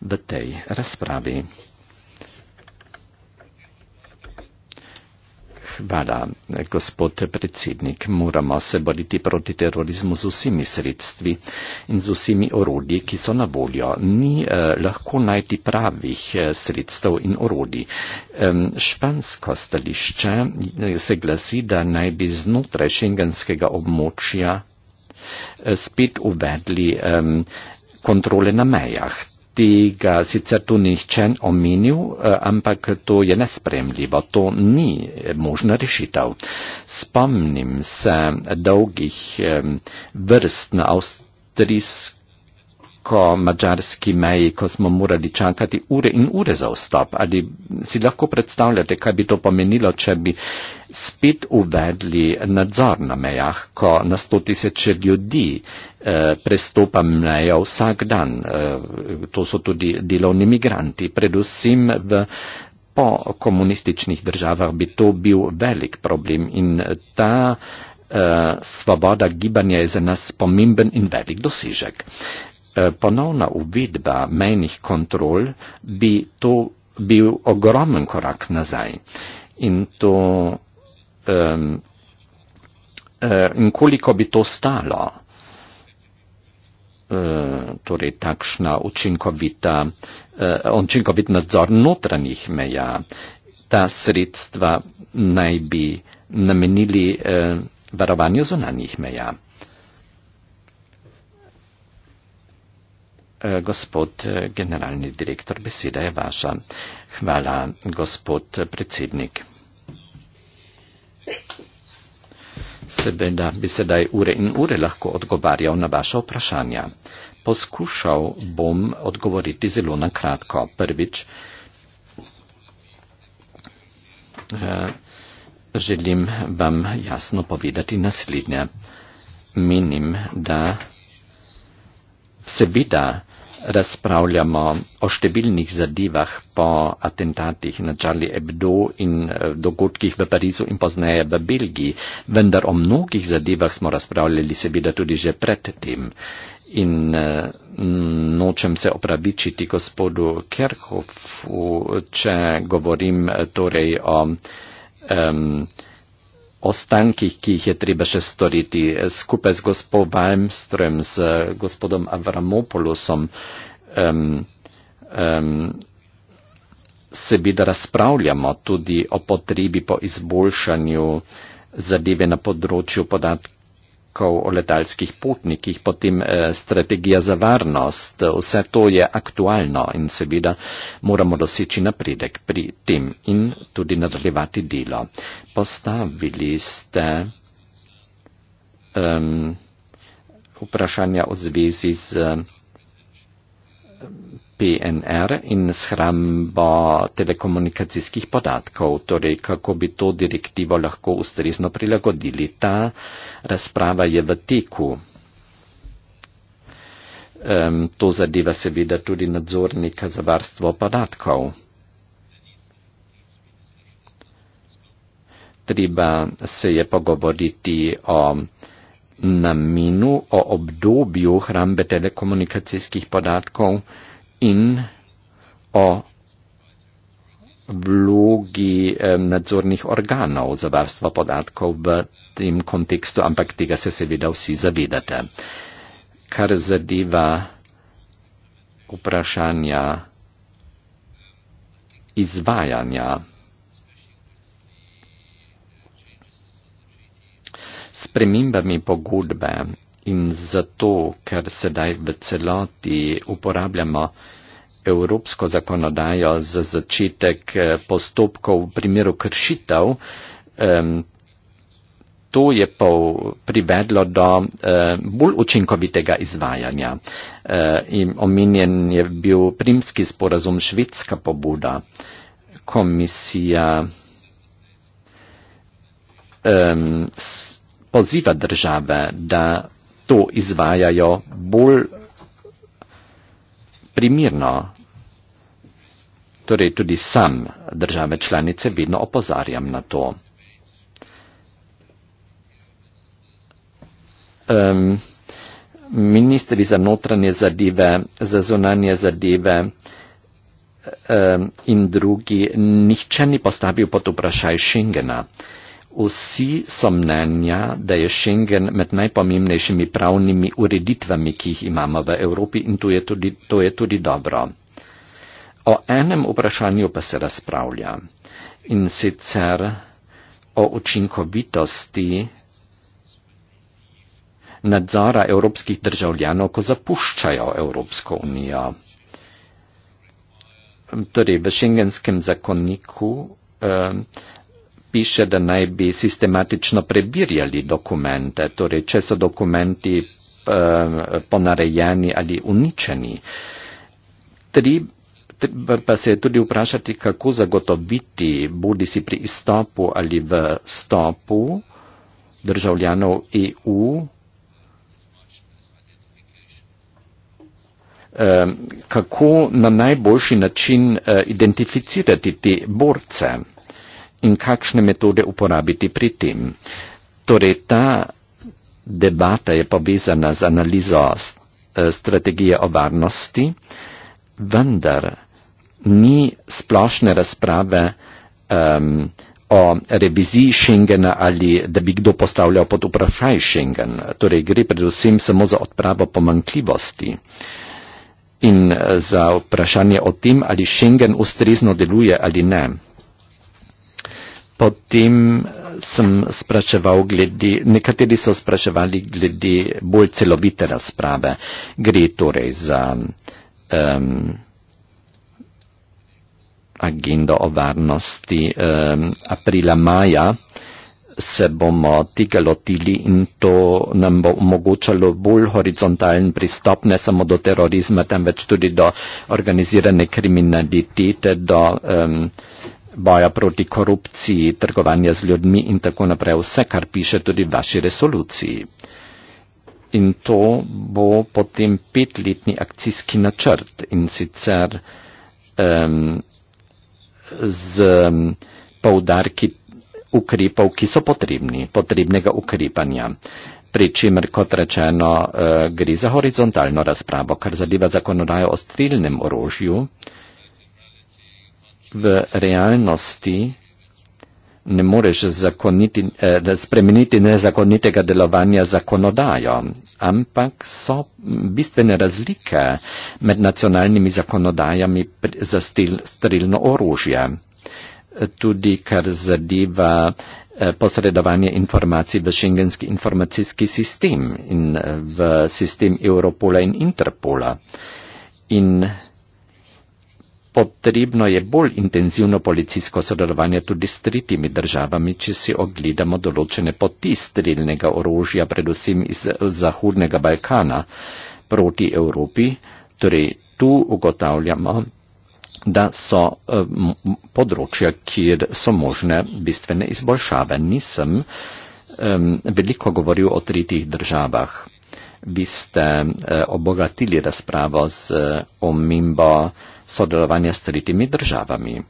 v tej razpravi. Hvala, gospod predsednik. Moramo se boriti proti terorizmu z vsemi sredstvi in z vsemi orodji, ki so na voljo. Ni eh, lahko najti pravih eh, sredstev in orodij. Eh, špansko stališče eh, se glasi, da naj bi znotraj šengenskega območja eh, spet uvedli eh, kontrole na mejah tega sicer tu nihče omenil, eh, ampak to je nespremljivo, to ni eh, možna rešitev. Spomnim se dolgih eh, vrst na avstrijskem slovensko-mačarski meji, ko smo morali čakati ure in ure za vstop. Ali si lahko predstavljate, kaj bi to pomenilo, če bi spet uvedli nadzor na mejah, ko na sto tisoče ljudi eh, prestopa mejo vsak dan. Eh, to so tudi delovni migranti, predvsem v. Po komunističnih državah bi to bil velik problem in ta uh, svoboda gibanja je za nas pomemben in velik dosežek. Eh, ponovna uvidba mejnih kontrol bi to bil ogromen korak nazaj. In to, eh, in koliko bi to stalo, eh, torej takšna učinkovita, učinkovit nadzor notranjih meja, ta sredstva naj bi namenili varovanju zunanjih meja. Eh, gospod eh, generalni direktor, beseda je vaša. Hvala, gospod predsednik. Seveda bi sedaj ure in ure lahko odgovarjal na vaše vprašanja. Poskušal bom odgovoriti zelo na kratko. Prvič, eh, želim vam jasno povedati naslednje. Menim, da se vidi, razpravljamo o številnih zadevah po atentatih na Charlie Hebdo in eh, dogodkih v Parizu in pozneje v Belgiji, vendar o mnogih zadevah smo razpravljali seveda tudi že pred tem. In eh, nočem se opravičiti gospodu Kerhofu, če govorim eh, torej o. Um, ostankih, ki jih je treba še storiti. Skupaj z gospod Weimström, z gospodom Avramopolusom um, um, se bi da razpravljamo tudi o potrebi po izboljšanju zadeve na področju podatkov podatkov o letalskih potnikih, potem eh, strategija za varnost. Vse to je aktualno in seveda moramo doseči napredek pri tem in tudi nadaljevati delo. Postavili ste um, vprašanja o zvezi z PNR in shramba telekomunikacijskih podatkov, torej kako bi to direktivo lahko ustrezno prilagodili. Ta razprava je v teku. Um, to zadeva seveda tudi nadzornika za varstvo podatkov. Treba se je pogovoriti o namenu, o obdobju hrambe telekomunikacijskih podatkov in o vlogi nadzornih organov za varstvo podatkov v tem kontekstu, ampak tega se seveda vsi zavedate. Kar zadeva vprašanja izvajanja spremembami pogodbe in zato, ker sedaj v celoti uporabljamo evropsko zakonodajo za začetek eh, postopkov v primeru kršitev, to je pa privedlo do eh, bolj učinkovitega izvajanja. Eh, in omenjen je bil primski sporazum švedska pobuda. Komisija poziva države, da to izvajajo bolj primirno. Torej tudi sam države članice vedno opozarjam na to. Um, ministri za notranje zadeve, za zunanje zadeve um, in drugi, nihče ni postavil pod vprašaj Schengena. Um, Vsi so mnenja, da je Schengen med najpomembnejšimi pravnimi ureditvami, ki jih imamo v Evropi in to je tudi, to je tudi dobro. O enem vprašanju pa se razpravlja in sicer o učinkovitosti nadzora evropskih državljanov, ko zapuščajo Evropsko unijo. Torej, v šengenskem zakonniku eh, piše, da naj bi sistematično prebirjali dokumente, torej če so dokumenti eh, ponarejeni ali uničeni. Tri, pa se je tudi vprašati, kako zagotoviti, bodi si pri izstopu ali v stopu državljanov EU, eh, kako na najboljši način eh, identificirati te borce in kakšne metode uporabiti pri tem. Torej, ta debata je povezana z analizo eh, strategije o varnosti, vendar ni splošne razprave um, o reviziji Schengena ali da bi kdo postavljal pod vprašaj Schengen. Torej, gre predvsem samo za odpravo pomankljivosti in eh, za vprašanje o tem, ali Schengen ustrezno deluje ali ne. Potem sem spraševal glede, nekateri so spraševali glede bolj celovite razprave. Gre torej za um, agendo o varnosti um, aprila-maja se bomo tega lotili in to nam bo omogočalo bolj horizontalen pristop ne samo do terorizma, temveč tudi do organizirane kriminalitete, do um, boja proti korupciji, trgovanja z ljudmi in tako naprej, vse, kar piše tudi v vaši resoluciji. In to bo potem petletni akcijski načrt in sicer um, z um, poudarki ukrepov, ki so potrebni, potrebnega ukrepanja. Pričemer, kot rečeno, uh, gre za horizontalno razpravo, kar zadeva zakonodajo o strilnem orožju. Uh, v realnosti ne moreš zakoniti, eh, spremeniti nezakonitega delovanja zakonodajo, ampak so bistvene razlike med nacionalnimi zakonodajami za stil, strilno orožje. Tudi kar zadeva eh, posredovanje informacij v šengenski informacijski sistem in eh, v sistem Europola in Interpola. In Potrebno je bolj intenzivno policijsko sodelovanje tudi s tretjimi državami, če si ogledamo določene poti strelnega orožja, predvsem iz Zahodnega Balkana proti Evropi. Torej, tu ugotavljamo, da so um, področja, kjer so možne bistvene izboljšave. Nisem um, veliko govoril o tretjih državah. Vi ste uh, obogatili razpravo z uh, eh, omimbo, sodelovanja s tretjimi državami.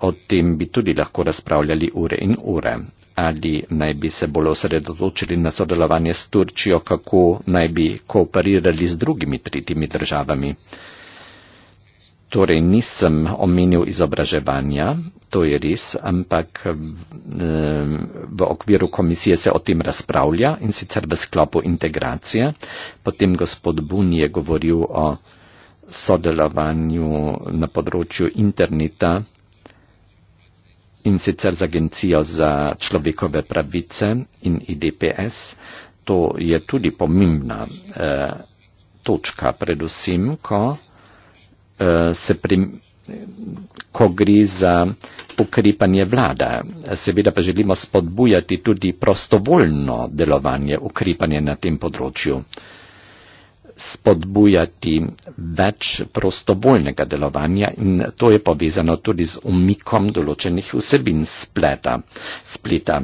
O tem bi tudi lahko razpravljali ure in ure. Ali naj bi se bolj osredotočili na sodelovanje s Turčijo, kako naj bi kooperirali z drugimi tretjimi državami. Torej nisem omenil izobraževanja, to je res, ampak v okviru komisije se o tem razpravlja in sicer v sklopu integracije. Potem gospod Bun je govoril o sodelovanju na področju interneta in sicer z Agencijo za človekove pravice in IDPS. To je tudi pomembna eh, točka, predvsem, ko, eh, se pri, ko gre za ukrepanje vlade. Seveda pa želimo spodbujati tudi prostovoljno delovanje, ukrepanje na tem področju. Eh, spodbujati več prostovoljnega delovanja in to je povezano tudi z umikom določenih vsebin spleta. spleta.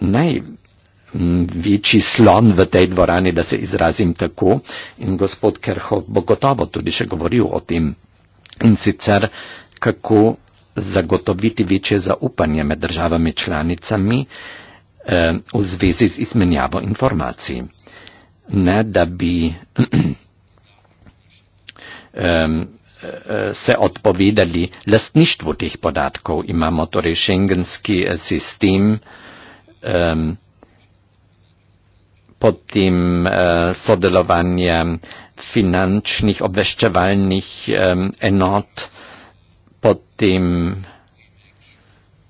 Največji slon v tej dvorani, da se izrazim tako, in gospod Kerhov bo gotovo tudi še govoril o tem, in sicer kako zagotoviti večje zaupanje med državami članicami eh, v zvezi z izmenjavo informacij ne da bi um, se odpovedali lastništvu teh podatkov. Imamo torej šengenski eh, sistem, um, potem uh, sodelovanje finančnih obveščevalnih um, enot, potem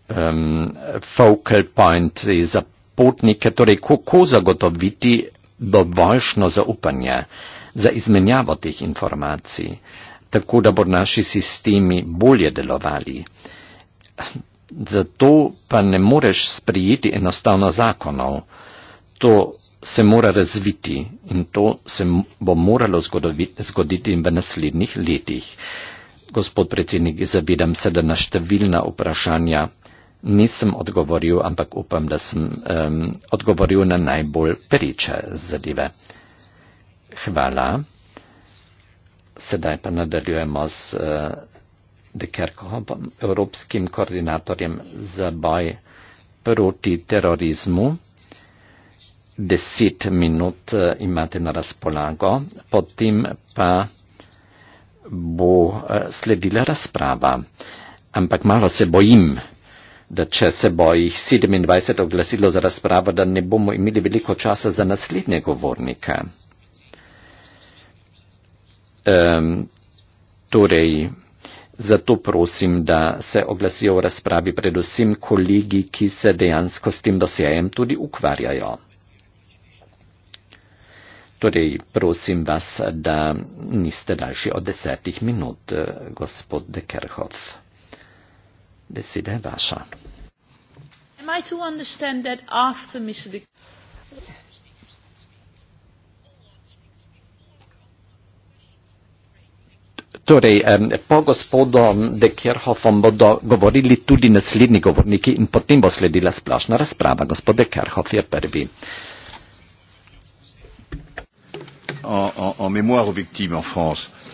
um, focal point za potnike, torej kako zagotoviti dovoljšno zaupanje za izmenjavo teh informacij, tako da bodo naši sistemi bolje delovali. Zato pa ne moreš sprijeti enostavno zakonov. To se mora razviti in to se bo moralo zgoditi v naslednjih letih. Gospod predsednik, zavedam se, da na številna vprašanja nisem odgovoril, ampak upam, da sem um, odgovoril na najbolj priče zadeve. Hvala. Sedaj pa nadaljujemo s uh, eh, Dekerkohom, evropskim koordinatorjem za boj proti terorizmu. Deset minut uh, imate na razpolago, potem pa bo uh, sledila razprava. Ampak malo se bojim da če se bo jih 27 oglasilo za razpravo, da ne bomo imeli veliko časa za naslednje govornike. Um, torej, zato prosim, da se oglasijo v razpravi predvsem kolegi, ki se dejansko s tem dosjejem tudi ukvarjajo. Torej, prosim vas, da niste daljši od desetih minut, eh, gospod Dekerhoff. Beseda je vaša. Torej, po gospodu De Kerhofom bodo govorili tudi naslednji govorniki in potem bo sledila splošna razprava. Gospod De Kerhof je prvi. O, o, o memoiru viktim v Franciji.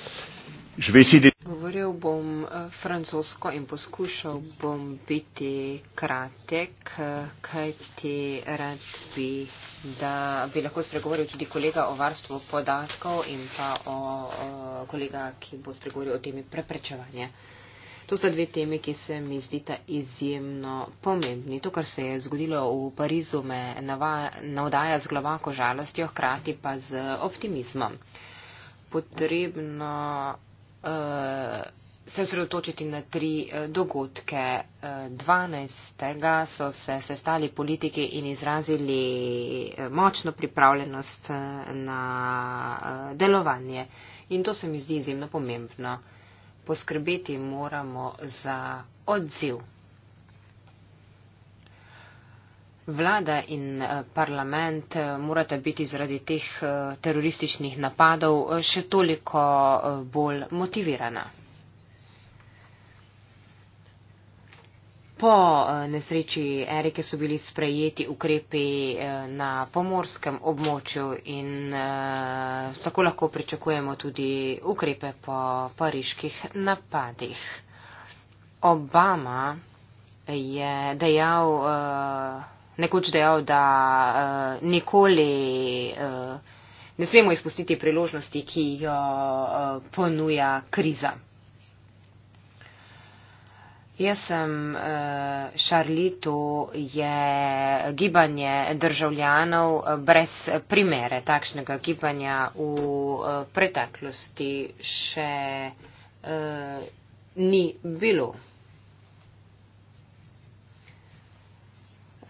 Govoril bom eh, francosko in poskušal bom biti kratek, eh, kaj ti rad bi, da bi lahko spregovoril tudi kolega o varstvu podatkov in pa o, o kolega, ki bo spregovoril o temi preprečevanja. To sta dve teme, ki se mi zdita izjemno pomembni. To, kar se je zgodilo v Parizu, me navdaja z glavako žalostjo, hkrati pa z optimizmom. Potrebno Eh, se osredotočiti na tri eh, dogodke. 12. Eh, so se sestali politiki in izrazili močno pripravljenost na delovanje. In to se mi zdi izjemno pomembno. Poskrbeti moramo za odziv. Vlada in eh, parlament eh, morata biti zaradi teh eh, terorističnih napadov še toliko bolj motivirana. Po nesreči Erike so bili sprejeti ukrepi na pomorskem območju in tako lahko pričakujemo tudi ukrepe po pariških napadih. Obama je dejal uh, nekoč dejal, da uh, nikoli uh, ne smemo izpustiti priložnosti, ki jo uh, ponuja kriza. Jaz sem Šarlito, je gibanje državljanov brez primere takšnega gibanja v preteklosti še ni bilo.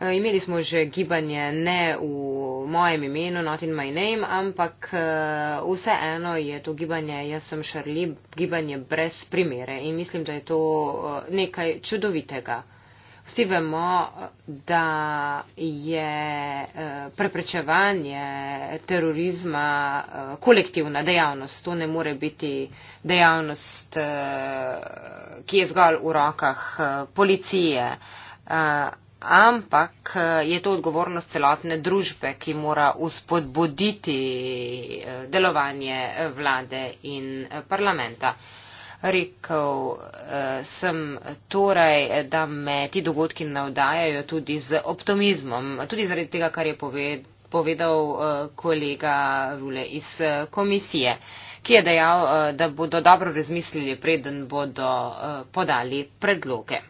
Eh, imeli smo že gibanje ne v mojem imenu, not in my name, ampak eh, vseeno je to gibanje, jaz sem šarli, gibanje brez primere in mislim, da je to eh, nekaj čudovitega. Vsi vemo, da je preprečevanje terorizma kolektivna dejavnost. To ne more biti dejavnost, ki je zgolj v rokah policije ampak eh, je to odgovornost celotne družbe, ki mora uspodbuditi eh, delovanje eh, vlade in parlamenta. Rekel sem torej, da me ti dogodki navdajajo tudi z optimizmom, tudi zaradi tega, kar je povedal kolega Rule iz komisije, ki je dejal, da bodo dobro razmislili, preden bodo podali predloge.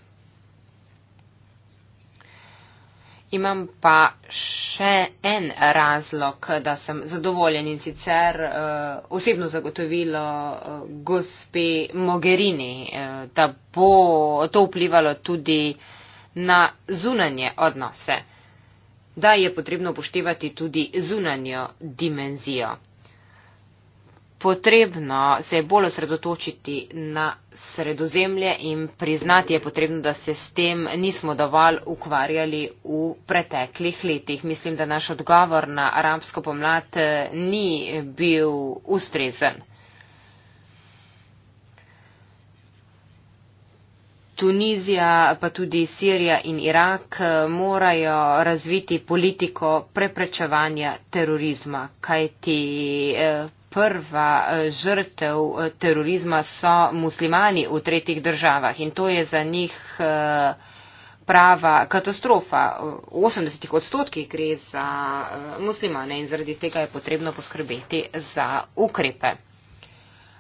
Imam pa še en razlog, da sem zadovoljen in sicer uh, osebno zagotovilo uh, gospe Mogherini, uh, da bo to vplivalo tudi na zunanje odnose, da je potrebno upoštevati tudi zunanjo dimenzijo potrebno se bolj osredotočiti na sredozemlje in priznati je potrebno, da se s tem nismo dovolj ukvarjali v preteklih letih. Mislim, da naš odgovor na arabsko pomlad eh, ni bil ustrezen. Tunizija, pa tudi Sirija in Irak eh, morajo razviti politiko preprečevanja terorizma, kajti eh, prva eh, žrtev eh, terorizma so muslimani v tretjih državah in to je za njih eh, prava katastrofa. V 80 odstotkih gre za muslimane in zaradi tega je potrebno poskrbeti za ukrepe.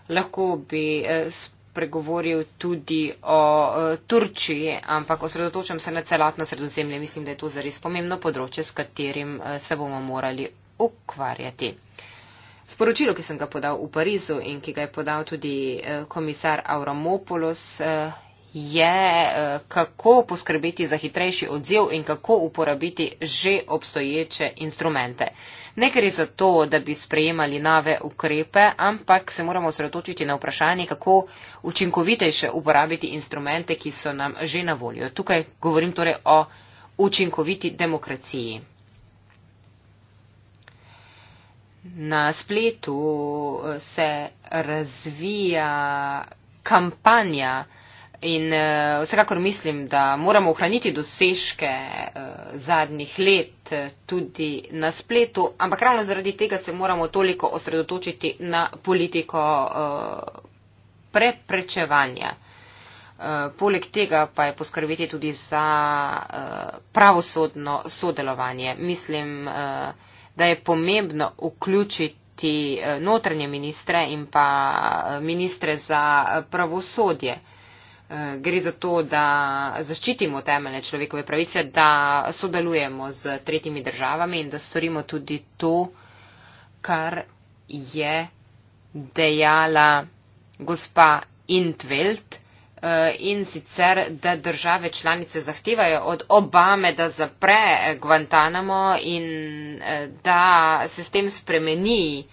Lahko bi spregovoril tudi o Turčiji, ampak osredotočam se na celotno sredozemlje. Mislim, da je to zares pomembno področje, s katerim se bomo morali ukvarjati. Sporočilo, ki sem ga podal v Parizu in ki ga je podal tudi eh, komisar Auromopolos, eh, je, eh, kako poskrbeti za hitrejši odziv in kako uporabiti že obstoječe instrumente. Ne gre za to, da bi sprejemali nove ukrepe, ampak se moramo osredotočiti na vprašanje, kako učinkovitejše uporabiti instrumente, ki so nam že na voljo. Tukaj govorim torej o učinkoviti demokraciji. Na spletu eh, se razvija kampanja in eh, vsekakor mislim, da moramo ohraniti dosežke eh, zadnjih let tudi na spletu, ampak ravno zaradi tega se moramo toliko osredotočiti na politiko preprečevanja. Poleg tega pa je poskrbeti tudi za pravosodno sodelovanje. Mislim, da je pomembno vključiti eh, notranje ministre in pa eh, ministre za eh, pravosodje. Gre za to, da zaščitimo temeljne človekove pravice, da sodelujemo z tretjimi državami in da storimo tudi to, kar je dejala gospa Intveld, Eh, in sicer, da države članice zahtevajo od Obame, da zapre eh, Guantanamo in eh, da se s tem spremeni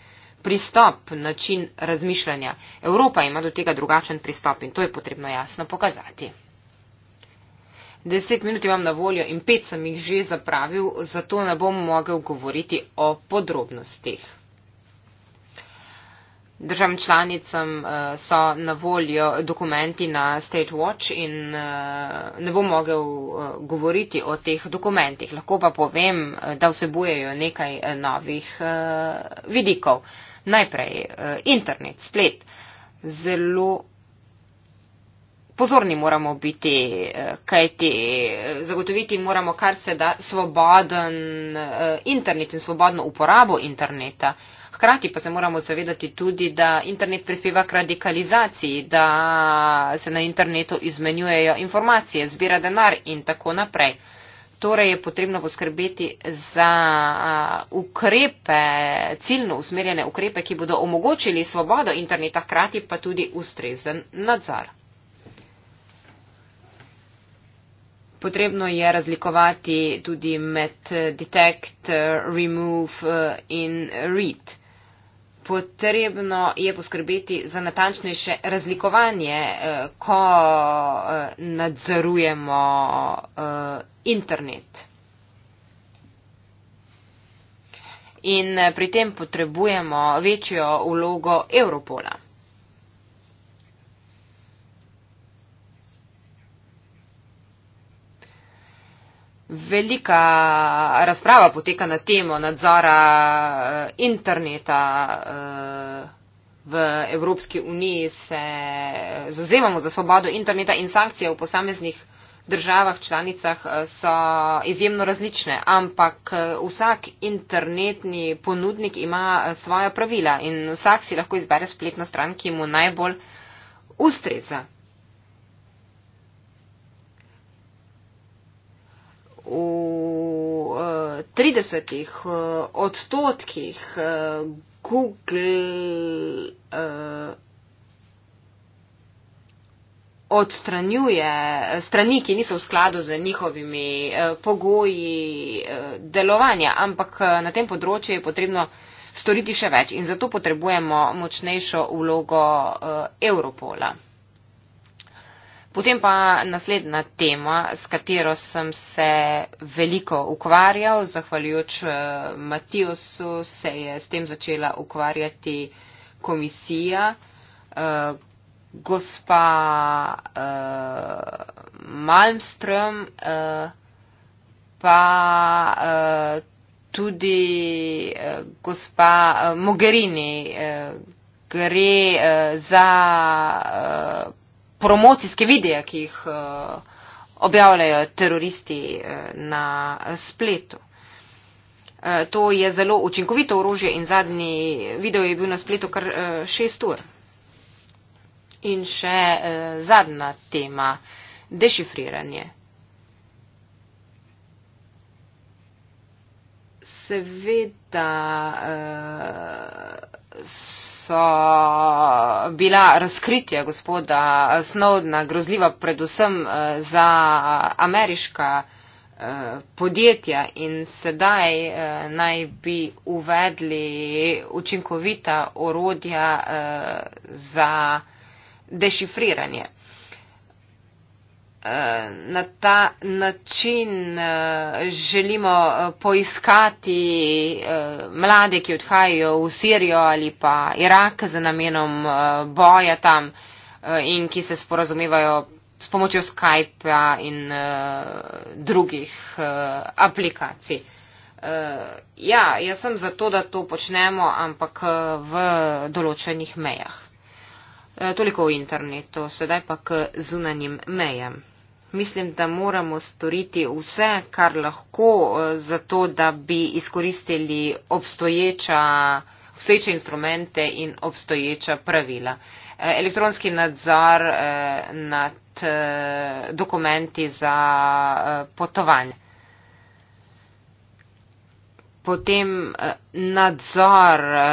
pristop, način razmišljanja. Evropa ima do tega drugačen pristop in to je potrebno jasno pokazati. Deset minut imam na voljo in pet sem jih že zapravil, zato ne bom mogel govoriti o podrobnostih državam članicam uh, so na voljo dokumenti na State Watch in uh, ne bom mogel uh, govoriti o teh dokumentih. Lahko pa povem, uh, da vsebujejo nekaj uh, novih uh, vidikov. Najprej uh, internet, splet. Zelo pozorni moramo biti, uh, kajti zagotoviti moramo kar se da svoboden uh, internet in svobodno uporabo interneta. Uh, Hkrati pa se moramo zavedati tudi, da internet prispeva k radikalizaciji, da se na internetu izmenjujejo informacije, zbira denar in tako naprej. Torej je potrebno poskrbeti za ukrepe, ciljno usmerjene ukrepe, ki bodo omogočili svobodo interneta, hkrati pa tudi ustrezen nadzor. Potrebno je razlikovati tudi med detect, remove eh, in read potrebno je poskrbeti za natančnejše razlikovanje, eh, ko eh, nadzorujemo eh, internet. In pri tem potrebujemo večjo vlogo Europola. velika razprava poteka na temo nadzora eh, interneta. Eh, v Evropski uniji se zozemamo za svobodo interneta in sankcije v posameznih državah članicah eh, so izjemno različne, ampak vsak internetni ponudnik ima svoja pravila in vsak si lahko izbere spletno stran, ki mu najbolj ustreza. v 30 eh, eh, odstotkih eh, Google odstranjuje strani, ki niso v skladu z njihovimi pogoji delovanja, ampak na tem področju je potrebno storiti še več in zato potrebujemo močnejšo vlogo Europola. Potem pa naslednja tema, s katero sem se veliko ukvarjal, zahvaljujoč eh, Matijosu se je s tem začela ukvarjati komisija. Eh, gospa eh, Malmström pa tudi gospa Mogherini gre za promocijske videe, ki jih eh, objavljajo teroristi eh, na spletu. Eh, to je zelo učinkovito orožje in zadnji video je bil na spletu kar 6 ur. In še zadnja tema, dešifriranje. Seveda so bila razkritja gospoda Snowdna grozljiva predvsem eh, za ameriška eh, podjetja in sedaj eh, naj bi uvedli učinkovita orodja za dešifriranje. Eh, na ta način eh, želimo eh, poiskati mlade, ki odhajajo v Sirijo ali pa Irak za namenom boja tam in ki se sporazumevajo s pomočjo Skypea in drugih aplikacij. Ja, jaz sem za to, da to počnemo, ampak v določenih mejah. Toliko o internetu, sedaj pa k zunanjim mejam mislim, da moramo storiti vse, kar lahko, eh, zato da bi izkoristili obstoječa, obstoječe instrumente in obstoječa pravila. Eh, elektronski nadzor eh, nad dokumenti za potovanje potem eh, nadzor eh,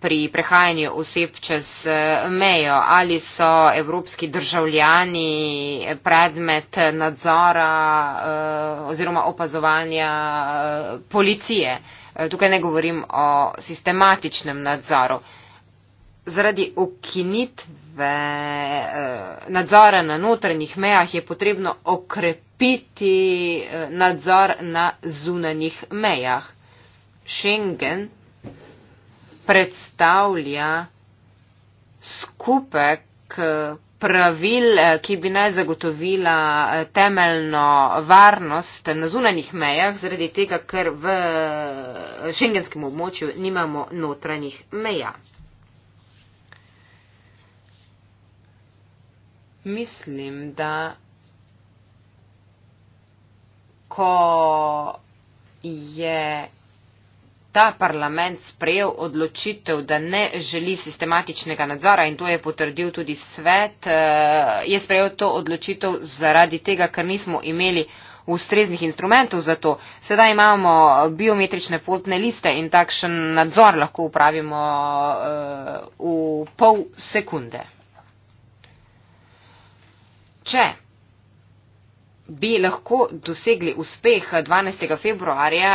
pri prehajanju oseb čez eh, mejo? Ali so evropski državljani predmet nadzora oziroma opazovanja policije? Tukaj ne govorim o sistematičnem nadzoru. Zaradi ukinitve nadzora na notranjih mejah je potrebno okrepiti nadzor na zunanjih mejah. Schengen predstavlja skupek eh, pravil, eh, ki bi naj zagotovila eh, temeljno varnost na zunanjih mejah, zaradi tega, ker v šengenskem območju nimamo notranjih meja. Mislim, da ko je ta parlament sprejel odločitev, da ne želi sistematičnega nadzora in to je potrdil tudi svet, eh, je sprejel to odločitev zaradi tega, ker nismo imeli ustreznih instrumentov za to. Sedaj imamo biometrične potne liste in takšen nadzor lahko upravimo eh, v pol sekunde. Če bi lahko dosegli uspeh 12. februarja,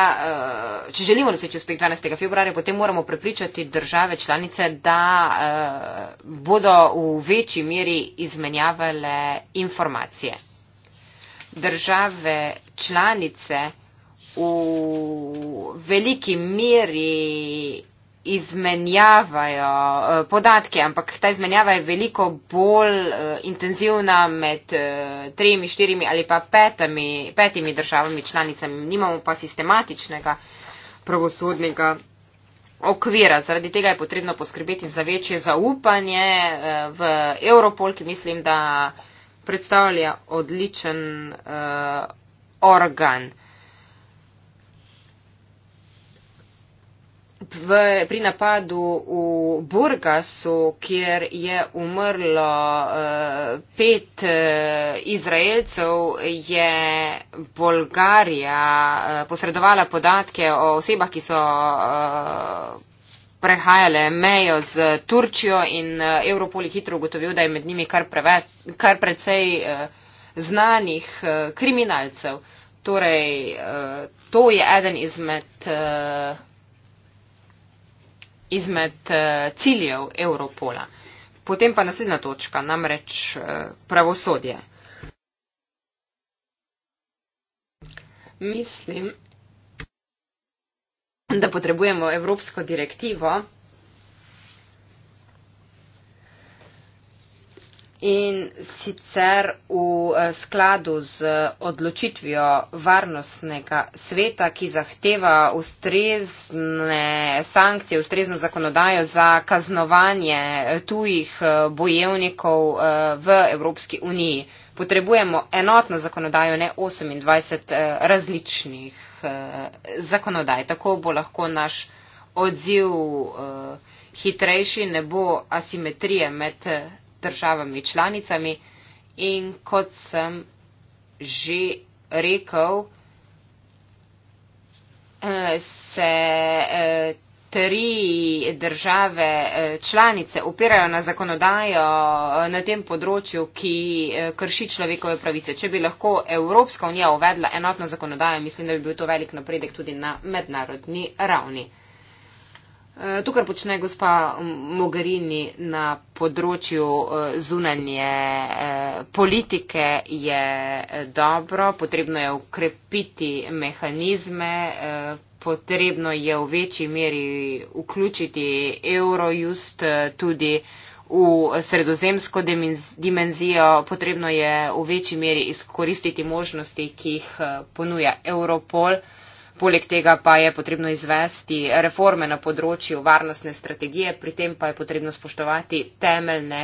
eh, če želimo doseči uspeh 12. februarja, potem moramo prepričati države članice, da eh, bodo v večji meri izmenjavale informacije. Države članice v veliki meri izmenjavajo eh, podatke, ampak ta izmenjava je veliko bolj eh, intenzivna med eh, tremi, štirimi ali pa petimi, petimi državami članicami. Nimamo pa sistematičnega pravosodnega okvira. Zaradi tega je potrebno poskrbeti za večje zaupanje v Europol, ki mislim, da predstavlja odličen uh, organ. v, pri napadu v Burgasu, kjer je umrlo uh, pet uh, Izraelcev, je Bolgarija uh, posredovala podatke o osebah, ki so. Uh, prehajale mejo z Turčijo in Europol je hitro ugotovil, da je med njimi kar, preve, kar precej eh, znanih eh, kriminalcev. Torej, eh, to je eden izmed eh, izmed eh, ciljev Europola. Potem pa naslednja točka, namreč eh, pravosodje. Mislim, da potrebujemo evropsko direktivo in sicer v eh, skladu z eh, odločitvijo varnostnega sveta, ki zahteva ustrezne sankcije, ustrezno zakonodajo za kaznovanje eh, tujih bojevnikov v Evropski uniji. Potrebujemo enotno zakonodajo, ne 28 različnih zakonodaj. Tako bo lahko naš odziv hitrejši, ne bo asimetrije med državami članicami in kot sem že rekel, eh, se eh, tri države eh, članice upirajo na zakonodajo na tem področju, ki krši človekove pravice. Če bi lahko Evropska unija uvedla enotno zakonodajo, mislim, da bi bil to velik napredek tudi na mednarodni ravni. Eh, to, kar počne gospa Mogherini na področju eh, zunanje eh, politike, je dobro. Potrebno je ukrepiti mehanizme, potrebno je v večji meri vključiti Eurojust tudi v sredozemsko dimenzijo, potrebno je v večji meri izkoristiti možnosti, ki jih ponuja Europol. Poleg tega pa je potrebno izvesti reforme na področju varnostne strategije, pri tem pa je potrebno spoštovati temeljne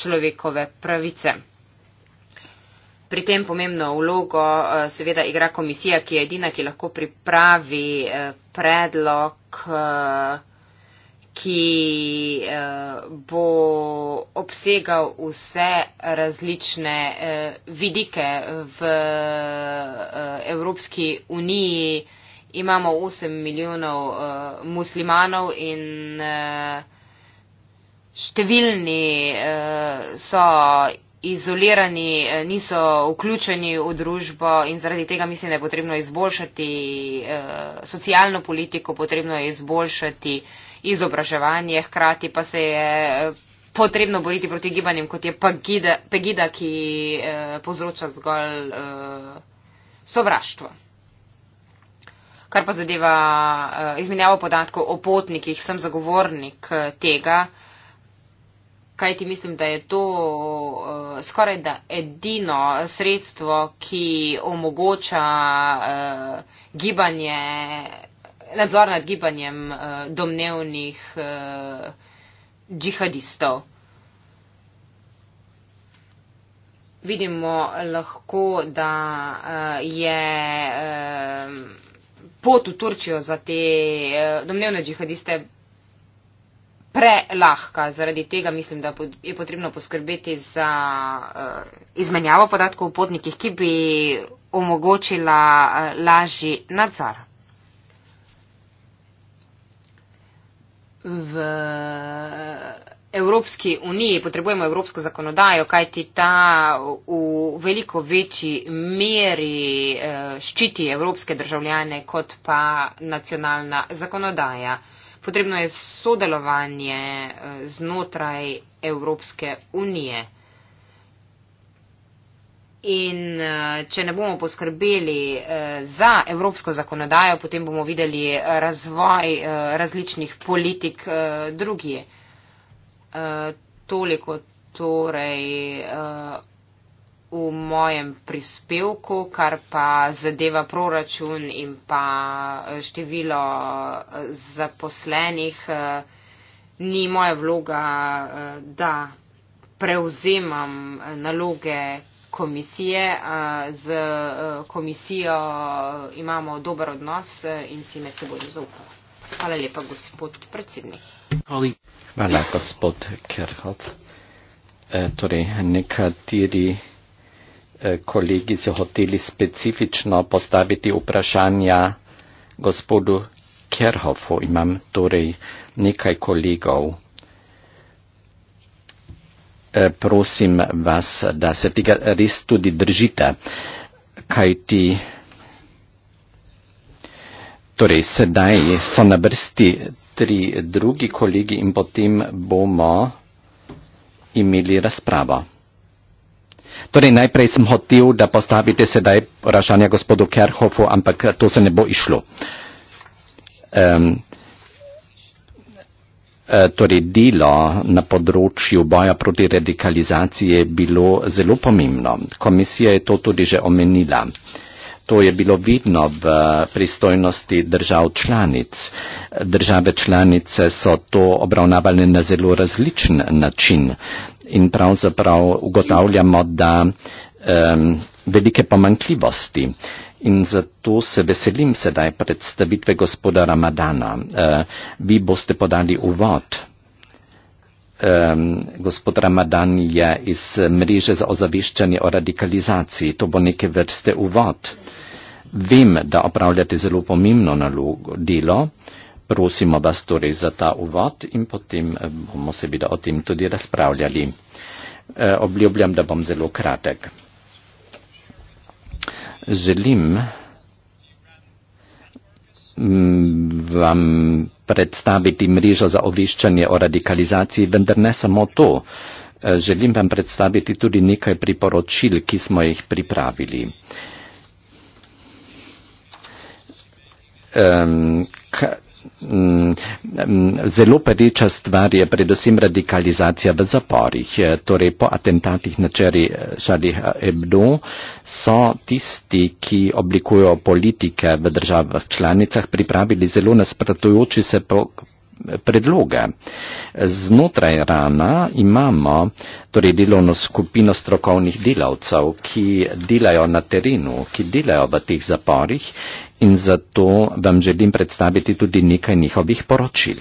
človekove pravice. Pri tem pomembno vlogo eh, seveda igra komisija, ki je edina, ki lahko pripravi eh, predlog, eh, ki bo obsegal vse različne vidike v Evropski uniji imamo 8 milijonov uh, muslimanov in uh, številni uh, so izolirani, niso vključeni v družbo in zaradi tega mislim, da je potrebno izboljšati eh, socialno politiko, potrebno je izboljšati izobraževanje, hkrati pa se je potrebno boriti proti gibanjem, kot je Pegida, Pegida ki eh, povzroča zgolj eh, sovraštvo. Kar pa zadeva eh, izmenjavo podatkov o potnikih, sem zagovornik eh, tega, kaj ti mislim, da je to eh, skoraj da edino sredstvo, ki omogoča gibanje, nadzor nad gibanjem domnevnih džihadistov. Vidimo lahko, da je pot v Turčijo za te eh, domnevne džihadiste prelahka. Zaradi tega mislim, da je potrebno poskrbeti za eh, izmenjavo podatkov v potnikih, ki bi omogočila eh, lažji nadzor. V Evropski uniji potrebujemo evropsko zakonodajo, kajti ta v veliko večji meri eh, ščiti evropske državljane kot pa nacionalna zakonodaja. Potrebno je sodelovanje eh, znotraj Evropske unije. In eh, če ne bomo poskrbeli za evropsko zakonodajo, potem bomo videli razvoj različnih politik drugih. Eh, toliko torej uh, v mojem prispevku, kar pa zadeva proračun in pa eh, število zaposlenih, uh, ni moja vloga, uh, da prevzemam naloge komisije. Uh, z uh, komisijo imamo dober odnos in si med seboj zaupamo. Hvala lepa, gospod predsednik. Hvala, gospod Kerhov. E, torej, nekateri e, kolegi so hoteli specifično postaviti vprašanja gospodu Kerhovu. Imam torej nekaj kolegov. E, prosim vas, da se tega res tudi držite, kajti Torej, sedaj so na vrsti tri drugi kolegi in potem bomo imeli razpravo. Torej, najprej sem hotel, da postavite sedaj vprašanje gospodu Kerhofu, ampak to se ne bo išlo. Um, e, torej, delo na področju boja proti radikalizaciji je bilo zelo pomembno. Komisija je to tudi že omenila. Uh, To je bilo vidno v pristojnosti držav članic. Države članice so to obravnavali na zelo različen način in pravzaprav ugotavljamo, da um, velike pomankljivosti. In zato se veselim sedaj predstavitve gospoda Ramadana. Uh, vi boste podali uvod. Um, gospod Ramadan je iz mreže za ozaviščanje o radikalizaciji. To bo neke vrste uvod. Vem, da opravljate zelo pomembno nalogo, delo, prosimo vas torej za ta uvod in potem eh, bomo seveda o tem tudi razpravljali. E, obljubljam, da bom zelo kratek. Želim mm, vam predstaviti mrežo za oviščanje o radikalizaciji, vendar ne samo to. Eh, želim vam predstaviti tudi nekaj priporočil, ki smo jih pripravili. Ehm, k, mm, mm, Zelo pereča stvar je predvsem radikalizacija v zaporih. E, torej, po atentatih na čeri Šalih e, Ebdo so tisti, ki oblikujo politike v državah članicah, pripravili zelo nasprotujoči se predloge. Znotraj rana imamo torej delovno skupino strokovnih delavcev, ki delajo na terenu, ki delajo v teh zaporih in zato vam želim predstaviti tudi nekaj njihovih poročil,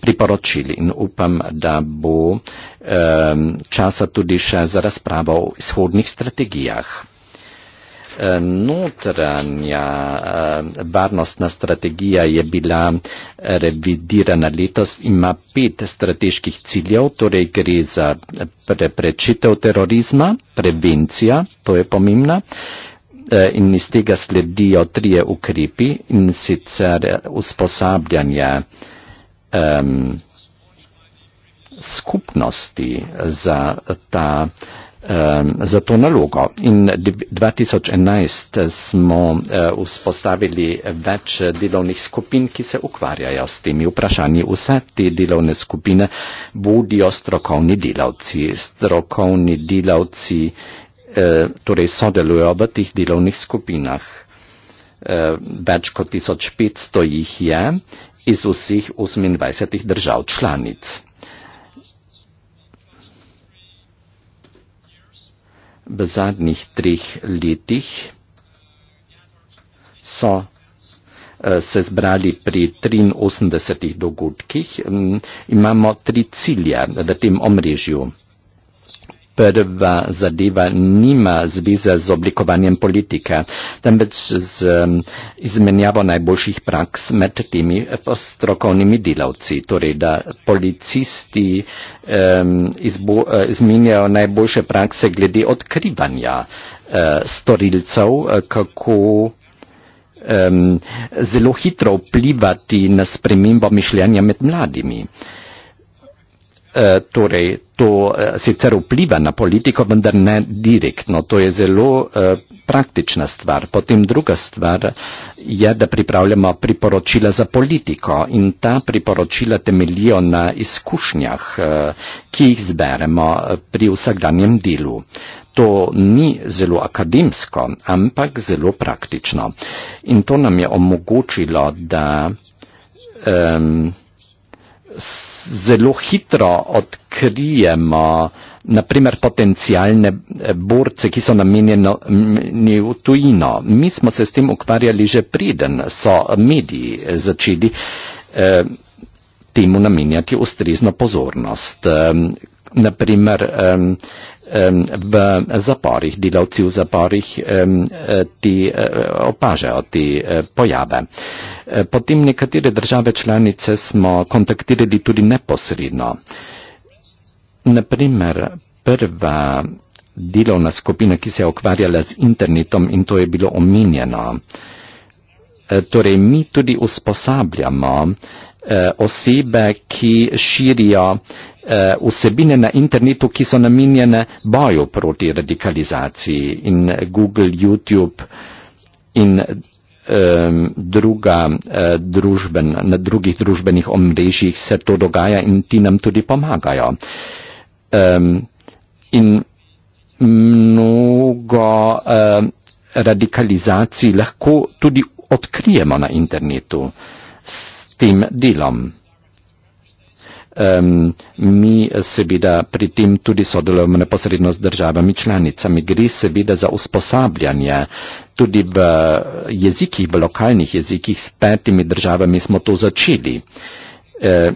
priporočil in upam, da bo eh, časa tudi še za razpravo o izhodnih strategijah. Eh, notranja eh, varnostna strategija je bila revidirana letos, ima pet strateških ciljev, torej gre za preprečitev terorizma, prevencija, to je pomembna. Eh, in iz tega sledijo trije ukrepi in sicer usposabljanje um, skupnosti za ta uh, Ehm, za to nalogo. In 2011 smo eh, vzpostavili več delovnih skupin, ki se ukvarjajo s temi vprašanji. Vse te delovne skupine bodijo strokovni delavci. Strokovni delavci eh, torej sodelujo v teh delovnih skupinah. Eh, več kot 1500 jih je iz vseh 28 držav članic. v zadnjih treh letih so eh, se zbrali pri 83 dogodkih. Imamo tri cilje v tem omrežju prva zadeva nima zveze z oblikovanjem politike, temveč z um, izmenjavo najboljših praks med temi eh, strokovnimi delavci, torej da policisti um, izbo, eh, izmenjajo najboljše prakse glede odkrivanja uh, storilcev, kako um, zelo hitro vplivati na spremembo mišljenja med mladimi. Uh, Eh, torej to eh, sicer vpliva na politiko, vendar ne direktno. To je zelo eh, praktična stvar. Potem druga stvar je, da pripravljamo priporočila za politiko in ta priporočila temelijo na izkušnjah, ki jih zberemo pri vsakdanjem delu. To ni zelo akademsko, ampak zelo praktično. In to nam je omogočilo, da. Um, zelo hitro odkrijemo naprimer potencijalne eh, borce, ki so namenjeni v tujino. Mi smo se s tem ukvarjali že preden, so mediji eh, začeli eh, temu namenjati ustrezno pozornost. Eh, naprimer, eh, um, v zaporih, delavci v zaporih, um, ti uh, opažajo te uh, pojave. Potem nekatere države članice smo kontaktirali tudi neposredno. Naprimer, prva delovna skupina, ki se je ukvarjala z internetom in to je bilo omenjeno. Torej, mi tudi usposabljamo Eh, osebe, ki širijo eh, vsebine na internetu, ki so namenjene boju proti radikalizaciji in Google, YouTube in druga eh, družben, na drugih družbenih omrežjih se to dogaja in ti nam tudi pomagajo. In mnogo radikalizacij lahko tudi odkrijemo na internetu tem delom. Um, mi seveda pri tem tudi sodelujemo neposredno z državami članicami. Gre seveda za usposabljanje. Tudi v jezikih, v lokalnih jezikih s petimi državami smo to začeli. E,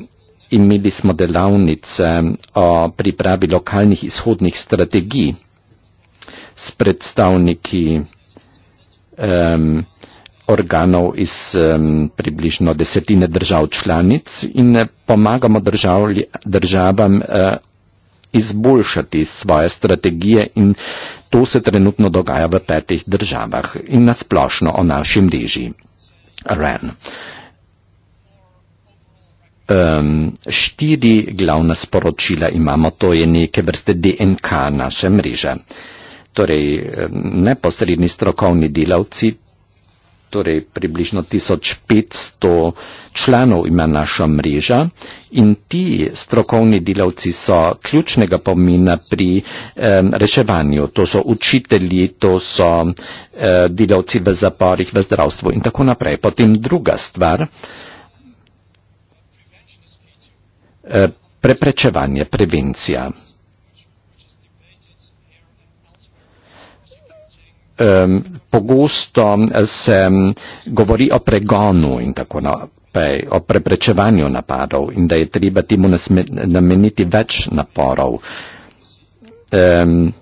imeli smo delavnice o pripravi lokalnih izhodnih strategij s predstavniki. Um, organov iz um, približno desetine držav članic in eh, pomagamo držav, državam uh, izboljšati svoje strategije in to se trenutno dogaja v petih državah in nasplošno o naši mreži. REN. Um, štiri glavna sporočila imamo, to je neke vrste DNK naše mreže. Torej, neposredni strokovni delavci torej približno 1500 članov ima naša mreža in ti strokovni delavci so ključnega pomena pri um, reševanju. To so učitelji, to so uh, delavci v zaporih, v zdravstvu in tako naprej. Potem druga stvar. Eh, preprečevanje, prevencija. um, pogosto eh, se um, govori o pregonu in tako naprej, o preprečevanju napadov in da je treba temu nameniti več naporov. Um,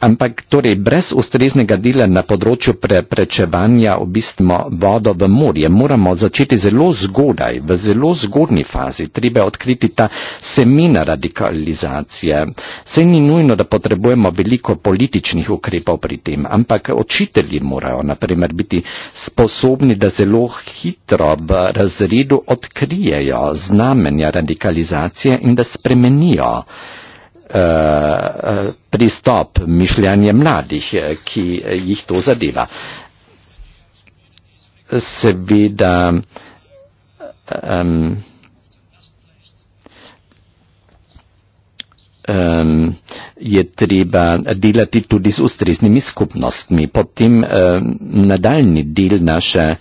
Ampak torej brez ustreznega dela na področju preprečevanja v bistvu vodo v morje moramo začeti zelo zgodaj, v zelo zgodni fazi. Treba odkriti ta semina radikalizacije. Se ni nujno, da potrebujemo veliko političnih ukrepov pri tem, ampak učitelji morajo naprimer biti sposobni, da zelo hitro v razredu odkrijejo znamenja radikalizacije in da spremenijo. Eh, pristop mišljenje mladih, eh, ki eh, jih to zadeva. Seveda, um, um, je treba delati tudi z ustreznimi skupnostmi. Potem um, nadaljni del naše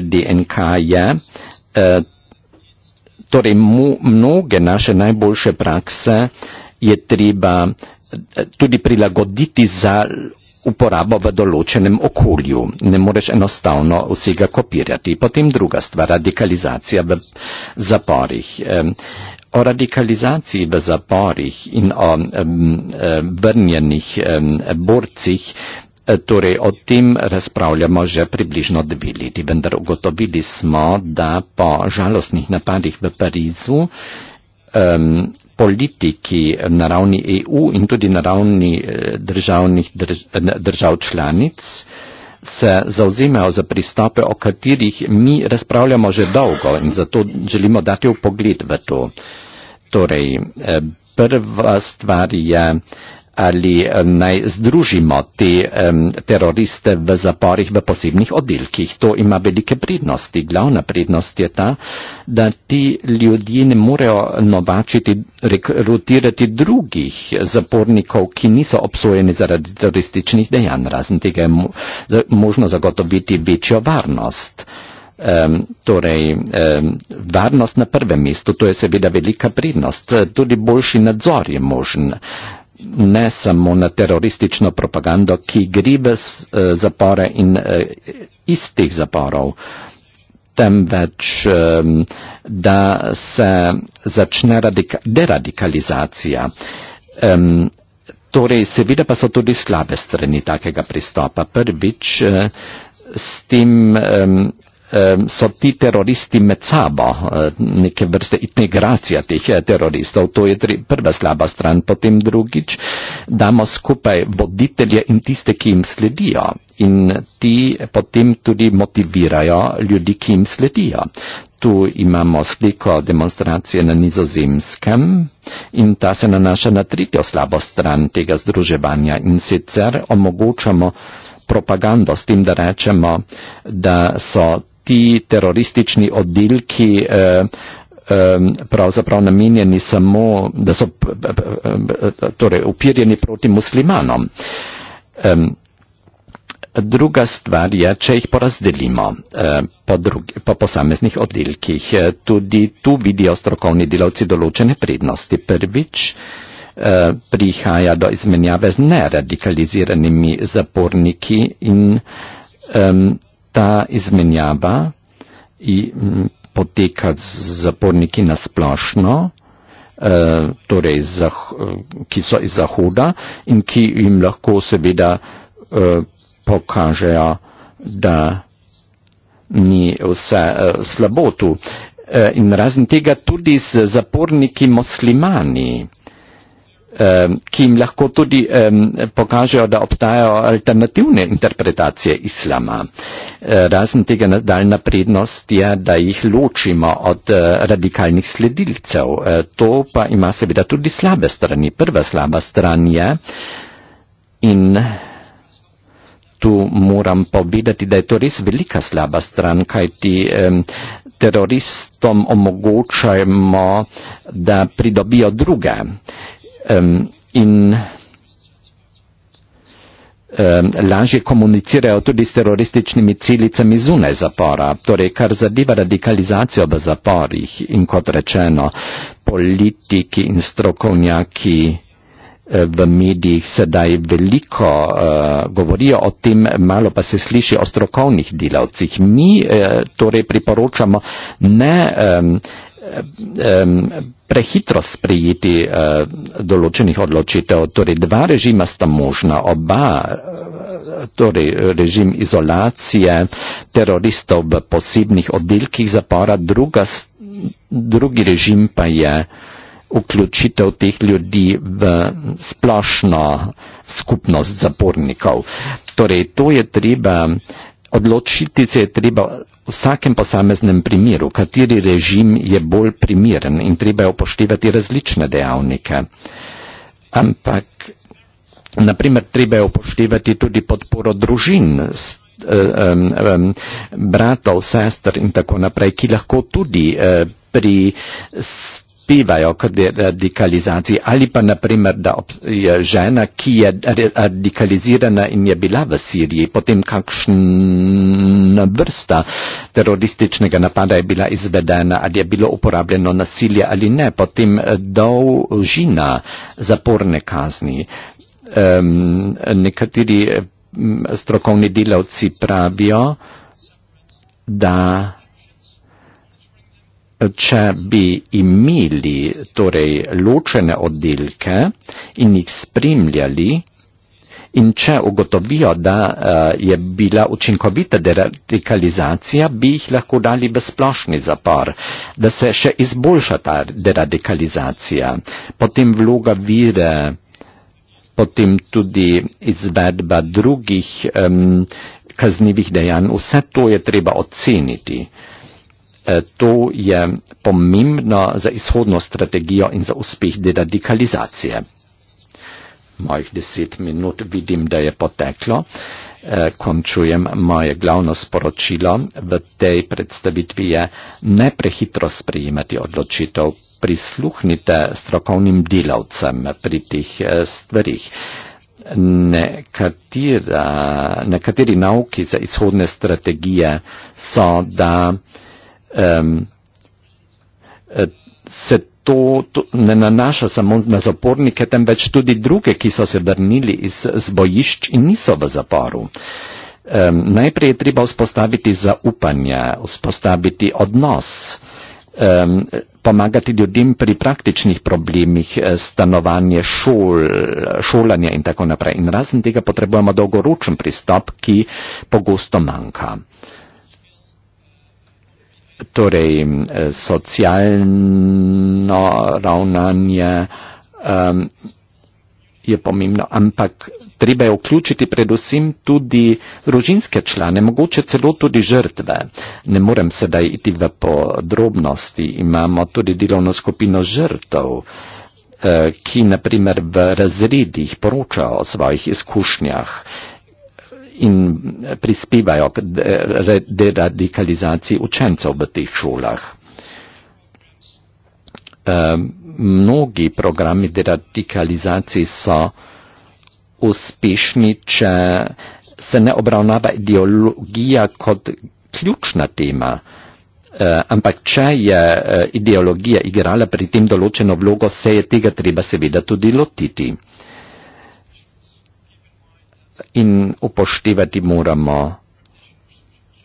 DNK je, uh, torej mu, mnoge naše najboljše prakse, uh, je treba eh, tudi prilagoditi za uporabo v določenem okolju. Ne moreš enostavno vsega kopirati. Potem druga stvar, radikalizacija v zaporih. O radikalizaciji v zaporih in o vrnjenih borcih, eh, torej o tem razpravljamo že približno dve leti, vendar ugotovili smo, da po žalostnih napadih v Parizu politiki na ravni EU in tudi na ravni eh, državnih drž, eh, držav članic se zauzimajo za pristope, o katerih mi razpravljamo že dolgo in zato želimo dati v pogled v to. Torej, eh, prva stvar je ali eh, naj združimo te um, teroriste v zaporih v posebnih oddelkih. To ima velike prednosti. Glavna prednost je ta, da ti ljudje ne morejo novačiti, rekrutirati drugih zapornikov, ki niso obsojeni zaradi terorističnih dejanj. Razen tega je možno zagotoviti večjo varnost. Um, torej, um, varnost na prvem mestu, to je seveda velika prednost. Tudi boljši nadzor je možen ne samo na teroristično propagando, ki gre v eh, zapore in eh, istih zaporov, temveč, eh, da se začne radika deradikalizacija. Eh, torej, seveda pa so tudi slabe strani takega pristopa. Prvič, eh, s tem eh, so ti teroristi med sabo, e, neke vrste integracija teh e, teroristov. To je prva slaba stran. Potem drugič, damo skupaj voditelje in tiste, ki jim sledijo. In ti potem tudi motivirajo ljudi, ki jim sledijo. Tu imamo sliko demonstracije na nizozemskem in ta se nanaša na tretjo slabo stran tega združevanja in sicer omogočamo propagando s tem, da rečemo, da so ti teroristični oddelki eh, pravzaprav namenjeni samo, da so torej, upirjeni proti muslimanom. Druga stvar je, če jih porazdelimo eh, po, drugi, po posameznih oddelkih. Eh, tudi tu vidijo strokovni delavci določene prednosti. Prvič prihaja do izmenjave z neradikaliziranimi zaporniki in ta izmenjava poteka z zaporniki na splošno, eh, torej eh, ki so iz Zahoda in ki jim lahko seveda eh, pokažejo, da ni vse slabotu. In razen tega tudi z zaporniki muslimani. Ehm, ki jim lahko tudi um, pokažejo, da obstajajo alternativne interpretacije islama. Eh, razen tega daljna prednost je, da jih ločimo od uh, radikalnih sledilcev. Uh, to pa ima seveda tudi slabe strani. Prva slaba stran je in tu moram povedati, da je to res velika slaba stran, kajti um, teroristom omogočajmo, da pridobijo druge. Uh, um, in um, lažje komunicirajo tudi s terorističnimi celicami zunaj zapora. Torej, kar zadeva radikalizacijo v zaporih in kot rečeno, politiki in strokovnjaki e, v medijih sedaj veliko uh, govorijo o tem, malo pa se sliši o strokovnih delavcih. Mi uh, torej priporočamo ne um, prehitro sprejeti eh, določenih odločitev. Torej, dva režima sta možna, oba, eh, torej režim izolacije teroristov v posebnih oddelkih zapora, druga, drugi režim pa je vključitev teh ljudi v splošno skupnost zapornikov. Torej, to je treba Odločiti se je treba v vsakem posameznem primeru, kateri režim je bolj primeren in treba je upoštevati različne dejavnike. Ampak, naprimer, treba je upoštevati tudi podporo družin, eh, bratov, sester in tako naprej, ki lahko tudi eh, pri prispevajo k radikalizaciji ali pa naprimer, da je žena, ki je radikalizirana in je bila v Siriji, potem kakšna vrsta terorističnega napada je bila izvedena ali je bilo uporabljeno nasilje ali ne, potem eh, dolžina zaporne kazni. Um, nekateri strokovni delavci pravijo, da če bi imeli torej ločene oddelke in jih spremljali in če ugotovijo, da eh, je bila učinkovita deradikalizacija, bi jih lahko dali v splošni zapor, da se še izboljša ta deradikalizacija. Potem vloga vire, potem tudi izvedba drugih um, kaznivih dejanj, vse to je treba oceniti. Eh, to je pomembno za izhodno strategijo in za uspeh deradikalizacije. Mojih deset minut vidim, da je poteklo. Eh, končujem moje glavno sporočilo v tej predstavitvi je ne prehitro sprejemati odločitev. Prisluhnite strokovnim delavcem pri teh eh, stvarih. Nekatera, nekateri nauki za izhodne strategije so, da um, se to, to ne nanaša samo na zapornike, temveč tudi druge, ki so se vrnili iz zbojišč in niso v zaporu. Um, najprej je treba vzpostaviti zaupanje, vzpostaviti odnos, um, pomagati ljudem pri praktičnih problemih, e, stanovanje, šol, šolanje in tako naprej. In razen tega potrebujemo dolgoročen pristop, ki pogosto manjka torej eh, socialno ravnanje um, je pomembno, ampak treba je vključiti predvsem tudi družinske člane, mogoče celo tudi žrtve. Ne morem sedaj iti v podrobnosti, imamo tudi delovno skupino žrtev eh, ki naprimer v razredih poročajo o svojih izkušnjah in eh, prispevajo k deradikalizaciji učencev v teh šolah. Eh, mnogi programi deradikalizacije so uspešni, če se ne obravnava ideologija kot ključna tema. Eh, ampak če je ideologija igrala pri tem določeno vlogo, se je tega treba seveda tudi lotiti in upoštevati moramo,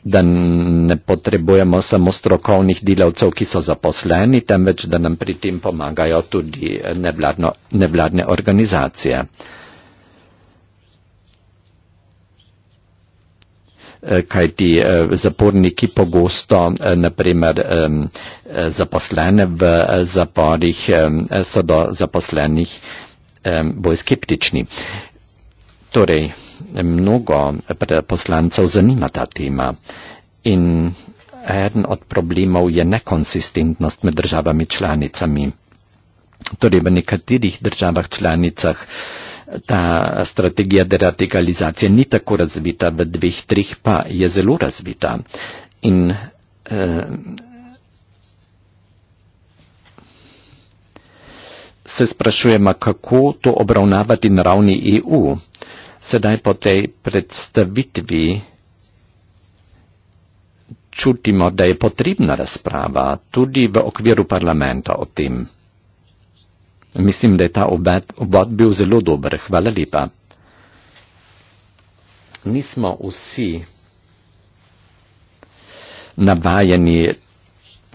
da ne potrebujemo samo strokovnih delavcev, ki so zaposleni, temveč da nam pri tem pomagajo tudi nevladno, nevladne organizacije. Eh, kaj ti eh, zaporniki pogosto, eh, naprimer zaposlene v zaporih, so do zaposlenih bolj skeptični. Torej, mnogo eh, poslancev zanima ta tema in eden od problemov je nekonsistentnost med državami članicami. Torej, v nekaterih državah članicah eh, ta strategija deradikalizacije ni tako razvita, v dveh, treh pa je zelo razvita. In, eh, se sprašujemo, kako to obravnavati na ravni EU sedaj po tej predstavitvi čutimo, da je potrebna razprava tudi v okviru parlamenta o tem. Mislim, da je ta obvod bil zelo dober. Hvala lepa. Nismo vsi navajeni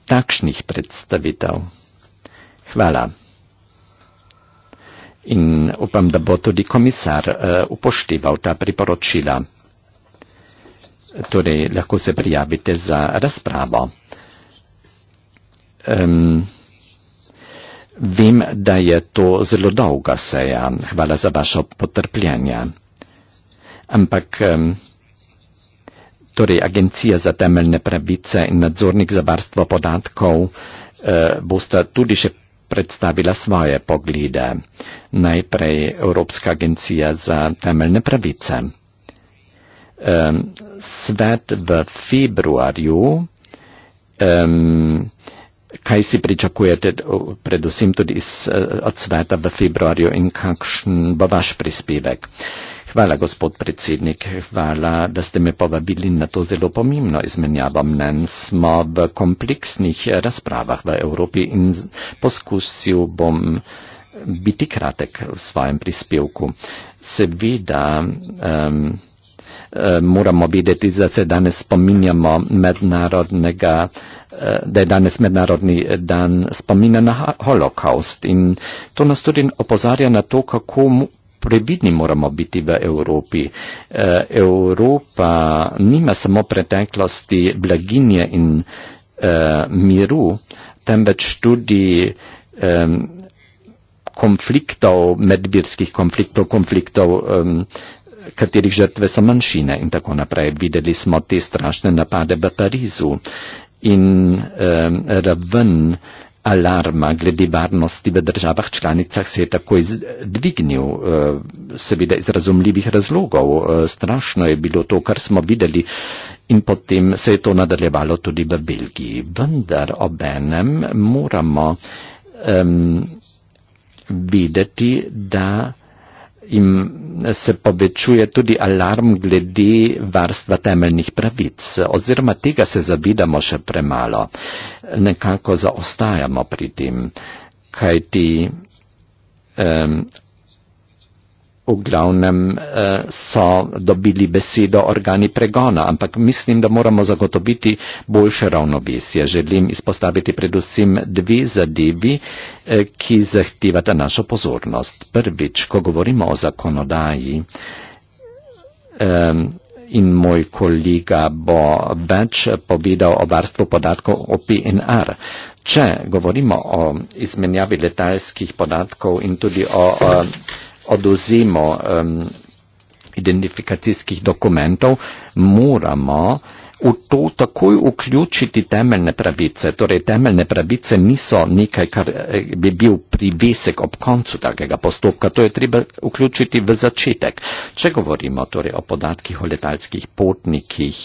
takšnih predstavitev. Hvala in upam, da bo tudi komisar uh, upošteval ta priporočila. Torej, lahko se prijavite za razpravo. Um, vem, da je to zelo dolga seja. Hvala za vašo potrpljenje. Ampak. Um, Torej, Agencija za temeljne pravice in nadzornik za varstvo podatkov eh, bosta tudi še predstavila svoje poglede. Najprej Evropska agencija za temeljne pravice. Um, svet v februarju, um, kaj si pričakujete predvsem tudi iz, eh, od sveta v februarju in kakšen bo vaš prispevek? Hvala, gospod predsednik, hvala, da ste me povabili na to zelo pomembno izmenjavo mnen. Smo v kompleksnih razpravah v Evropi in poskusil bom biti kratek v svojem prispevku. Seveda um, moramo vedeti, da se danes spominjamo mednarodnega eh, da je danes mednarodni dan spomina na holokaust. In to nas tudi opozarja na to, kako previdni moramo biti v Evropi. Eh, Evropa nima samo preteklosti blaginje in eh, miru, temveč tudi konfliktov, medvirskih konfliktov, konfliktov, katerih žrtve so manjšine in tako naprej. Videli smo te strašne napade v Parizu in raven eh, alarma glede varnosti v državah članicah se je takoj dvignil, eh, seveda iz razumljivih razlogov. Eh, strašno je bilo to, kar smo videli in potem se je to nadaljevalo tudi v Belgiji. Vendar obenem moramo um, videti, da in se povečuje tudi alarm glede varstva temeljnih pravic. Oziroma tega se zavidamo še premalo. Nekako zaostajamo pri tem, kajti um, V glavnem eh, so dobili besedo organi pregona, ampak mislim, da moramo zagotoviti boljše ravnovesje. Želim izpostaviti predvsem dve zadevi, eh, ki zahtevata našo pozornost. Prvič, ko govorimo o zakonodaji in moj kolega bo več povedal o varstvu podatkov o PNR. Če govorimo o izmenjavi letalskih podatkov in tudi o. o oduzimo um, identifikacijskih dokumentov, moramo v to takoj vključiti temeljne pravice. Torej, temeljne pravice niso nekaj, kar eh, bi bil privesek ob koncu takega postopka, to je treba vključiti v začetek. Če govorimo torej, o podatkih o letalskih potnikih,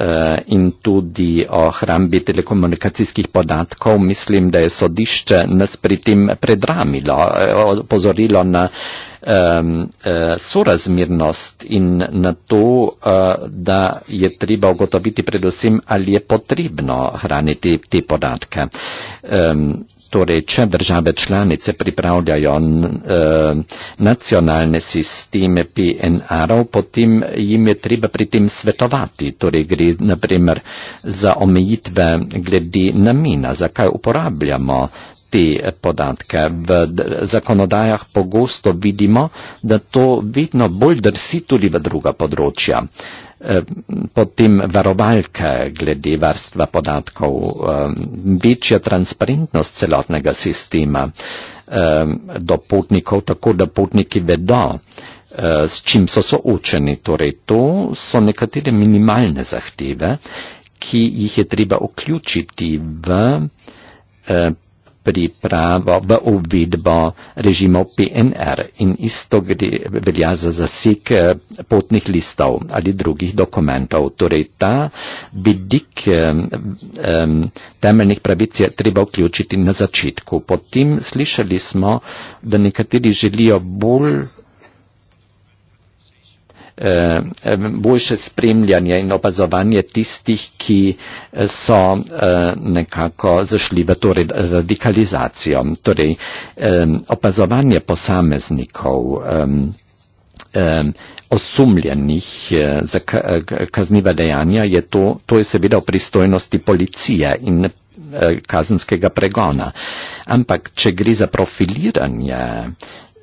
Eh, in tudi o hrambi telekomunikacijskih podatkov. Mislim, da je sodišče nas pri tem predramilo, eh, opozorilo na um, eh, sorazmirnost in na to, da je treba ugotoviti predvsem, ali je potrebno hraniti te podatke. Um, torej če države članice pripravljajo eh, nacionalne sisteme PNR-ov, potem jim je treba pri tem svetovati. Torej gre naprimer za omejitve glede namena, zakaj uporabljamo te podatke. V zakonodajah pogosto vidimo, da to vedno bolj drsi tudi v druga področja. Eh, potem varovalka glede varstva podatkov, eh, večja transparentnost celotnega sistema eh, do potnikov, tako da potniki vedo, s čim so soočeni. Torej, to so nekatere minimalne zahteve, ki jih je treba vključiti v priprava v uvidbo režimov PNR in isto gre, velja za zasek eh, potnih listov ali drugih dokumentov. Torej ta vidik um, temeljnih pravic je treba vključiti na začetku. Potem slišali smo, da nekateri želijo bolj Eh, eh, boljše spremljanje in opazovanje tistih, ki eh, so nekako zašli v to radikalizacijo. Torej, opazovanje posameznikov, osumljenih za kazniva dejanja, je to, to je seveda v pristojnosti policije in kazenskega pregona. Ampak, če gre za profiliranje,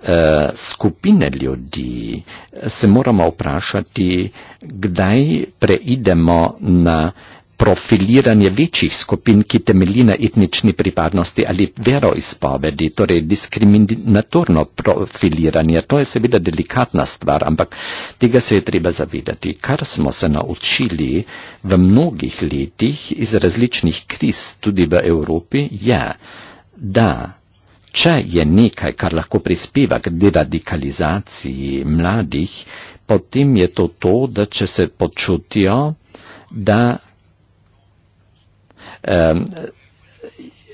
Eh, skupine ljudi, se moramo vprašati, kdaj preidemo na profiliranje večjih skupin, ki temelji na etnični pripadnosti ali veroizpovedi, torej diskriminatorno profiliranje. To je seveda delikatna stvar, ampak tega se je treba zavedati. Kar smo se naučili v mnogih letih iz različnih kriz tudi v Evropi, je, da Če je nekaj, kar lahko prispeva k deradikalizaciji mladih, potem je to to, da če se počutijo, da um,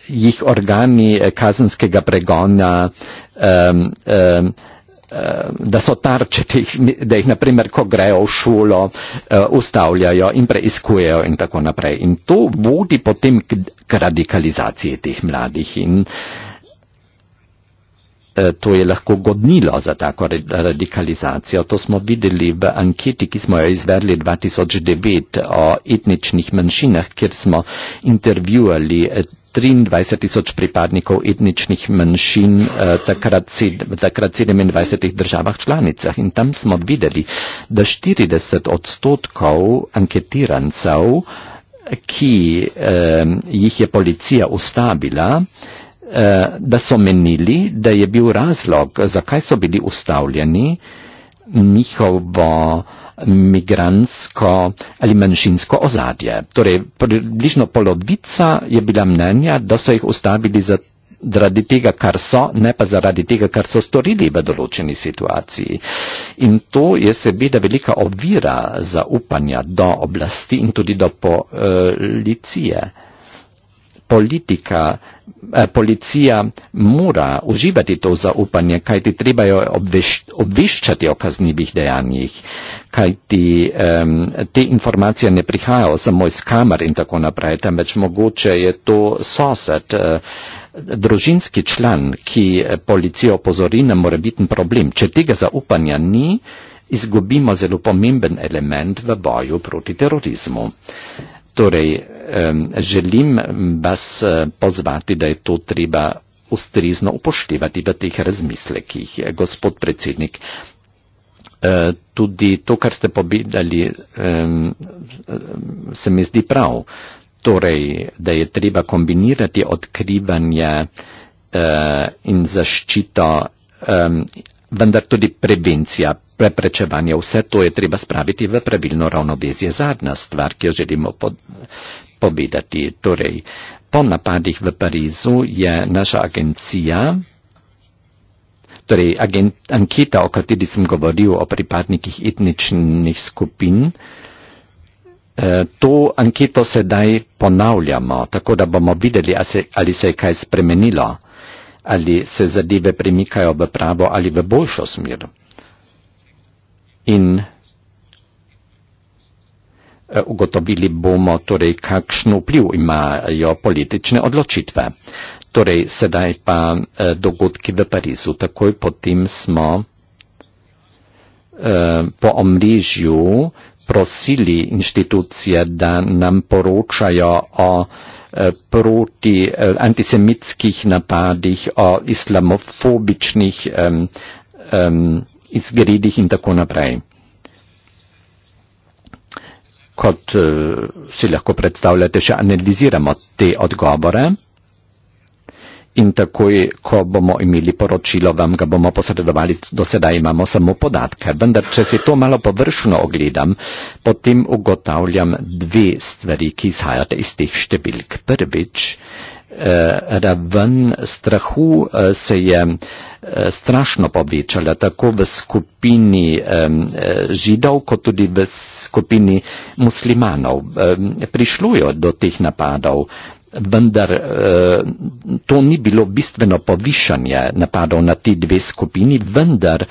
jih organi eh, kazenskega pregona, um, um, da so tarče, da jih naprimer, ko grejo v šolo, eh, ustavljajo in preiskujejo in tako naprej. In to vodi potem k radikalizaciji teh mladih. In, uh, Eh, to je lahko godnilo za tako radikalizacijo. To smo videli v anketi, ki smo jo izvedli 2009 o etničnih manjšinah, kjer smo intervjuali 23 eh, tisoč pripadnikov etničnih manjšin v eh, takrat 27 državah članicah. In tam smo videli, da 40 odstotkov anketirancev, ki eh, jih je policija ustavila, eh, Eh, da so menili, da je bil razlog, zakaj so bili ustavljeni, njihovo migransko ali manjšinsko ozadje. Torej, približno polovica je bila mnenja, da so jih ustavili za, zaradi tega, kar so, ne pa zaradi tega, kar so storili v določeni situaciji. In to je seveda velika ovira za upanja do oblasti in tudi do policije. Eh, Politika Eh, policija mora uživati to zaupanje, kaj ti treba jo obveščati o kaznjivih dejanjih, kaj ti um, te informacije ne prihajajo samo iz kamer in tako naprej, temveč mogoče je to sosed, uh, družinski član, ki eh, policijo opozori na morebitni problem. Če tega zaupanja ni, izgubimo zelo pomemben element v boju proti terorizmu. Torej, želim vas eh, pozvati, da je to treba ustrezno upoštevati v teh razmislekih, gospod predsednik. Eh, tudi to, kar ste povedali, se mi zdi prav. Torej, da je treba kombinirati odkrivanje eh, in zaščito vendar tudi prevencija preprečevanja. Vse to je treba spraviti v pravilno ravnovezje. Zadnja stvar, ki jo želimo povedati. Torej, po napadih v Parizu je naša agencija, torej agent, anketa, o kateri sem govoril o pripadnikih etničnih skupin, eh, To anketo sedaj ponavljamo, tako da bomo videli, ali se je kaj spremenilo ali se zadeve premikajo v pravo ali v boljšo smer. In eh, ugotovili bomo, torej, kakšno vpliv imajo politične odločitve. Torej, sedaj pa eh, dogodki v Parizu. Takoj potem smo eh, po omrežju prosili inštitucije, da nam poročajo o Eh, proti eh, antisemitskih napadih, o islamofobičnih um, um, izgredih in tako naprej. Kot uh, si lahko predstavljate, še analiziramo te odgovore in takoj, ko bomo imeli poročilo, vam ga bomo posredovali, do sedaj imamo samo podatke. Vendar, če si to malo površno ogledam, potem ugotavljam dve stvari, ki izhajate iz teh številk. Prvič, eh, raven strahu eh, se je eh, strašno povečala tako v skupini židov, kot tudi v skupini muslimanov. Prišlo je do teh napadov vendar eh, to ni bilo bistveno povišanje napadov na ti dve skupini, vendar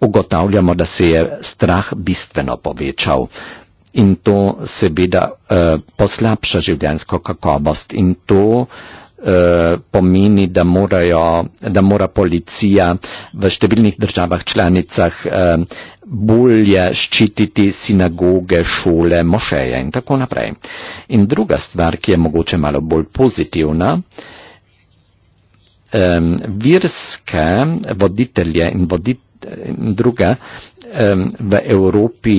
ugotavljamo, da se je strah bistveno povečal. In to seveda eh, poslabša življenjsko kakovost in to Eh, pomeni, da, morajo, da mora policija v številnih državah članicah eh, bolje ščititi sinagoge, šole, mošeje in tako naprej. In druga stvar, ki je mogoče malo bolj pozitivna, virske voditelje in, vodit, in druge v Evropi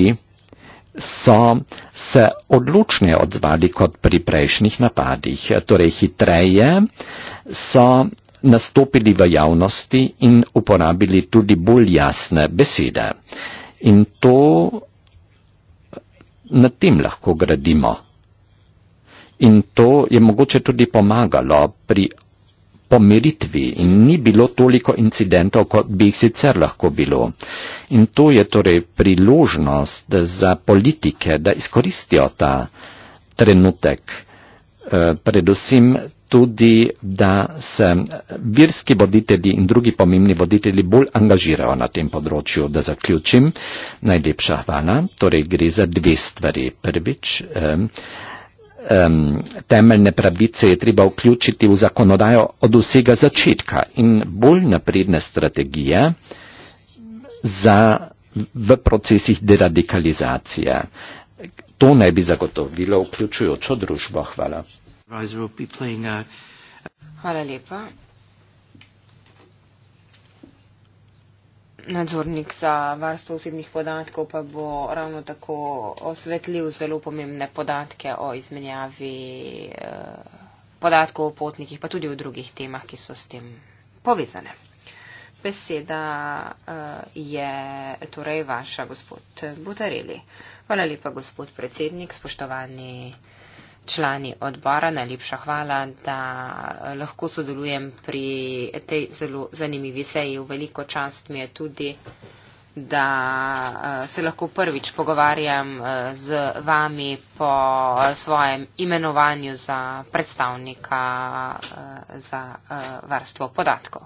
so se odločne odzvali kot pri prejšnjih napadih, torej hitreje so nastopili v javnosti in uporabili tudi bolj jasne besede. In to eh, na tem lahko gradimo. In to je mogoče tudi pomagalo pri pomiritvi in ni bilo toliko incidentov, kot bi jih sicer lahko bilo. In to je torej priložnost za politike, da izkoristijo ta trenutek, eh, predvsem tudi, da se virski voditelji in drugi pomembni voditelji bolj angažirajo na tem področju. Da zaključim, najlepša hvala, torej gre za dve stvari. Prvič, eh, um, temeljne pravice je treba vključiti v zakonodajo od vsega začetka in bolj napredne strategije za, v procesih deradikalizacije. To naj bi zagotovilo vključujočo družbo. Hvala. Hvala lepa. nadzornik za varstvo osebnih podatkov pa bo ravno tako osvetljiv zelo pomembne podatke o izmenjavi eh, podatkov o potnikih, pa tudi o drugih temah, ki so s tem povezane. Beseda eh, je torej vaša, gospod Butareli. Hvala lepa, gospod predsednik, spoštovani člani odbora, najlepša hvala, da lahko sodelujem pri tej zelo zanimivi seji. Veliko čast mi je tudi, da eh, se lahko prvič pogovarjam eh, z vami po svojem imenovanju za predstavnika eh, za varstvo podatkov.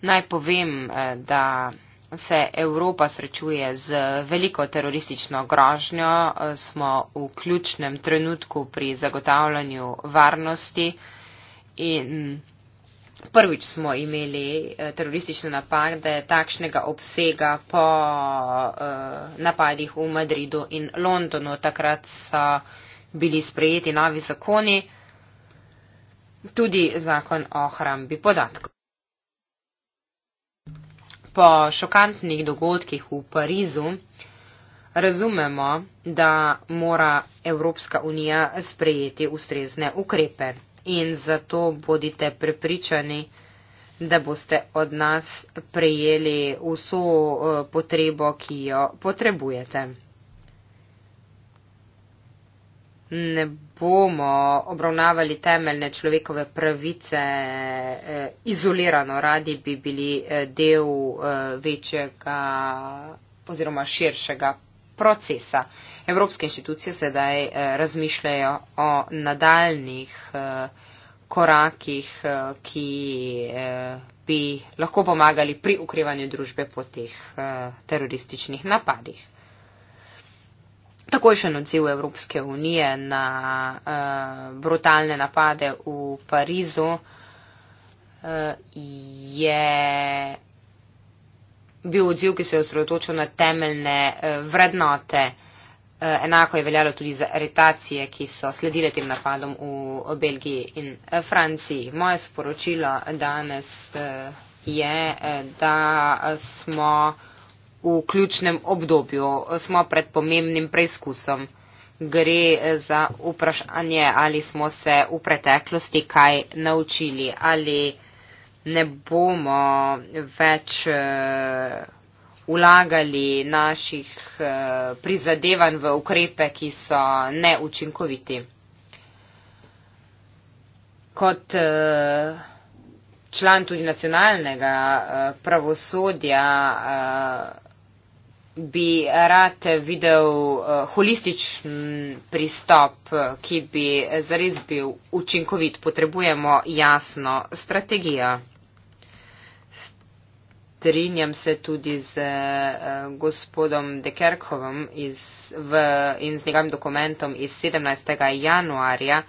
Naj povem, da se Evropa srečuje z veliko teroristično grožnjo, smo v ključnem trenutku pri zagotavljanju varnosti in prvič smo imeli eh, teroristične napade takšnega obsega po eh, napadih v Madridu in Londonu. Takrat so bili sprejeti novi zakoni, tudi zakon o hrambi podatkov po šokantnih dogodkih v Parizu razumemo, da mora Evropska unija sprejeti ustrezne ukrepe in zato bodite prepričani, da boste od nas prejeli vso eh, potrebo, ki jo potrebujete ne bomo obravnavali temeljne človekove pravice eh, izolirano, radi bi bili eh, del eh, večjega oziroma širšega procesa. Evropske inštitucije sedaj razmišljajo o nadaljnih korakih, ki bi lahko pomagali pri ukrevanju družbe po teh terorističnih napadih takojšen odziv Evropske unije na uh, brutalne napade v Parizu uh, je bil odziv, ki se je osredotočil na temeljne uh, vrednote. Enako je veljalo tudi za aretacije, ki so sledile tem napadom v Belgiji in Franciji. Moje sporočilo danes je, da smo v ključnem obdobju, smo pred pomembnim preizkusom. Gre za vprašanje, ali smo se v preteklosti kaj naučili, ali ne bomo več ulagali eh, naših eh, prizadevanj v ukrepe, ki so neučinkoviti. Kot eh, član tudi nacionalnega pravosodja bi rad videl uh, holističen pristop, eh, ki bi zares bil učinkovit. Potrebujemo jasno strategijo. Strinjam se tudi z uh, gospodom De Kerkovom in z njegovim dokumentom iz 17. januarja,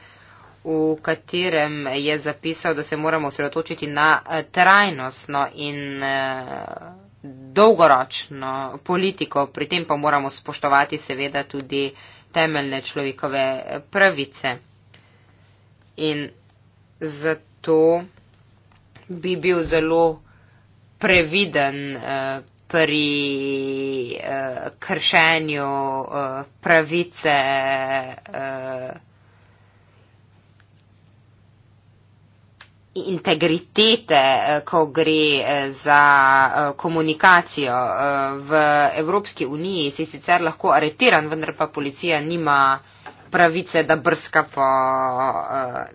v katerem je zapisal, da se moramo osredotočiti na uh, trajnostno in. Uh, dolgoročno politiko, pri tem pa moramo spoštovati seveda tudi temeljne človekove pravice. In zato bi bil zelo previden eh, pri eh, kršenju eh, pravice integritete, eh, ko gre eh, za eh, komunikacijo. V Evropski uniji si sicer lahko aretiran, vendar pa policija nima pravice, da brska po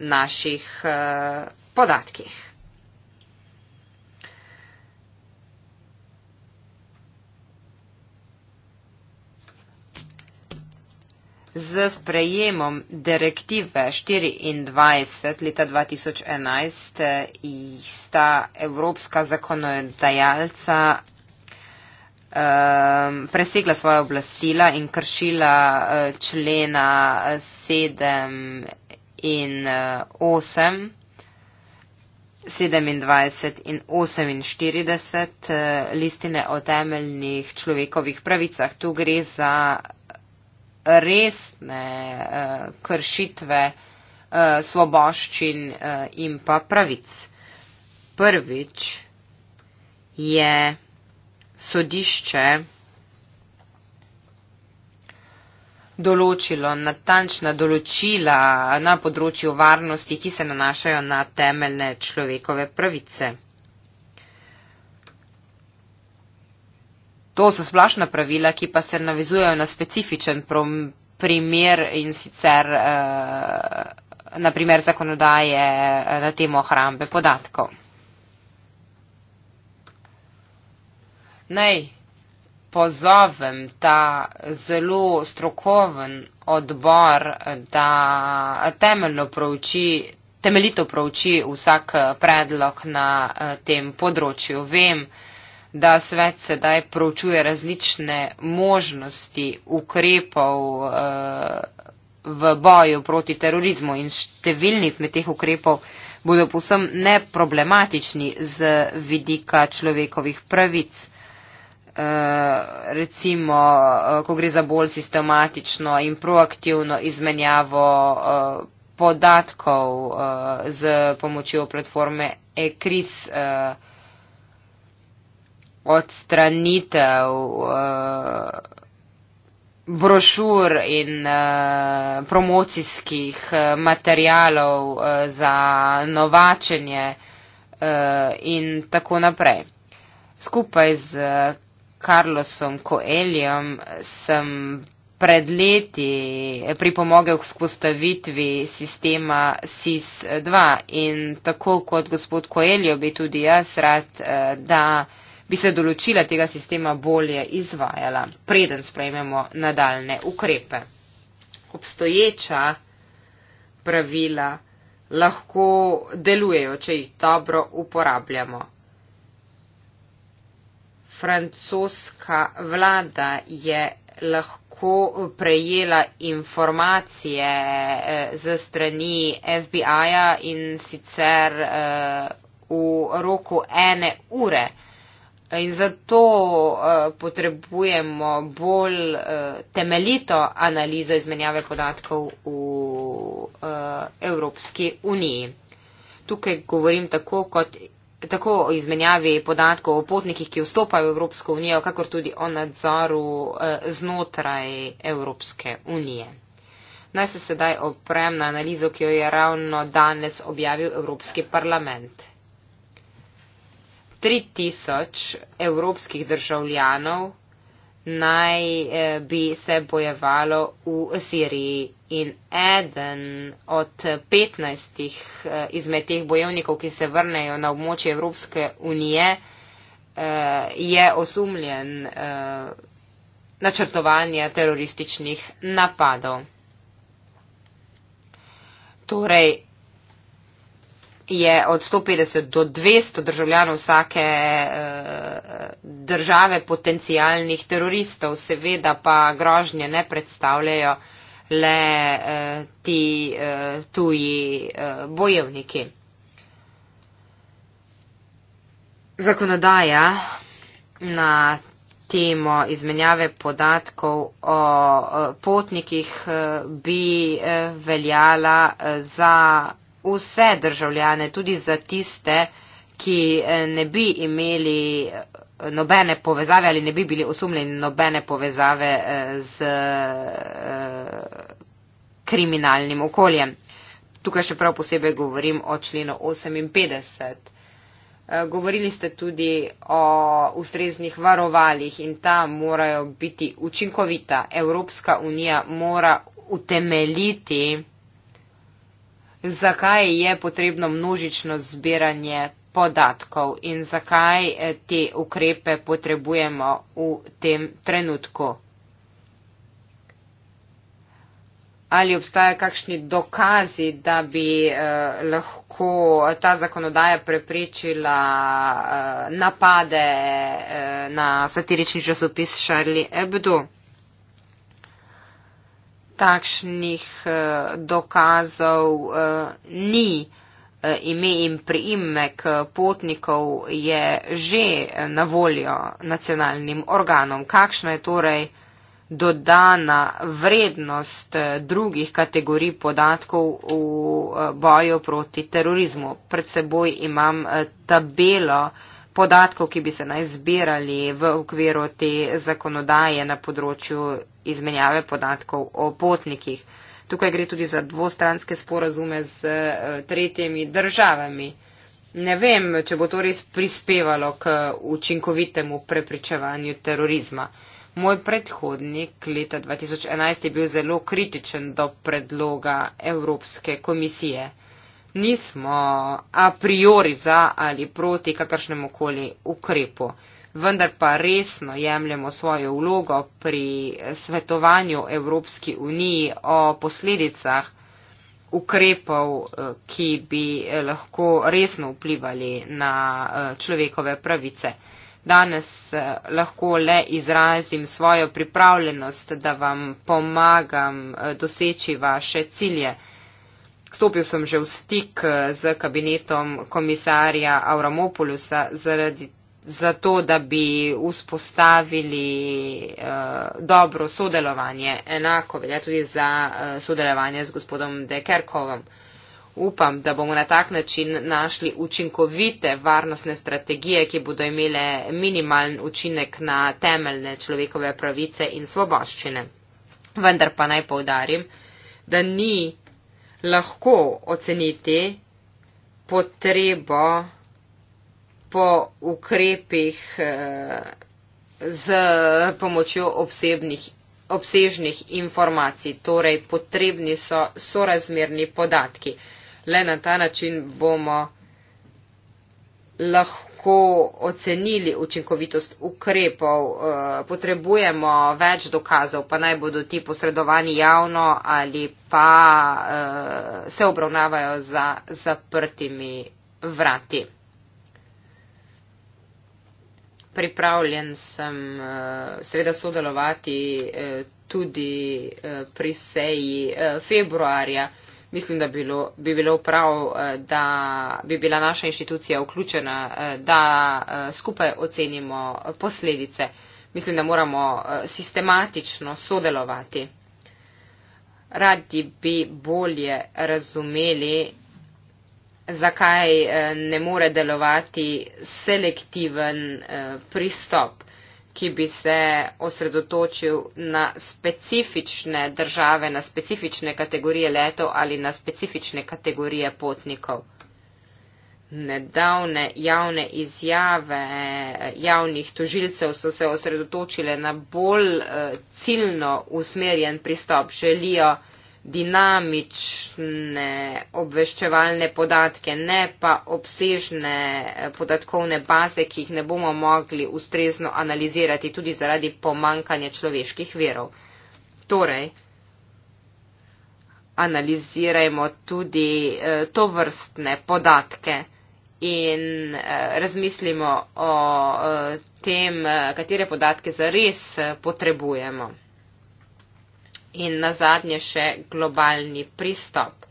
naših podatkih. Z sprejemom direktive 24 leta 2011 eh, sta evropska zakonodajalca um, presegla svoje oblastila in kršila eh, člena 7 eh, in 8. 27 in 48 listine o temeljnih človekovih pravicah. Tu gre za resne uh, kršitve uh, svoboščin uh, in pa pravic. Prvič je sodišče določilo natančna določila na področju varnosti, ki se nanašajo na temeljne človekove pravice. To so splošna pravila, ki pa se navezujejo na specifičen prom, primer in sicer eh, na primer zakonodaje eh, na temo hrambe podatkov. Naj pozovem ta zelo strokoven odbor, da temeljno prouči, temeljito prouči vsak eh, predlog na eh, tem področju. Vem, da svet sedaj pročuje različne možnosti ukrepov eh, v boju proti terorizmu in številni izmed teh ukrepov bodo posem neproblematični z vidika človekovih pravic. Uh, recimo, eh, ko gre za bolj sistematično in proaktivno izmenjavo uh, podatkov uh, z pomočjo platforme ECRIS, uh, odstranitev uh, brošur in uh, promocijskih eh, materijalov uh, za novačenje uh, in tako naprej. Skupaj z Carlosom Coeljem sem pred leti pripomogel k spostavitvi sistema SIS-2 in tako kot gospod Coeljo bi tudi jaz rad, da bi se določila tega sistema bolje izvajala, preden sprejmemo nadaljne ukrepe. Obstoječa pravila lahko delujejo, če jih dobro uporabljamo. Francoska vlada je lahko prejela informacije eh, ze strani FBI-ja in sicer eh, v roku ene ure. In zato uh, potrebujemo bolj uh, temeljito analizo izmenjave podatkov v uh, Evropski uniji. Tukaj govorim tako, kot, tako o izmenjavi podatkov o potnikih, ki vstopajo v Evropsko unijo, kakor tudi o nadzoru uh, znotraj Evropske unije. Naj se sedaj oprem na analizo, ki jo je ravno danes objavil Evropski parlament. 3000 evropskih državljanov naj eh, bi se bojevalo v Siriji in eden od 15 eh, izmed teh bojevnikov, ki se vrnejo na območje Evropske unije, eh, je osumljen načrtovanja terorističnih napadov. Torej, je od 150 do 200 državljanov vsake eh, države potencijalnih teroristov. Seveda pa grožnje ne predstavljajo le eh, ti eh, tuji bojevniki. Zakonodaja na temo izmenjave podatkov o potnikih bi veljala za vse državljane, tudi za tiste, ki eh, ne bi imeli eh, nobene povezave ali ne bi bili osumljeni nobene povezave eh, z kriminalnim okoljem. Tukaj še prav posebej govorim o členu 58. Govorili ste tudi o ustreznih varovalih in ta morajo biti učinkovita. Evropska unija mora utemeljiti zakaj je potrebno množično zbiranje podatkov in zakaj eh, te ukrepe potrebujemo v tem trenutku. Ali obstaja kakšni dokazi, da bi eh, lahko ta zakonodaja preprečila eh, napade eh, na satirični časopis Charlie Hebdo? takšnih eh, dokazov eh, ni. Eh, ime in priimek potnikov je že na voljo nacionalnim organom. Kakšna je torej dodana vrednost drugih kategorij podatkov v boju proti terorizmu? Pred seboj imam tabelo podatkov, ki bi se naj zbirali v okviru te zakonodaje na področju izmenjave podatkov o potnikih. Tukaj gre tudi za dvostranske sporazume z eh, tretjimi državami. Ne vem, če bo to res prispevalo k učinkovitemu prepričevanju terorizma. Moj predhodnik leta 2011 je bil zelo kritičen do predloga Evropske komisije. Nismo a priori za ali proti kakršnemu koli ukrepu vendar pa resno jemljemo svojo vlogo pri svetovanju Evropski uniji o posledicah ukrepov, eh, ki bi eh, lahko resno vplivali na eh, človekove pravice. Danes lahko le izrazim svojo pripravljenost, da vam pomagam doseči vaše cilje. Stopil sem že v stik z kabinetom komisarja Auramopolusa zaradi za to, da bi vzpostavili uh, dobro sodelovanje, enako velja tudi za uh, sodelovanje z gospodom Dekerkovom. Upam, da bomo na tak način našli učinkovite varnostne strategije, ki bodo imele minimalen učinek na temeljne človekove pravice in svoboščine. Vendar pa naj povdarim, da ni lahko oceniti potrebo, po ukrepih eh, z pomočjo obsebnih, obsežnih informacij, torej potrebni so sorazmerni podatki. Le na ta način bomo lahko ocenili učinkovitost ukrepov. Eh, potrebujemo več dokazov, pa naj bodo ti posredovani javno ali pa eh, se obravnavajo za zaprtimi vrati pripravljen sem eh, seveda sodelovati eh, tudi eh, pri seji februarja. Mislim, da bilo, bi bilo prav, da bi bila naša inštitucija vključena, da skupaj ocenimo posledice. Mislim, da moramo sistematično sodelovati. Radi bi bolje razumeli zakaj eh, ne more delovati selektiven eh, pristop, ki bi se osredotočil na specifične države, na specifične kategorije letov ali na specifične kategorije potnikov. Nedavne javne izjave eh, javnih tožilcev so se osredotočile na bolj ciljno usmerjen pristop. Želijo dinamične obveščevalne podatke, ne pa obsežne eh, podatkovne baze, ki jih ne bomo mogli ustrezno analizirati tudi zaradi pomankanja človeških verov. Torej, analizirajmo tudi eh, to vrstne podatke in eh, razmislimo o tem, katere podatke zares potrebujemo in na zadnje še globalni pristop.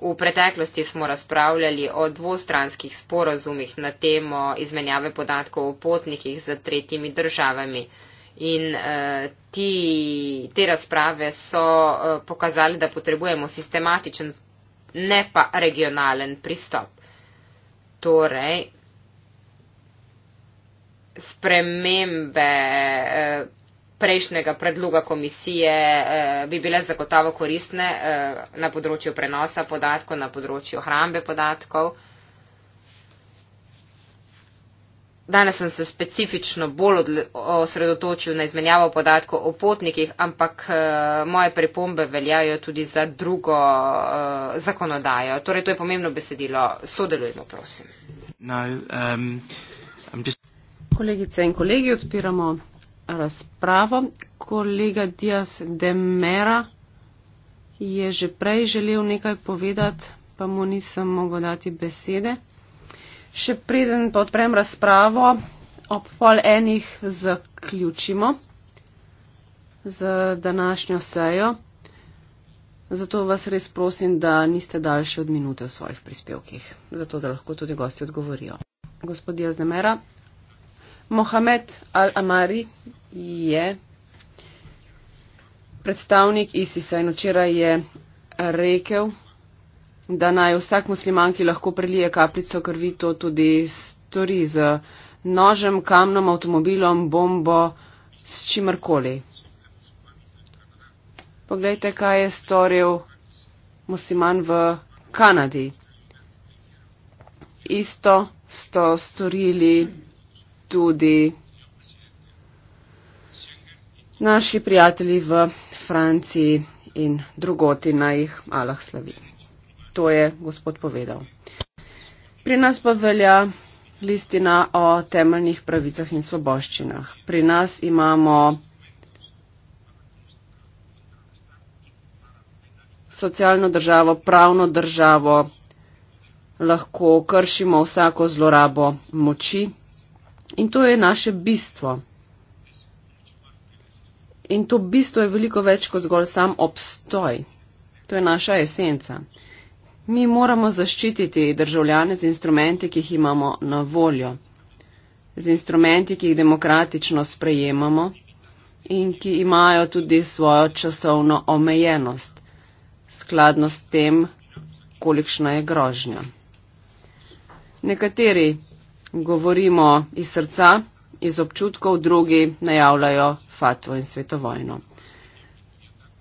V preteklosti smo razpravljali o dvostranskih sporozumih na temo izmenjave podatkov o potnikih z tretjimi državami. In eh, ti, te razprave so eh, pokazali, da potrebujemo sistematičen, ne pa regionalen pristop. Torej, spremembe. Eh, prejšnjega predloga komisije eh, bi bile zagotovo koristne eh, na področju prenosa podatkov, na področju hrambe podatkov. Danes sem se specifično bolj osredotočil na izmenjavo podatkov o potnikih, ampak eh, moje pripombe veljajo tudi za drugo zakonodajo. Torej, to je pomembno besedilo. Sodelujmo, prosim. No, um, just... Kolegice in kolegi, odpiramo razpravo. Kolega Dias de Mera je že prej želel nekaj povedati, pa mu nisem mogel dati besede. Še preden pa odprem razpravo, ob pol enih zaključimo z današnjo sejo. Zato vas res prosim, da niste daljši od minute v svojih prispevkih, zato da lahko tudi gosti odgovorijo. Gospod Jazdemera, Mohamed Al-Amari, je predstavnik ISIS-a in včeraj je rekel, da naj vsak musliman, ki lahko prelije kapljico krvi, to tudi stori z nožem, kamnom, avtomobilom, bombo, s čimrkoli. Poglejte, kaj je storil musliman v Kanadi. Isto sto storili tudi naši prijatelji v Franciji in drugoti naj jih Allah slavi. To je gospod povedal. Pri nas pa velja listina o temeljnih pravicah in svoboščinah. Pri nas imamo socialno državo, pravno državo, lahko kršimo vsako zlorabo moči. In to je naše bistvo in to bistvo je veliko več kot zgolj sam obstoj. To je naša esenca. Mi moramo zaščititi državljane z instrumenti, ki jih imamo na voljo, z instrumenti, ki jih demokratično sprejemamo in ki imajo tudi svojo časovno omejenost, skladno s tem, kolikšna je grožnja. Nekateri govorimo iz srca, iz občutkov, drugi najavljajo fatvo in svetovojno.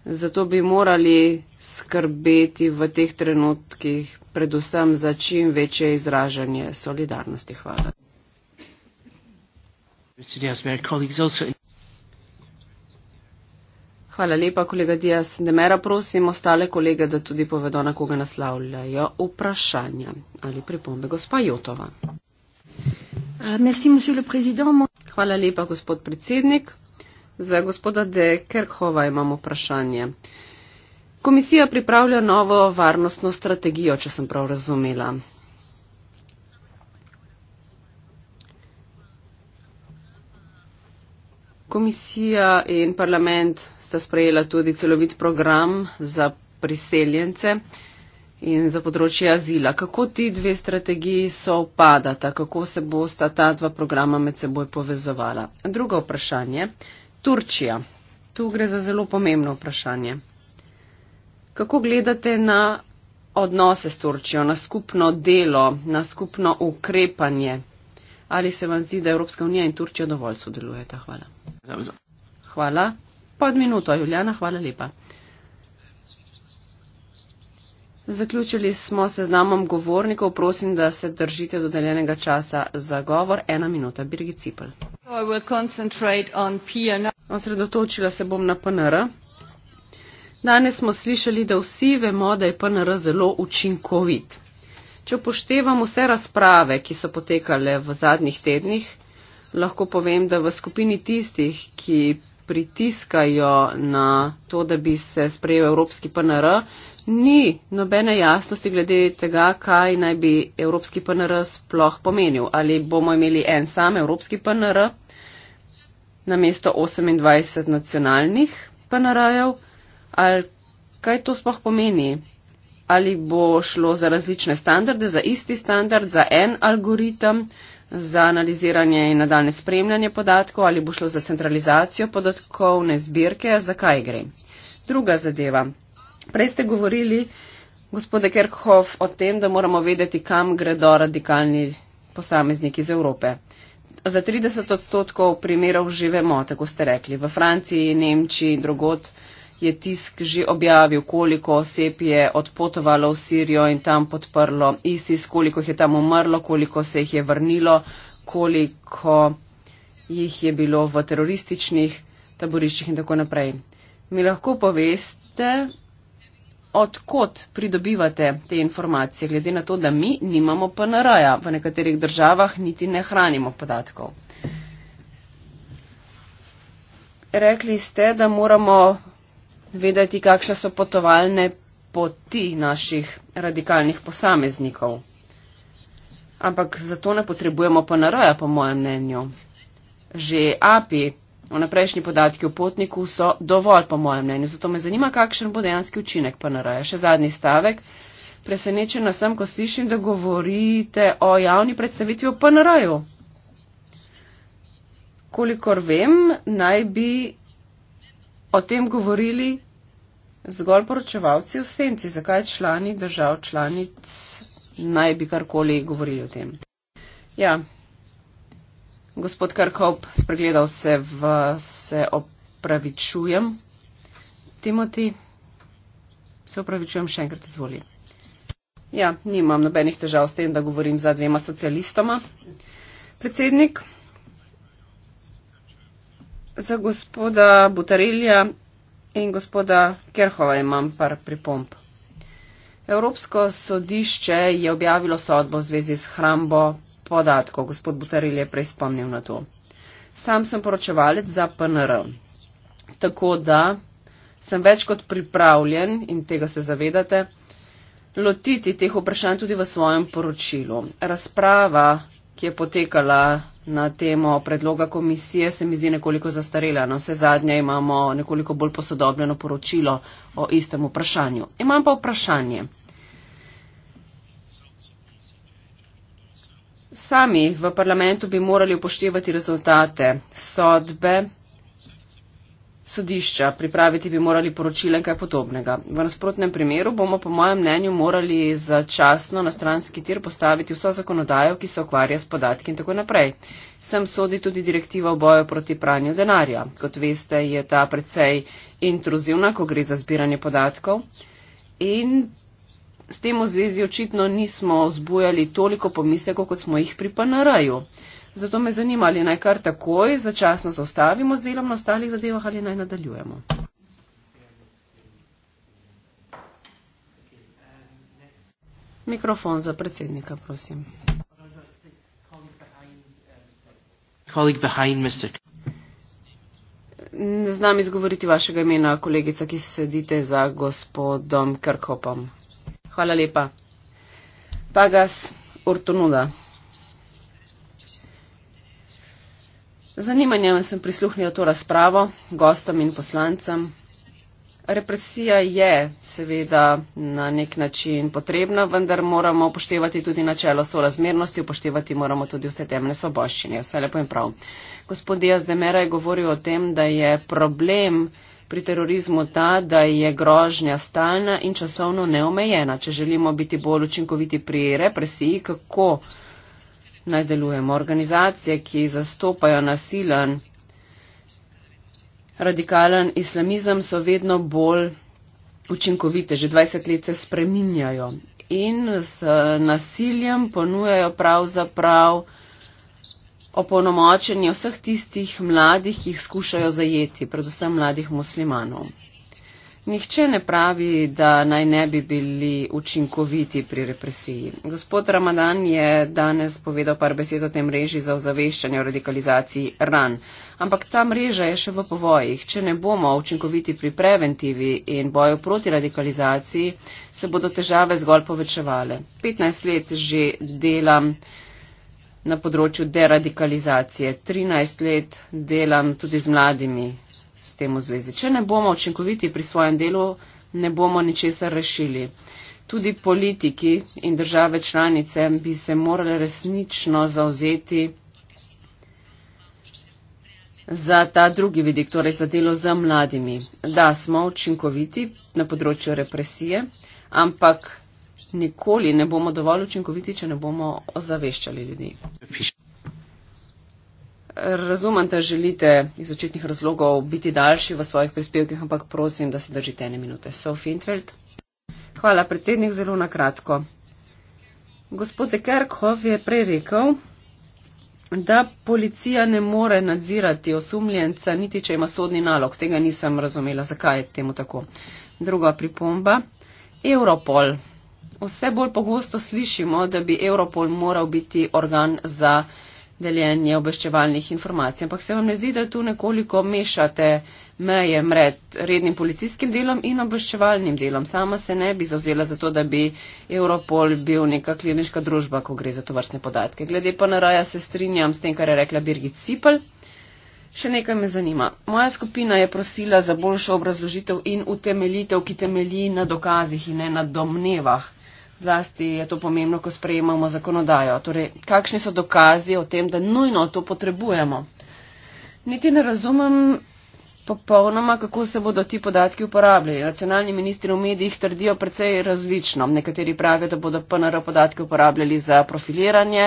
Zato bi morali skrbeti v teh trenutkih predvsem za čim večje izražanje solidarnosti. Hvala. Hvala lepa, kolega Dias. Demera, prosim ostale kolege, da tudi povedo, na koga naslavljajo vprašanja ali pripombe. Gospa Jotova. Ah, merci, monsieur le président. Hvala lepa, gospod predsednik. Za gospoda De Kerkhova imamo vprašanje. Komisija pripravlja novo varnostno strategijo, če sem prav razumela. Komisija in parlament sta sprejela tudi celovit program za priseljence in za področje azila. Kako ti dve strategiji so upadata, kako se bosta ta dva programa med seboj povezovala? Drugo vprašanje. Turčija. Tu gre za zelo pomembno vprašanje. Kako gledate na odnose s Turčijo, na skupno delo, na skupno ukrepanje? Ali se vam zdi, da Evropska unija in Turčija dovolj sodelujeta? Hvala. Hvala. Pod minuto, Juljana, hvala lepa. Zaključili smo se z namom govornikov. Prosim, da se držite dodeljenega časa za govor. Ena minuta, Birgit Cipel. Osredotočila se bom na PNR. Danes smo slišali, da vsi vemo, da je PNR zelo učinkovit. Če upoštevam vse razprave, ki so potekale v zadnjih tednih, lahko povem, da v skupini tistih, ki pritiskajo na to, da bi se sprejel evropski PNR, ni nobene jasnosti glede tega, kaj naj bi Evropski PNR sploh pomenil. Ali bomo imeli en sam Evropski PNR na mesto 28 nacionalnih PNR-jev, ali kaj to sploh pomeni. Ali bo šlo za različne standarde, za isti standard, za en algoritem za analiziranje in nadaljne spremljanje podatkov, ali bo šlo za centralizacijo podatkovne zbirke, zakaj gre. Druga zadeva. Prej ste govorili, gospode Kerkhoff, o tem, da moramo vedeti, kam gredo radikalni posamezniki iz Evrope. Za 30 odstotkov primerov živemo, tako ste rekli. V Franciji, Nemčiji in drugot je tisk že objavil, koliko oseb je odpotovalo v Sirijo in tam podprlo ISIS, koliko jih je tam umrlo, koliko se jih je vrnilo, koliko jih je bilo v terorističnih taboriščih in tako naprej. Mi lahko poveste, odkot pridobivate te informacije, glede na to, da mi nimamo PNR-ja, v nekaterih državah niti ne hranimo podatkov. Rekli ste, da moramo vedeti, kakšne so potovalne poti naših radikalnih posameznikov. Ampak zato ne potrebujemo PNR-ja, po mojem mnenju. Že API Vnaprejšnji podatki o potniku so dovolj, po mojem mnenju, zato me zanima, kakšen bo dejanski učinek PNR. Še zadnji stavek. Presenečena sem, ko slišim, da govorite o javni predstavitvi v PNR-ju. Kolikor vem, naj bi o tem govorili zgolj poročevalci v senci. Zakaj člani držav članic naj bi karkoli govorili o tem? Ja, Gospod Karkop, spregledal se v se opravičujem. Timoti, se opravičujem še enkrat, izvoli. Ja, nimam nobenih težav s tem, da govorim za dvema socialistoma. Predsednik, za gospoda Butarelja in gospoda Kerhova imam par pripomp. Evropsko sodišče je objavilo sodbo v zvezi s hrambo podatkov. Gospod Butaril je prej spomnil na to. Sam sem poročevalec za PNR, tako da sem več kot pripravljen in tega se zavedate, lotiti teh vprašanj tudi v svojem poročilu. Razprava, ki je potekala na temo predloga komisije, se mi zdi nekoliko zastarela. Na vse zadnje imamo nekoliko bolj posodobljeno poročilo o istem vprašanju. Imam pa vprašanje. sami v parlamentu bi morali upoštevati rezultate sodbe sodišča, pripraviti bi morali poročila in kaj podobnega. V nasprotnem primeru bomo, po mojem mnenju, morali začasno na stranski tir postaviti vso zakonodajo, ki se okvarja s podatki in tako naprej. Sem sodi tudi direktiva o boju proti pranju denarja. Kot veste, je ta precej intruzivna, ko gre za zbiranje podatkov. In s tem v zvezi očitno nismo vzbujali toliko pomisleko, kot smo jih pri PNR-ju. Zato me zanima, ali naj kar takoj začasno zaustavimo z delom na ostalih zadevah ali naj nadaljujemo. Mikrofon za predsednika, prosim. Ne znam izgovoriti vašega imena, kolegica, ki sedite za gospodom Krkopom. Hvala lepa. Pagas Ortonuda. Zanimanjem sem prisluhnila to razpravo gostom in poslancem. Represija je seveda na nek način potrebna, vendar moramo upoštevati tudi načelo sorazmernosti, upoštevati moramo tudi vse temne soboščine. Vse lepo in prav. Gospod Diaz de Mera je govoril o tem, da je problem, pri terorizmu ta, da je grožnja stalna in časovno neomejena. Če želimo biti bolj učinkoviti pri represiji, kako naj delujemo organizacije, ki zastopajo nasilen radikalen islamizem, so vedno bolj učinkovite, že 20 let se spreminjajo in s nasiljem ponujajo pravzaprav prav opolnomočenje vseh tistih mladih, ki jih skušajo zajeti, predvsem mladih muslimanov. Nihče ne pravi, da naj ne bi bili učinkoviti pri represiji. Gospod Ramadan je danes povedal par besed o tem mreži za ozaveščanje o radikalizaciji RAN, ampak ta mreža je še v povojih. Če ne bomo učinkoviti pri preventivi in boju proti radikalizaciji, se bodo težave zgolj povečevale. 15 let že delam na področju deradikalizacije. 13 let delam tudi z mladimi s tem v zvezi. Če ne bomo učinkoviti pri svojem delu, ne bomo ničesar rešili. Tudi politiki in države članice bi se morali resnično zauzeti za ta drugi vidik, torej za delo z mladimi. Da, smo učinkoviti na področju represije, ampak Torej, nikoli ne bomo dovolj učinkoviti, če ne bomo ozaveščali ljudi. Razumem, da želite iz očitnih razlogov biti daljši v svojih prispevkih, ampak prosim, da se držite ene minute. Sophie Intveld. Hvala, predsednik, zelo na kratko. Gospod Kerkhoff je prej rekel, da policija ne more nadzirati osumljenca, niti če ima sodni nalog. Tega nisem razumela, zakaj je temu tako. Druga pripomba. Europol. Vse bolj pogosto slišimo, da bi Europol moral biti organ za deljenje obveščevalnih informacij, ampak se vam ne zdi, da tu nekoliko mešate meje med rednim policijskim delom in obveščevalnim delom. Sama se ne bi zauzela za to, da bi Europol bil neka klinička družba, ko gre za to vrstne podatke. Glede pa na raja se strinjam s tem, kar je rekla Birgit Sipel. Še nekaj me zanima. Moja skupina je prosila za boljšo obrazložitev in utemeljitev, ki temelji na dokazih in ne na domnevah. Zlasti je to pomembno, ko sprejemamo zakonodajo. Torej, kakšni so dokazi o tem, da nujno to potrebujemo? Niti ne razumem, popolnoma, kako se bodo ti podatki uporabljali. Nacionalni ministri v medijih trdijo precej različno. Nekateri pravijo, da bodo PNR podatke uporabljali za profiliranje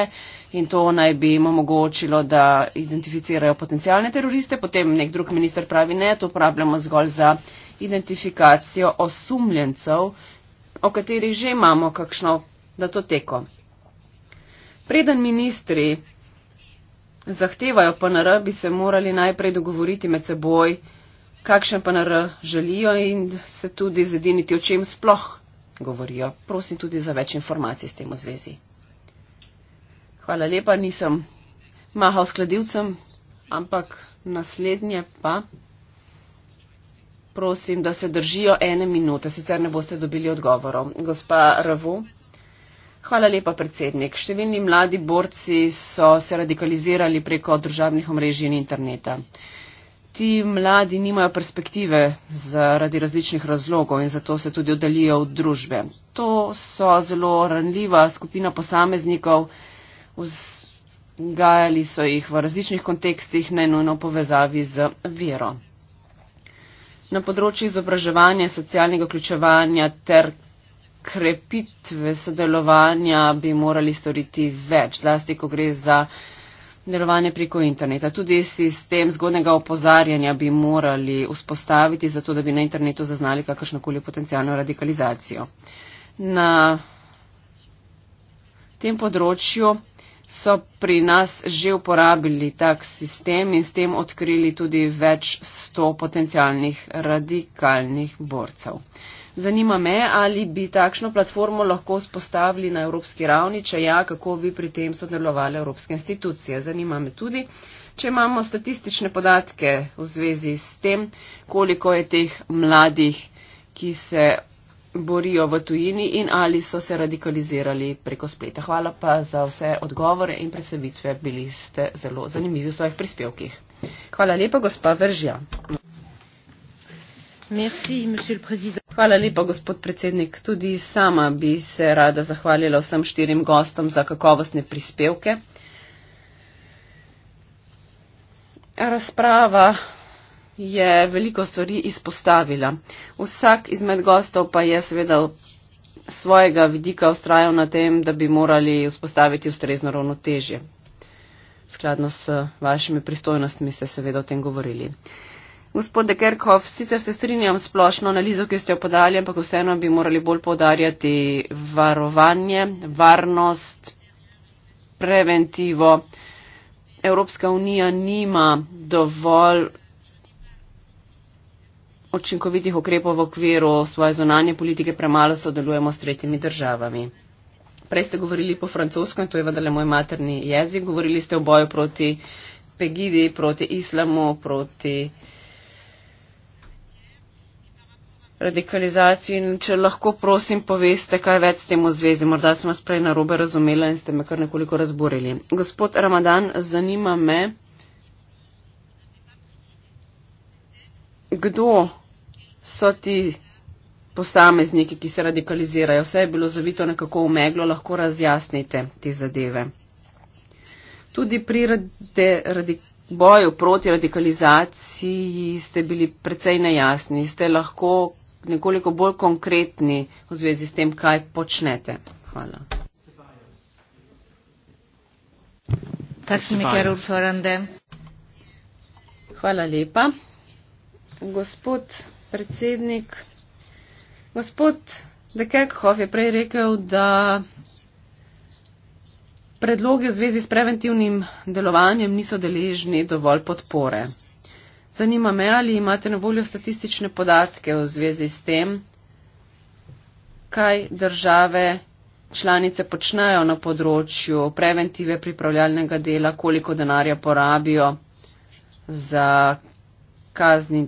in to naj bi jim omogočilo, da identificirajo potencijalne teroriste. Potem nek drug minister pravi, ne, to uporabljamo zgolj za identifikacijo osumljencev, o katerih že imamo kakšno datoteko. Preden ministri zahtevajo PNR, bi se morali najprej dogovoriti med seboj, kakšen PNR želijo in se tudi zediniti, o čem sploh govorijo. Prosim tudi za več informacij s tem v zvezi. Hvala lepa, nisem mahal skladilcem, ampak naslednje pa. Prosim, da se držijo ene minute, sicer ne boste dobili odgovorov. Gospa Ravo. Hvala lepa, predsednik. Številni mladi borci so se radikalizirali preko državnih omrežij in interneta. Ti mladi nimajo perspektive zaradi različnih razlogov in zato se tudi oddalijo od družbe. To so zelo ranljiva skupina posameznikov, vzgajali so jih v različnih kontekstih, ne nujno povezavi z vero. Na področju izobraževanja, socialnega vključevanja ter krepitve sodelovanja bi morali storiti več, zlasti ko gre za delovanje preko interneta. Tudi sistem zgodnega opozarjanja bi morali vzpostaviti, zato da bi na internetu zaznali kakršnokoli potencijalno radikalizacijo. Na tem področju so pri nas že uporabili tak sistem in s tem odkrili tudi več sto potencijalnih radikalnih borcev. Zanima me, ali bi takšno platformo lahko spostavili na evropski ravni, če ja, kako bi pri tem sodelovali evropske institucije. Zanima me tudi, če imamo statistične podatke v zvezi s tem, koliko je teh mladih, ki se borijo v tujini in ali so se radikalizirali preko spleta. Hvala pa za vse odgovore in predstavitve, bili ste zelo zanimivi v svojih prispevkih. Hvala lepa, gospa Veržja. Merci, Hvala lepa, gospod predsednik. Tudi sama bi se rada zahvalila vsem štirim gostom za kakovostne prispevke. Razprava je veliko stvari izpostavila. Vsak izmed gostov pa je seveda svojega vidika ustrajal na tem, da bi morali vzpostaviti ustrezno ravnotežje. Skladno s vašimi pristojnostmi ste seveda o tem govorili. Gospod De Kerkhoff, sicer se strinjam splošno analizo, ki ste jo podali, ampak vseeno bi morali bolj podarjati varovanje, varnost, preventivo. Evropska unija nima dovolj očinkovitih ukrepov v okviru svoje zonanje politike, premalo sodelujemo s tretjimi državami. Prej ste govorili po francosko in to je vendarle moj materni jezik. Govorili ste o boju proti Pegidi, proti islamu, proti radikalizaciji. In če lahko prosim poveste, kaj več s tem v zvezi, morda sem vas prej narobe razumela in ste me kar nekoliko razborili. Gospod Ramadan, zanima me, kdo so ti posamezniki, ki se radikalizirajo. Vse je bilo zavito nekako v meglo, lahko razjasnite te zadeve. Tudi pri radi, radi, boju proti radikalizaciji ste bili precej nejasni. Ste lahko nekoliko bolj konkretni v zvezi s tem, kaj počnete. Hvala. Hvala lepa. Gospod predsednik, gospod De Kerkhoff je prej rekel, da predloge v zvezi s preventivnim delovanjem niso deležni dovolj podpore. Zanima me, ali imate na voljo statistične podatke v zvezi s tem, kaj države članice počnejo na področju preventive pripravljalnega dela, koliko denarja porabijo za kazni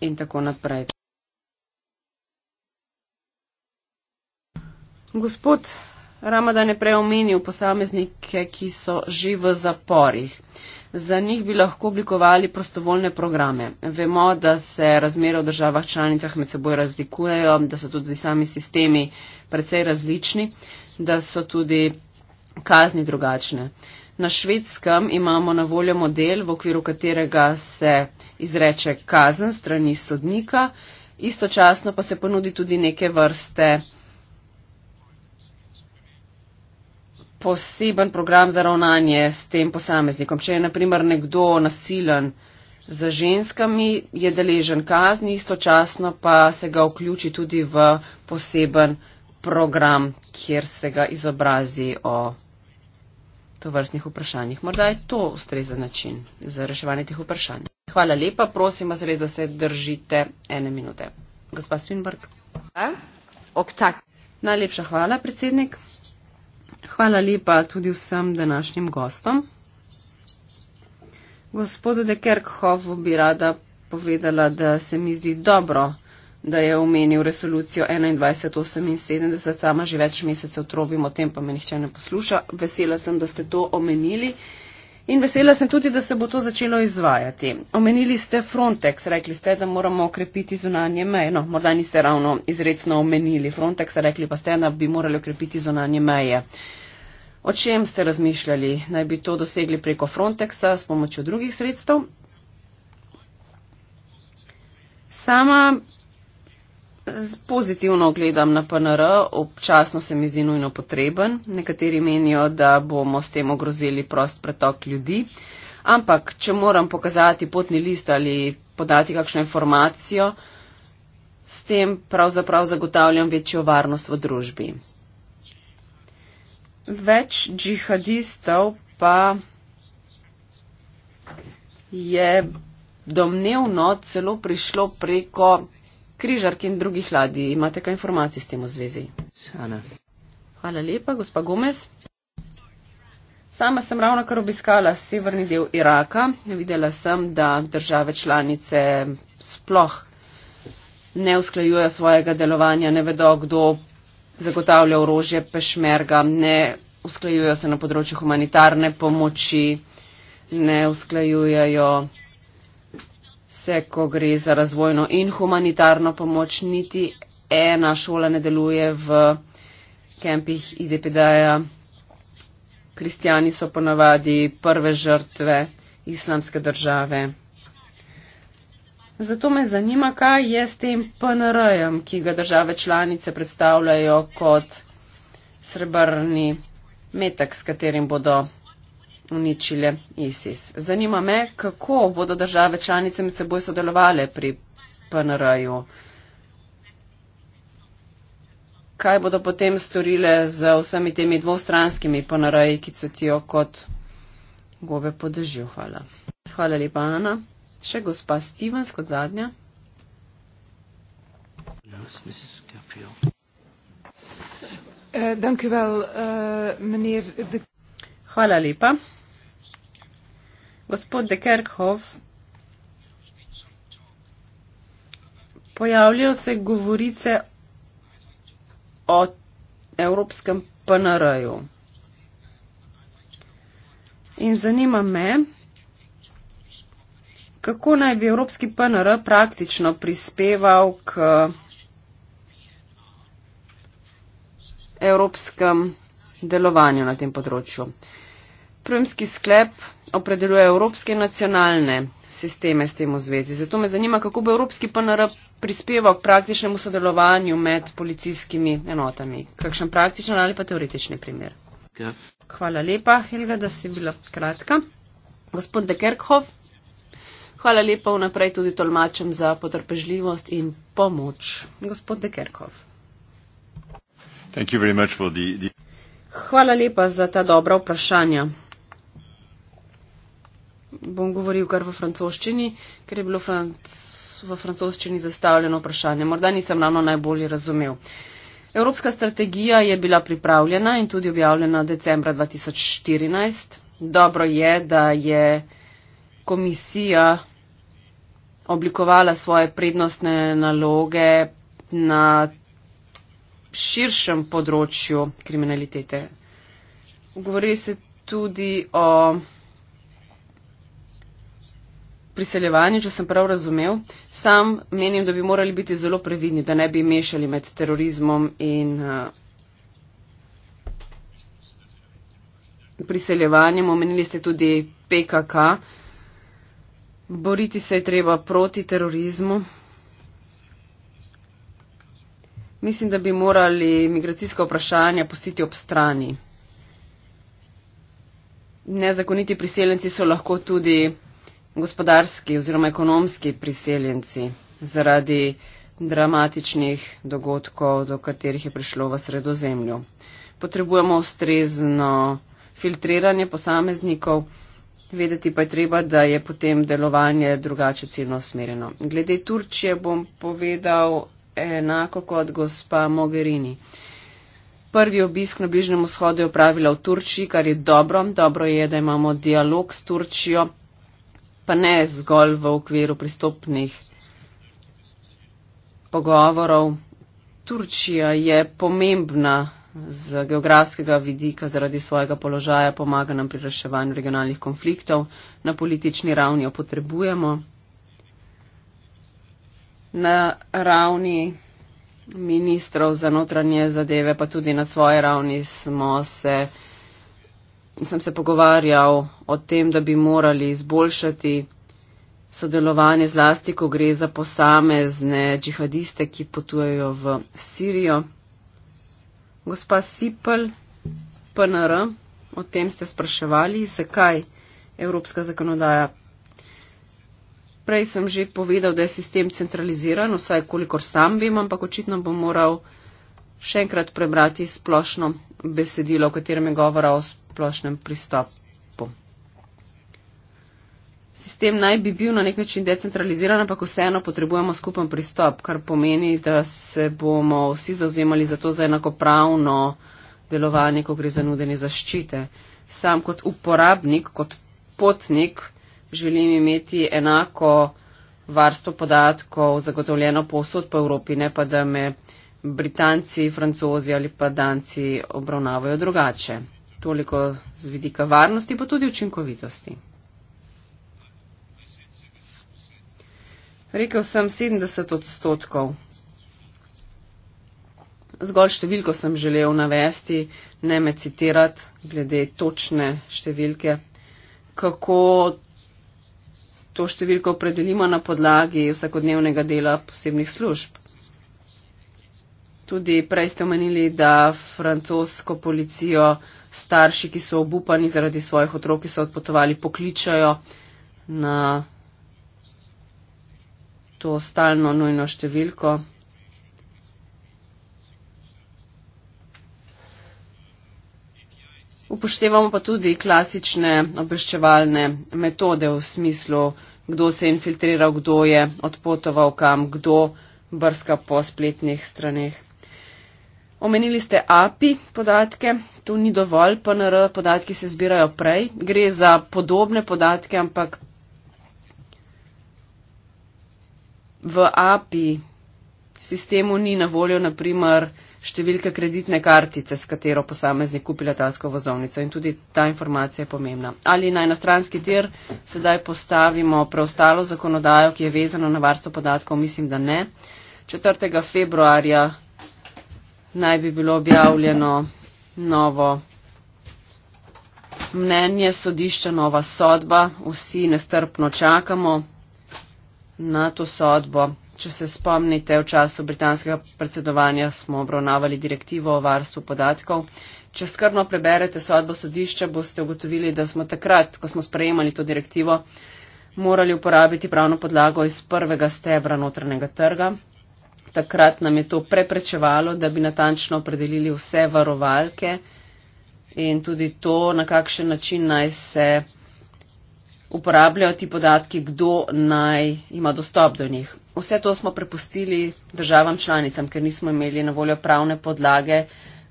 in tako naprej. Gospod Ramadan je prej omenil posameznike, ki so že v zaporih za njih bi lahko oblikovali prostovoljne programe. Vemo, da se razmere v državah članicah med seboj razlikujejo, da so tudi sami sistemi precej različni, da so tudi kazni drugačne. Na švedskem imamo na voljo model, v okviru katerega se izreče kazen strani sodnika, istočasno pa se ponudi tudi neke vrste. poseben program za ravnanje s tem posameznikom. Če je naprimer nekdo nasilen za ženskami, je deležen kazni, istočasno pa se ga vključi tudi v poseben program, kjer se ga izobrazi o tovrstnih vprašanjih. Morda je to ustrezen način za reševanje teh vprašanj. Hvala lepa, prosim vas res, da se držite ene minute. Gospa Svinbrg. Ok, Najlepša hvala, predsednik. Hvala lepa tudi vsem današnjim gostom. Gospodu de Kerkhoffu bi rada povedala, da se mi zdi dobro, da je omenil resolucijo 2178, sama že več mesecev trobim o tem, pa me nihče ne posluša. Vesela sem, da ste to omenili. In vesela sem tudi, da se bo to začelo izvajati. Omenili ste Frontex, rekli ste, da moramo okrepiti zunanje meje. No, morda niste ravno izredno omenili Frontex, rekli pa ste, da bi morali okrepiti zunanje meje. Uh, O čem ste razmišljali? Naj bi to dosegli preko Frontexa s pomočjo drugih sredstev? Sama pozitivno gledam na PNR, občasno se mi zdi nujno potreben. Nekateri menijo, da bomo s tem ogrozili prost pretok ljudi. Ampak, če moram pokazati potni list ali podati kakšno informacijo, s tem pravzaprav zagotavljam večjo varnost v družbi več džihadistov pa je domnevno celo prišlo preko križark in drugih ladij. Imate kaj informacij s tem v zvezi? Sana. Hvala lepa, gospa Gomez. Sama sem ravno kar obiskala severni del Iraka. Videla sem, da države članice sploh ne usklajujejo svojega delovanja, ne vedo, kdo zagotavlja orožje pešmerga, ne usklajujejo se na področju humanitarne pomoči, ne usklajujejo se, ko gre za razvojno in humanitarno pomoč, niti ena šola ne deluje v kempih IDPD-ja. Kristijani so ponavadi prve žrtve islamske države. Zato me zanima, kaj je s tem PNR-jem, ki ga države članice predstavljajo kot srebrni metek, s katerim bodo uničile ISIS. Zanima me, kako bodo države članice med seboj sodelovali pri PNR-ju. Kaj bodo potem storile z vsemi temi dvostranskimi PNR-ji, ki cvetijo kot gove po dežju? Hvala. Hvala lepa, Ana še gospa Stevens kot zadnja. Eh, eh, Hvala lepa. Gospod de Kerkhoff, pojavljajo se govorice o evropskem PNR-ju. In zanima me, kako naj bi Evropski PNR praktično prispeval k evropskem delovanju na tem področju. Prvimski sklep opredeljuje evropske nacionalne sisteme s tem v zvezi. Zato me zanima, kako bo Evropski PNR prispeval k praktičnemu sodelovanju med policijskimi enotami. Kakšen praktičen ali pa teoretični primer? Ja. Hvala lepa, Helga, da si bila kratka. Gospod de Kerkhoff. Hvala lepa vnaprej tudi tolmačem za potrpežljivost in pomoč. Gospod Dekerkov. Hvala lepa za ta dobra vprašanja. Bom govoril kar v francoščini, ker je bilo v francoščini zastavljeno vprašanje. Morda nisem ravno najbolje razumel. Evropska strategija je bila pripravljena in tudi objavljena decembra 2014. Dobro je, da je komisija oblikovala svoje prednostne naloge na širšem področju kriminalitete. Govori se tudi o priseljevanju, če sem prav razumel. Sam menim, da bi morali biti zelo previdni, da ne bi mešali med terorizmom in eh, priseljevanjem. Omenili ste tudi PKK. Boriti se je treba proti terorizmu. Mislim, da bi morali migracijska vprašanja pustiti ob strani. Nezakoniti priseljenci so lahko tudi gospodarski oziroma ekonomski priseljenci zaradi dramatičnih dogodkov, do katerih je prišlo v sredozemlju. Potrebujemo ustrezno filtriranje posameznikov. Vedeti pa je treba, da je potem delovanje drugače ciljno smereno. Glede Turčije bom povedal enako kot gospa Mogherini. Prvi obisk na Bližnjem vzhodu je opravila v Turčiji, kar je dobro. Dobro je, da imamo dialog s Turčijo, pa ne zgolj v okviru pristopnih pogovorov. Turčija je pomembna z geografskega vidika zaradi svojega položaja pomaga nam pri reševanju regionalnih konfliktov, na politični ravni jo potrebujemo. Na ravni ministrov za notranje zadeve, pa tudi na svoje ravni smo se, sem se pogovarjal o tem, da bi morali izboljšati sodelovanje zlasti, ko gre za posamezne džihadiste, ki potujejo v Sirijo. Gospa Sipel, PNR, o tem ste spraševali, zakaj evropska zakonodaja. Prej sem že povedal, da je sistem centraliziran, vsaj kolikor sam vem, ampak očitno bom moral še enkrat prebrati splošno besedilo, v katerem je govora o splošnem pristopu sistem naj bi bil na nek način decentraliziran, ampak vseeno potrebujemo skupen pristop, kar pomeni, da se bomo vsi zauzemali za to, za enakopravno delovanje, ko gre za nudenje zaščite. Sam kot uporabnik, kot potnik želim imeti enako varstvo podatkov zagotovljeno posod po Evropi, ne pa da me Britanci, Francozi ali pa Danci obravnavajo drugače. Toliko z vidika varnosti, pa tudi učinkovitosti. Rekel sem 70 odstotkov. Zgolj številko sem želel navesti, ne me citirati glede točne številke. Kako to številko predelimo na podlagi vsakodnevnega dela posebnih služb? Tudi prej ste omenili, da francosko policijo starši, ki so obupani zaradi svojih otrok, ki so odpotovali, pokličajo na to stalno nujno številko. Upoštevamo pa tudi klasične obveščevalne metode v smislu, kdo se je infiltriral, kdo je odpotoval kam, kdo brska po spletnih straneh. Omenili ste API podatke, to ni dovolj, PNR podatki se zbirajo prej. Gre za podobne podatke, ampak v API sistemu ni na voljo, naprimer, številka kreditne kartice, s katero posameznik kupi letalsko vozovnico in tudi ta informacija je pomembna. Ali naj na stranski tir sedaj postavimo preostalo zakonodajo, ki je vezano na varstvo podatkov, mislim, da ne. 4. februarja naj bi bilo objavljeno novo mnenje sodišča, nova sodba, vsi nestrpno čakamo na to sodbo. Če se spomnite, v času britanskega predsedovanja smo obravnavali direktivo o varstvu podatkov. Če skrbno preberete sodbo sodišča, boste ugotovili, da smo takrat, ko smo sprejemali to direktivo, morali uporabiti pravno podlago iz prvega stebra notranjega trga. Takrat nam je to preprečevalo, da bi natančno opredelili vse varovalke in tudi to, na kakšen način naj se uporabljajo ti podatki, kdo naj ima dostop do njih. Vse to smo prepustili državam članicam, ker nismo imeli na voljo pravne podlage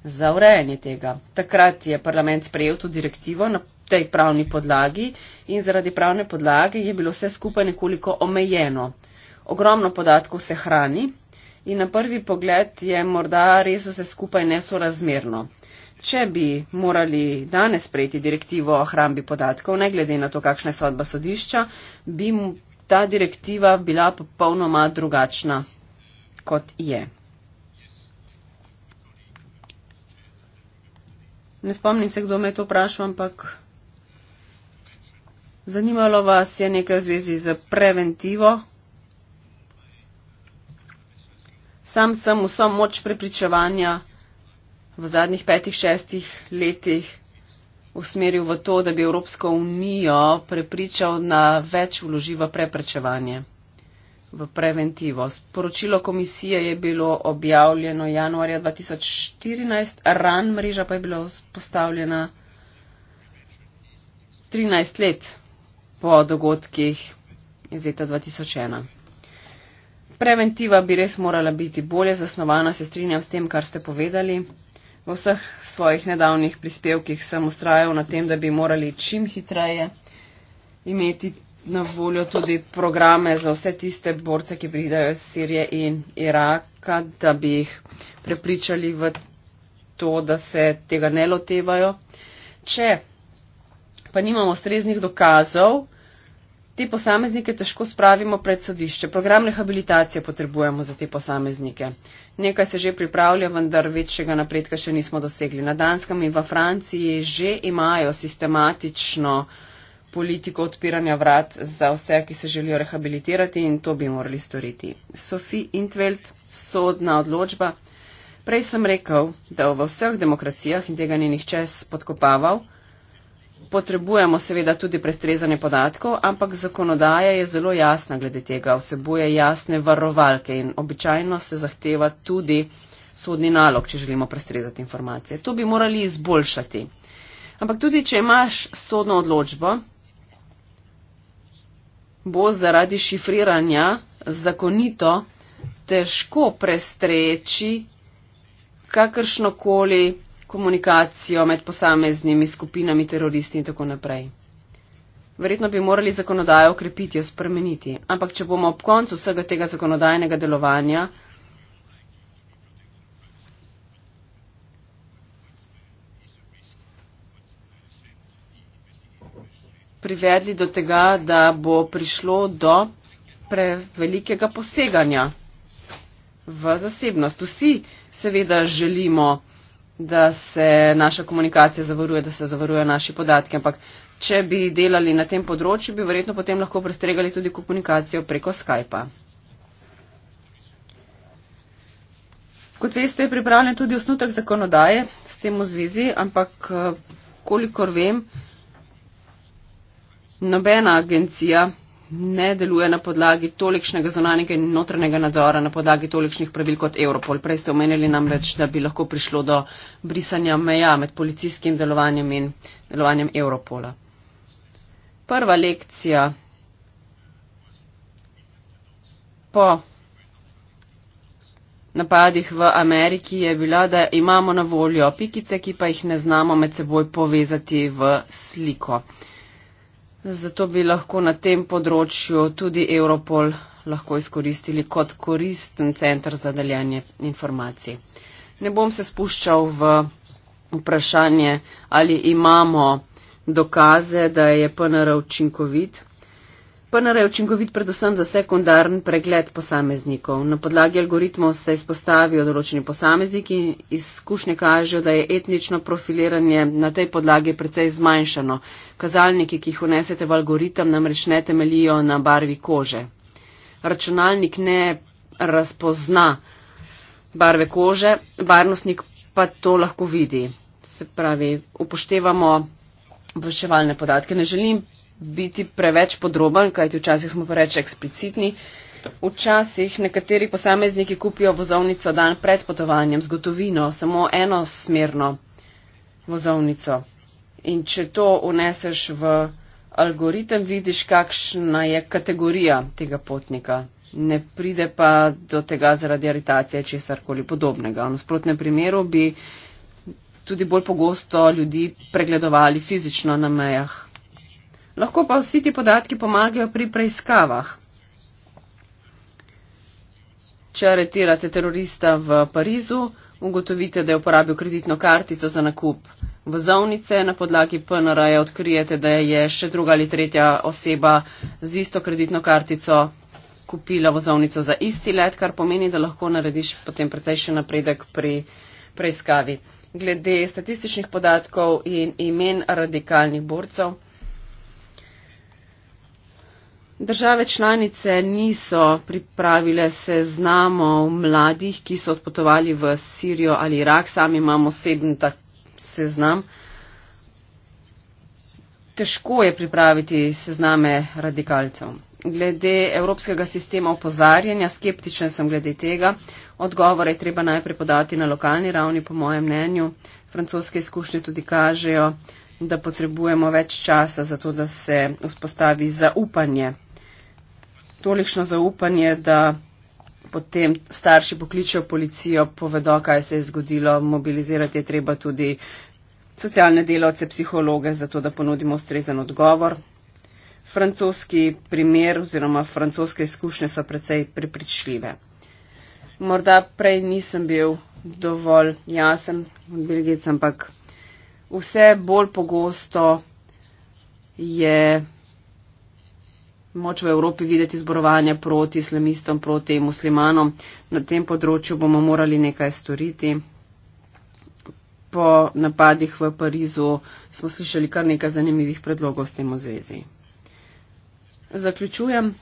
za urejanje tega. Takrat je parlament sprejel to direktivo na tej pravni podlagi in zaradi pravne podlage je bilo vse skupaj nekoliko omejeno. Ogromno podatkov se hrani in na prvi pogled je morda res vse skupaj nesorazmerno če bi morali danes sprejeti direktivo o hrambi podatkov, ne glede na to, kakšna je sodba sodišča, bi ta direktiva bila popolnoma drugačna kot je. Ne spomnim se, kdo me je to vprašal, ampak zanimalo vas je nekaj v zvezi z preventivo. Sam sem vso moč prepričevanja v zadnjih petih, šestih letih usmeril v to, da bi Evropsko unijo prepričal na več vloživa preprečevanje v preventivo. Sporočilo komisije je bilo objavljeno januarja 2014, ran mreža pa je bila postavljena 13 let po dogodkih iz leta 2001. Preventiva bi res morala biti bolje zasnovana, se strinjam s tem, kar ste povedali v vseh svojih nedavnih prispevkih sem ustrajal na tem, da bi morali čim hitreje imeti na voljo tudi programe za vse tiste borce, ki pridajo iz Sirije in Iraka, da bi jih prepričali v to, da se tega ne lotevajo. Če pa nimamo streznih dokazov, te posameznike težko spravimo pred sodišče. Program rehabilitacije potrebujemo za te posameznike. Nekaj se že pripravlja, vendar večjega napredka še nismo dosegli. Na Danskem in v Franciji že imajo sistematično politiko odpiranja vrat za vse, ki se želijo rehabilitirati in to bi morali storiti. Sophie Intveld, sodna odločba. Prej sem rekel, da v vseh demokracijah in tega ni nihče spodkopaval potrebujemo seveda tudi prestrezanje podatkov, ampak zakonodaja je zelo jasna glede tega, vsebuje jasne varovalke in običajno se zahteva tudi sodni nalog, če želimo prestrezati informacije. To bi morali izboljšati. Ampak tudi, če imaš sodno odločbo, bo zaradi šifriranja zakonito težko prestreči kakršnokoli komunikacijo med posameznimi skupinami teroristi in tako naprej. Verjetno bi morali zakonodajo ukrepiti, jo spremeniti, ampak če bomo ob koncu vsega tega zakonodajnega delovanja privedli do tega, da bo prišlo do prevelikega poseganja v zasebnost. Vsi seveda želimo, da se naša komunikacija zavaruje, da se zavarujejo naši podatki. Ampak, če bi delali na tem področju, bi verjetno potem lahko prestregali tudi komunikacijo preko Skypa. Kot veste, je pripravljen tudi osnutek zakonodaje s tem v zvezi, ampak eh, kolikor vem, nobena agencija ne deluje na podlagi tolikšnega zonanega in notranjega nadzora, na podlagi tolikšnih pravil kot Europol. Prej ste omenili namreč, da bi lahko prišlo do brisanja meja med policijskim delovanjem in delovanjem Europola. Prva lekcija po napadih v Ameriki je bila, da imamo na voljo pikice, ki pa jih ne znamo med seboj povezati v sliko. Uh, Zato bi lahko na tem področju tudi Europol lahko izkoristili kot koristen centr za deljanje informacij. Ne bom se spuščal v vprašanje, ali imamo dokaze, da je PNR učinkovit. PNR je učinkovit predvsem za sekundarn pregled posameznikov. Na podlagi algoritmov se izpostavijo določeni posamezniki in izkušnje kažejo, da je etnično profiliranje na tej podlagi precej zmanjšano. Kazalniki, ki jih unesete v algoritem, namreč ne temelijo na barvi kože. Računalnik ne razpozna barve kože, varnostnik pa to lahko vidi. Se pravi, upoštevamo obveščevalne podatke. Ne želim biti preveč podroben, kajti včasih smo preveč eksplicitni. Včasih nekateri posamezniki kupijo vozovnico dan pred potovanjem z gotovino, samo enosmerno vozovnico. In če to uneseš v algoritem, vidiš, kakšna je kategorija tega potnika. Ne pride pa do tega zaradi aritacije, če je sarkoli podobnega. V nasprotnem primeru bi tudi bolj pogosto ljudi pregledovali fizično na mejah lahko pa vsi ti podatki pomagajo pri preiskavah. Če aretirate terorista v Parizu, ugotovite, da je uporabil kreditno kartico za nakup vozovnice, na podlagi PNR-ja odkrijete, da je še druga ali tretja oseba z isto kreditno kartico kupila vozovnico za isti let, kar pomeni, da lahko narediš potem precej še napredek pri preiskavi. Glede statističnih podatkov in imen radikalnih borcev. Države članice niso pripravile seznamov mladih, ki so odpotovali v Sirijo ali Irak. Sami imamo osebni tak seznam. Težko je pripraviti sezname radikalcev. Glede evropskega sistema opozarjanja, skeptičen sem glede tega. Odgovore je treba najprej podati na lokalni ravni, po mojem mnenju. Francoske izkušnje tudi kažejo, da potrebujemo več časa za to, da se vzpostavi zaupanje tolikšno zaupanje, da potem starši pokličejo policijo, povedo, kaj se je zgodilo, mobilizirati je treba tudi socialne delavce, psihologe, zato da ponudimo ustrezen odgovor. Francoski primer oziroma francoske izkušnje so precej prepričljive. Morda prej nisem bil dovolj jasen, Belgijec, ampak vse bolj pogosto je moč v Evropi videti zborovanje proti islamistom, proti muslimanom. Na tem področju bomo morali nekaj storiti. Po napadih v Parizu smo slišali kar nekaj zanimivih predlogov s tem v zvezi. Zaključujem.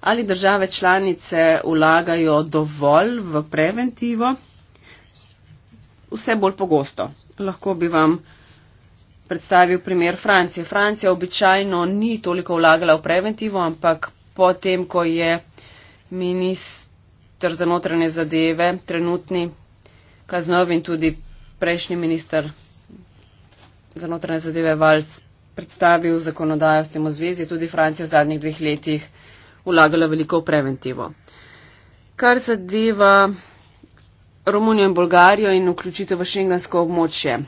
Ali države članice vlagajo dovolj v preventivo? Vse bolj pogosto. Lahko bi vam predstavil primer Francije. Francija običajno ni toliko vlagala v preventivo, ampak potem, ko je ministr za notranje zadeve, trenutni kaznov in tudi prejšnji ministr za notranje zadeve Valc predstavil zakonodajo s tem v zvezi, tudi Francija v zadnjih dveh letih vlagala veliko v preventivo. Kar zadeva Romunijo in Bolgarijo in vključitev v šengansko območje.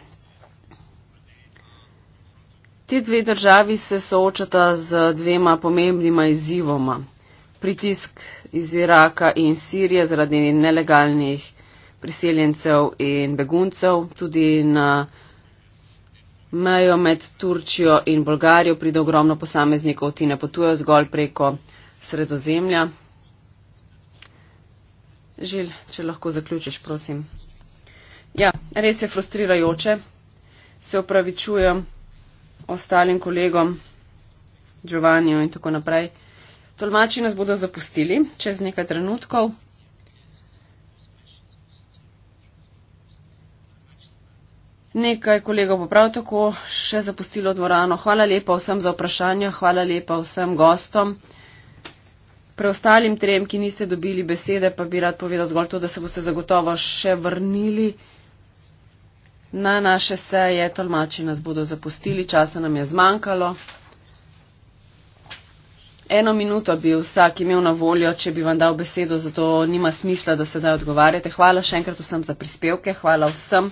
Ti dve državi se soočata z dvema pomembnima izzivoma. Pritisk iz Iraka in Sirije zaradi nelegalnih priseljencev in beguncev, tudi na mejo med Turčijo in Bolgarijo pride ogromno posameznikov, ti ne potujejo zgolj preko sredozemlja. Žil, če lahko zaključiš, prosim. Ja, res je frustrirajoče. Se opravičujem ostalim kolegom, Giovanniju in tako naprej. Tolmači nas bodo zapustili čez nekaj trenutkov. Nekaj kolegov bo prav tako še zapustilo dvorano. Hvala lepa vsem za vprašanja, hvala lepa vsem gostom. Preostalim trem, ki niste dobili besede, pa bi rad povedal zgolj to, da se boste zagotovo še vrnili na naše seje, tolmači nas bodo zapustili, časa nam je zmanjkalo. Eno minuto bi vsak imel na voljo, če bi vam dal besedo, zato nima smisla, da sedaj odgovarjate. Hvala še enkrat vsem za prispevke, hvala vsem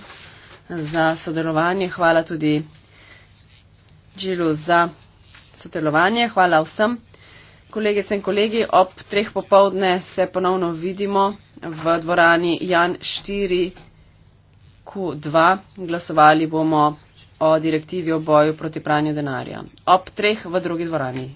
za sodelovanje, hvala tudi Džilu za sodelovanje, hvala vsem. Kolegice in kolegi, ob treh popovdne se ponovno vidimo v dvorani Jan 4. Q2 glasovali bomo o direktivi o boju proti pranju denarja. Ob treh v drugi dvorani.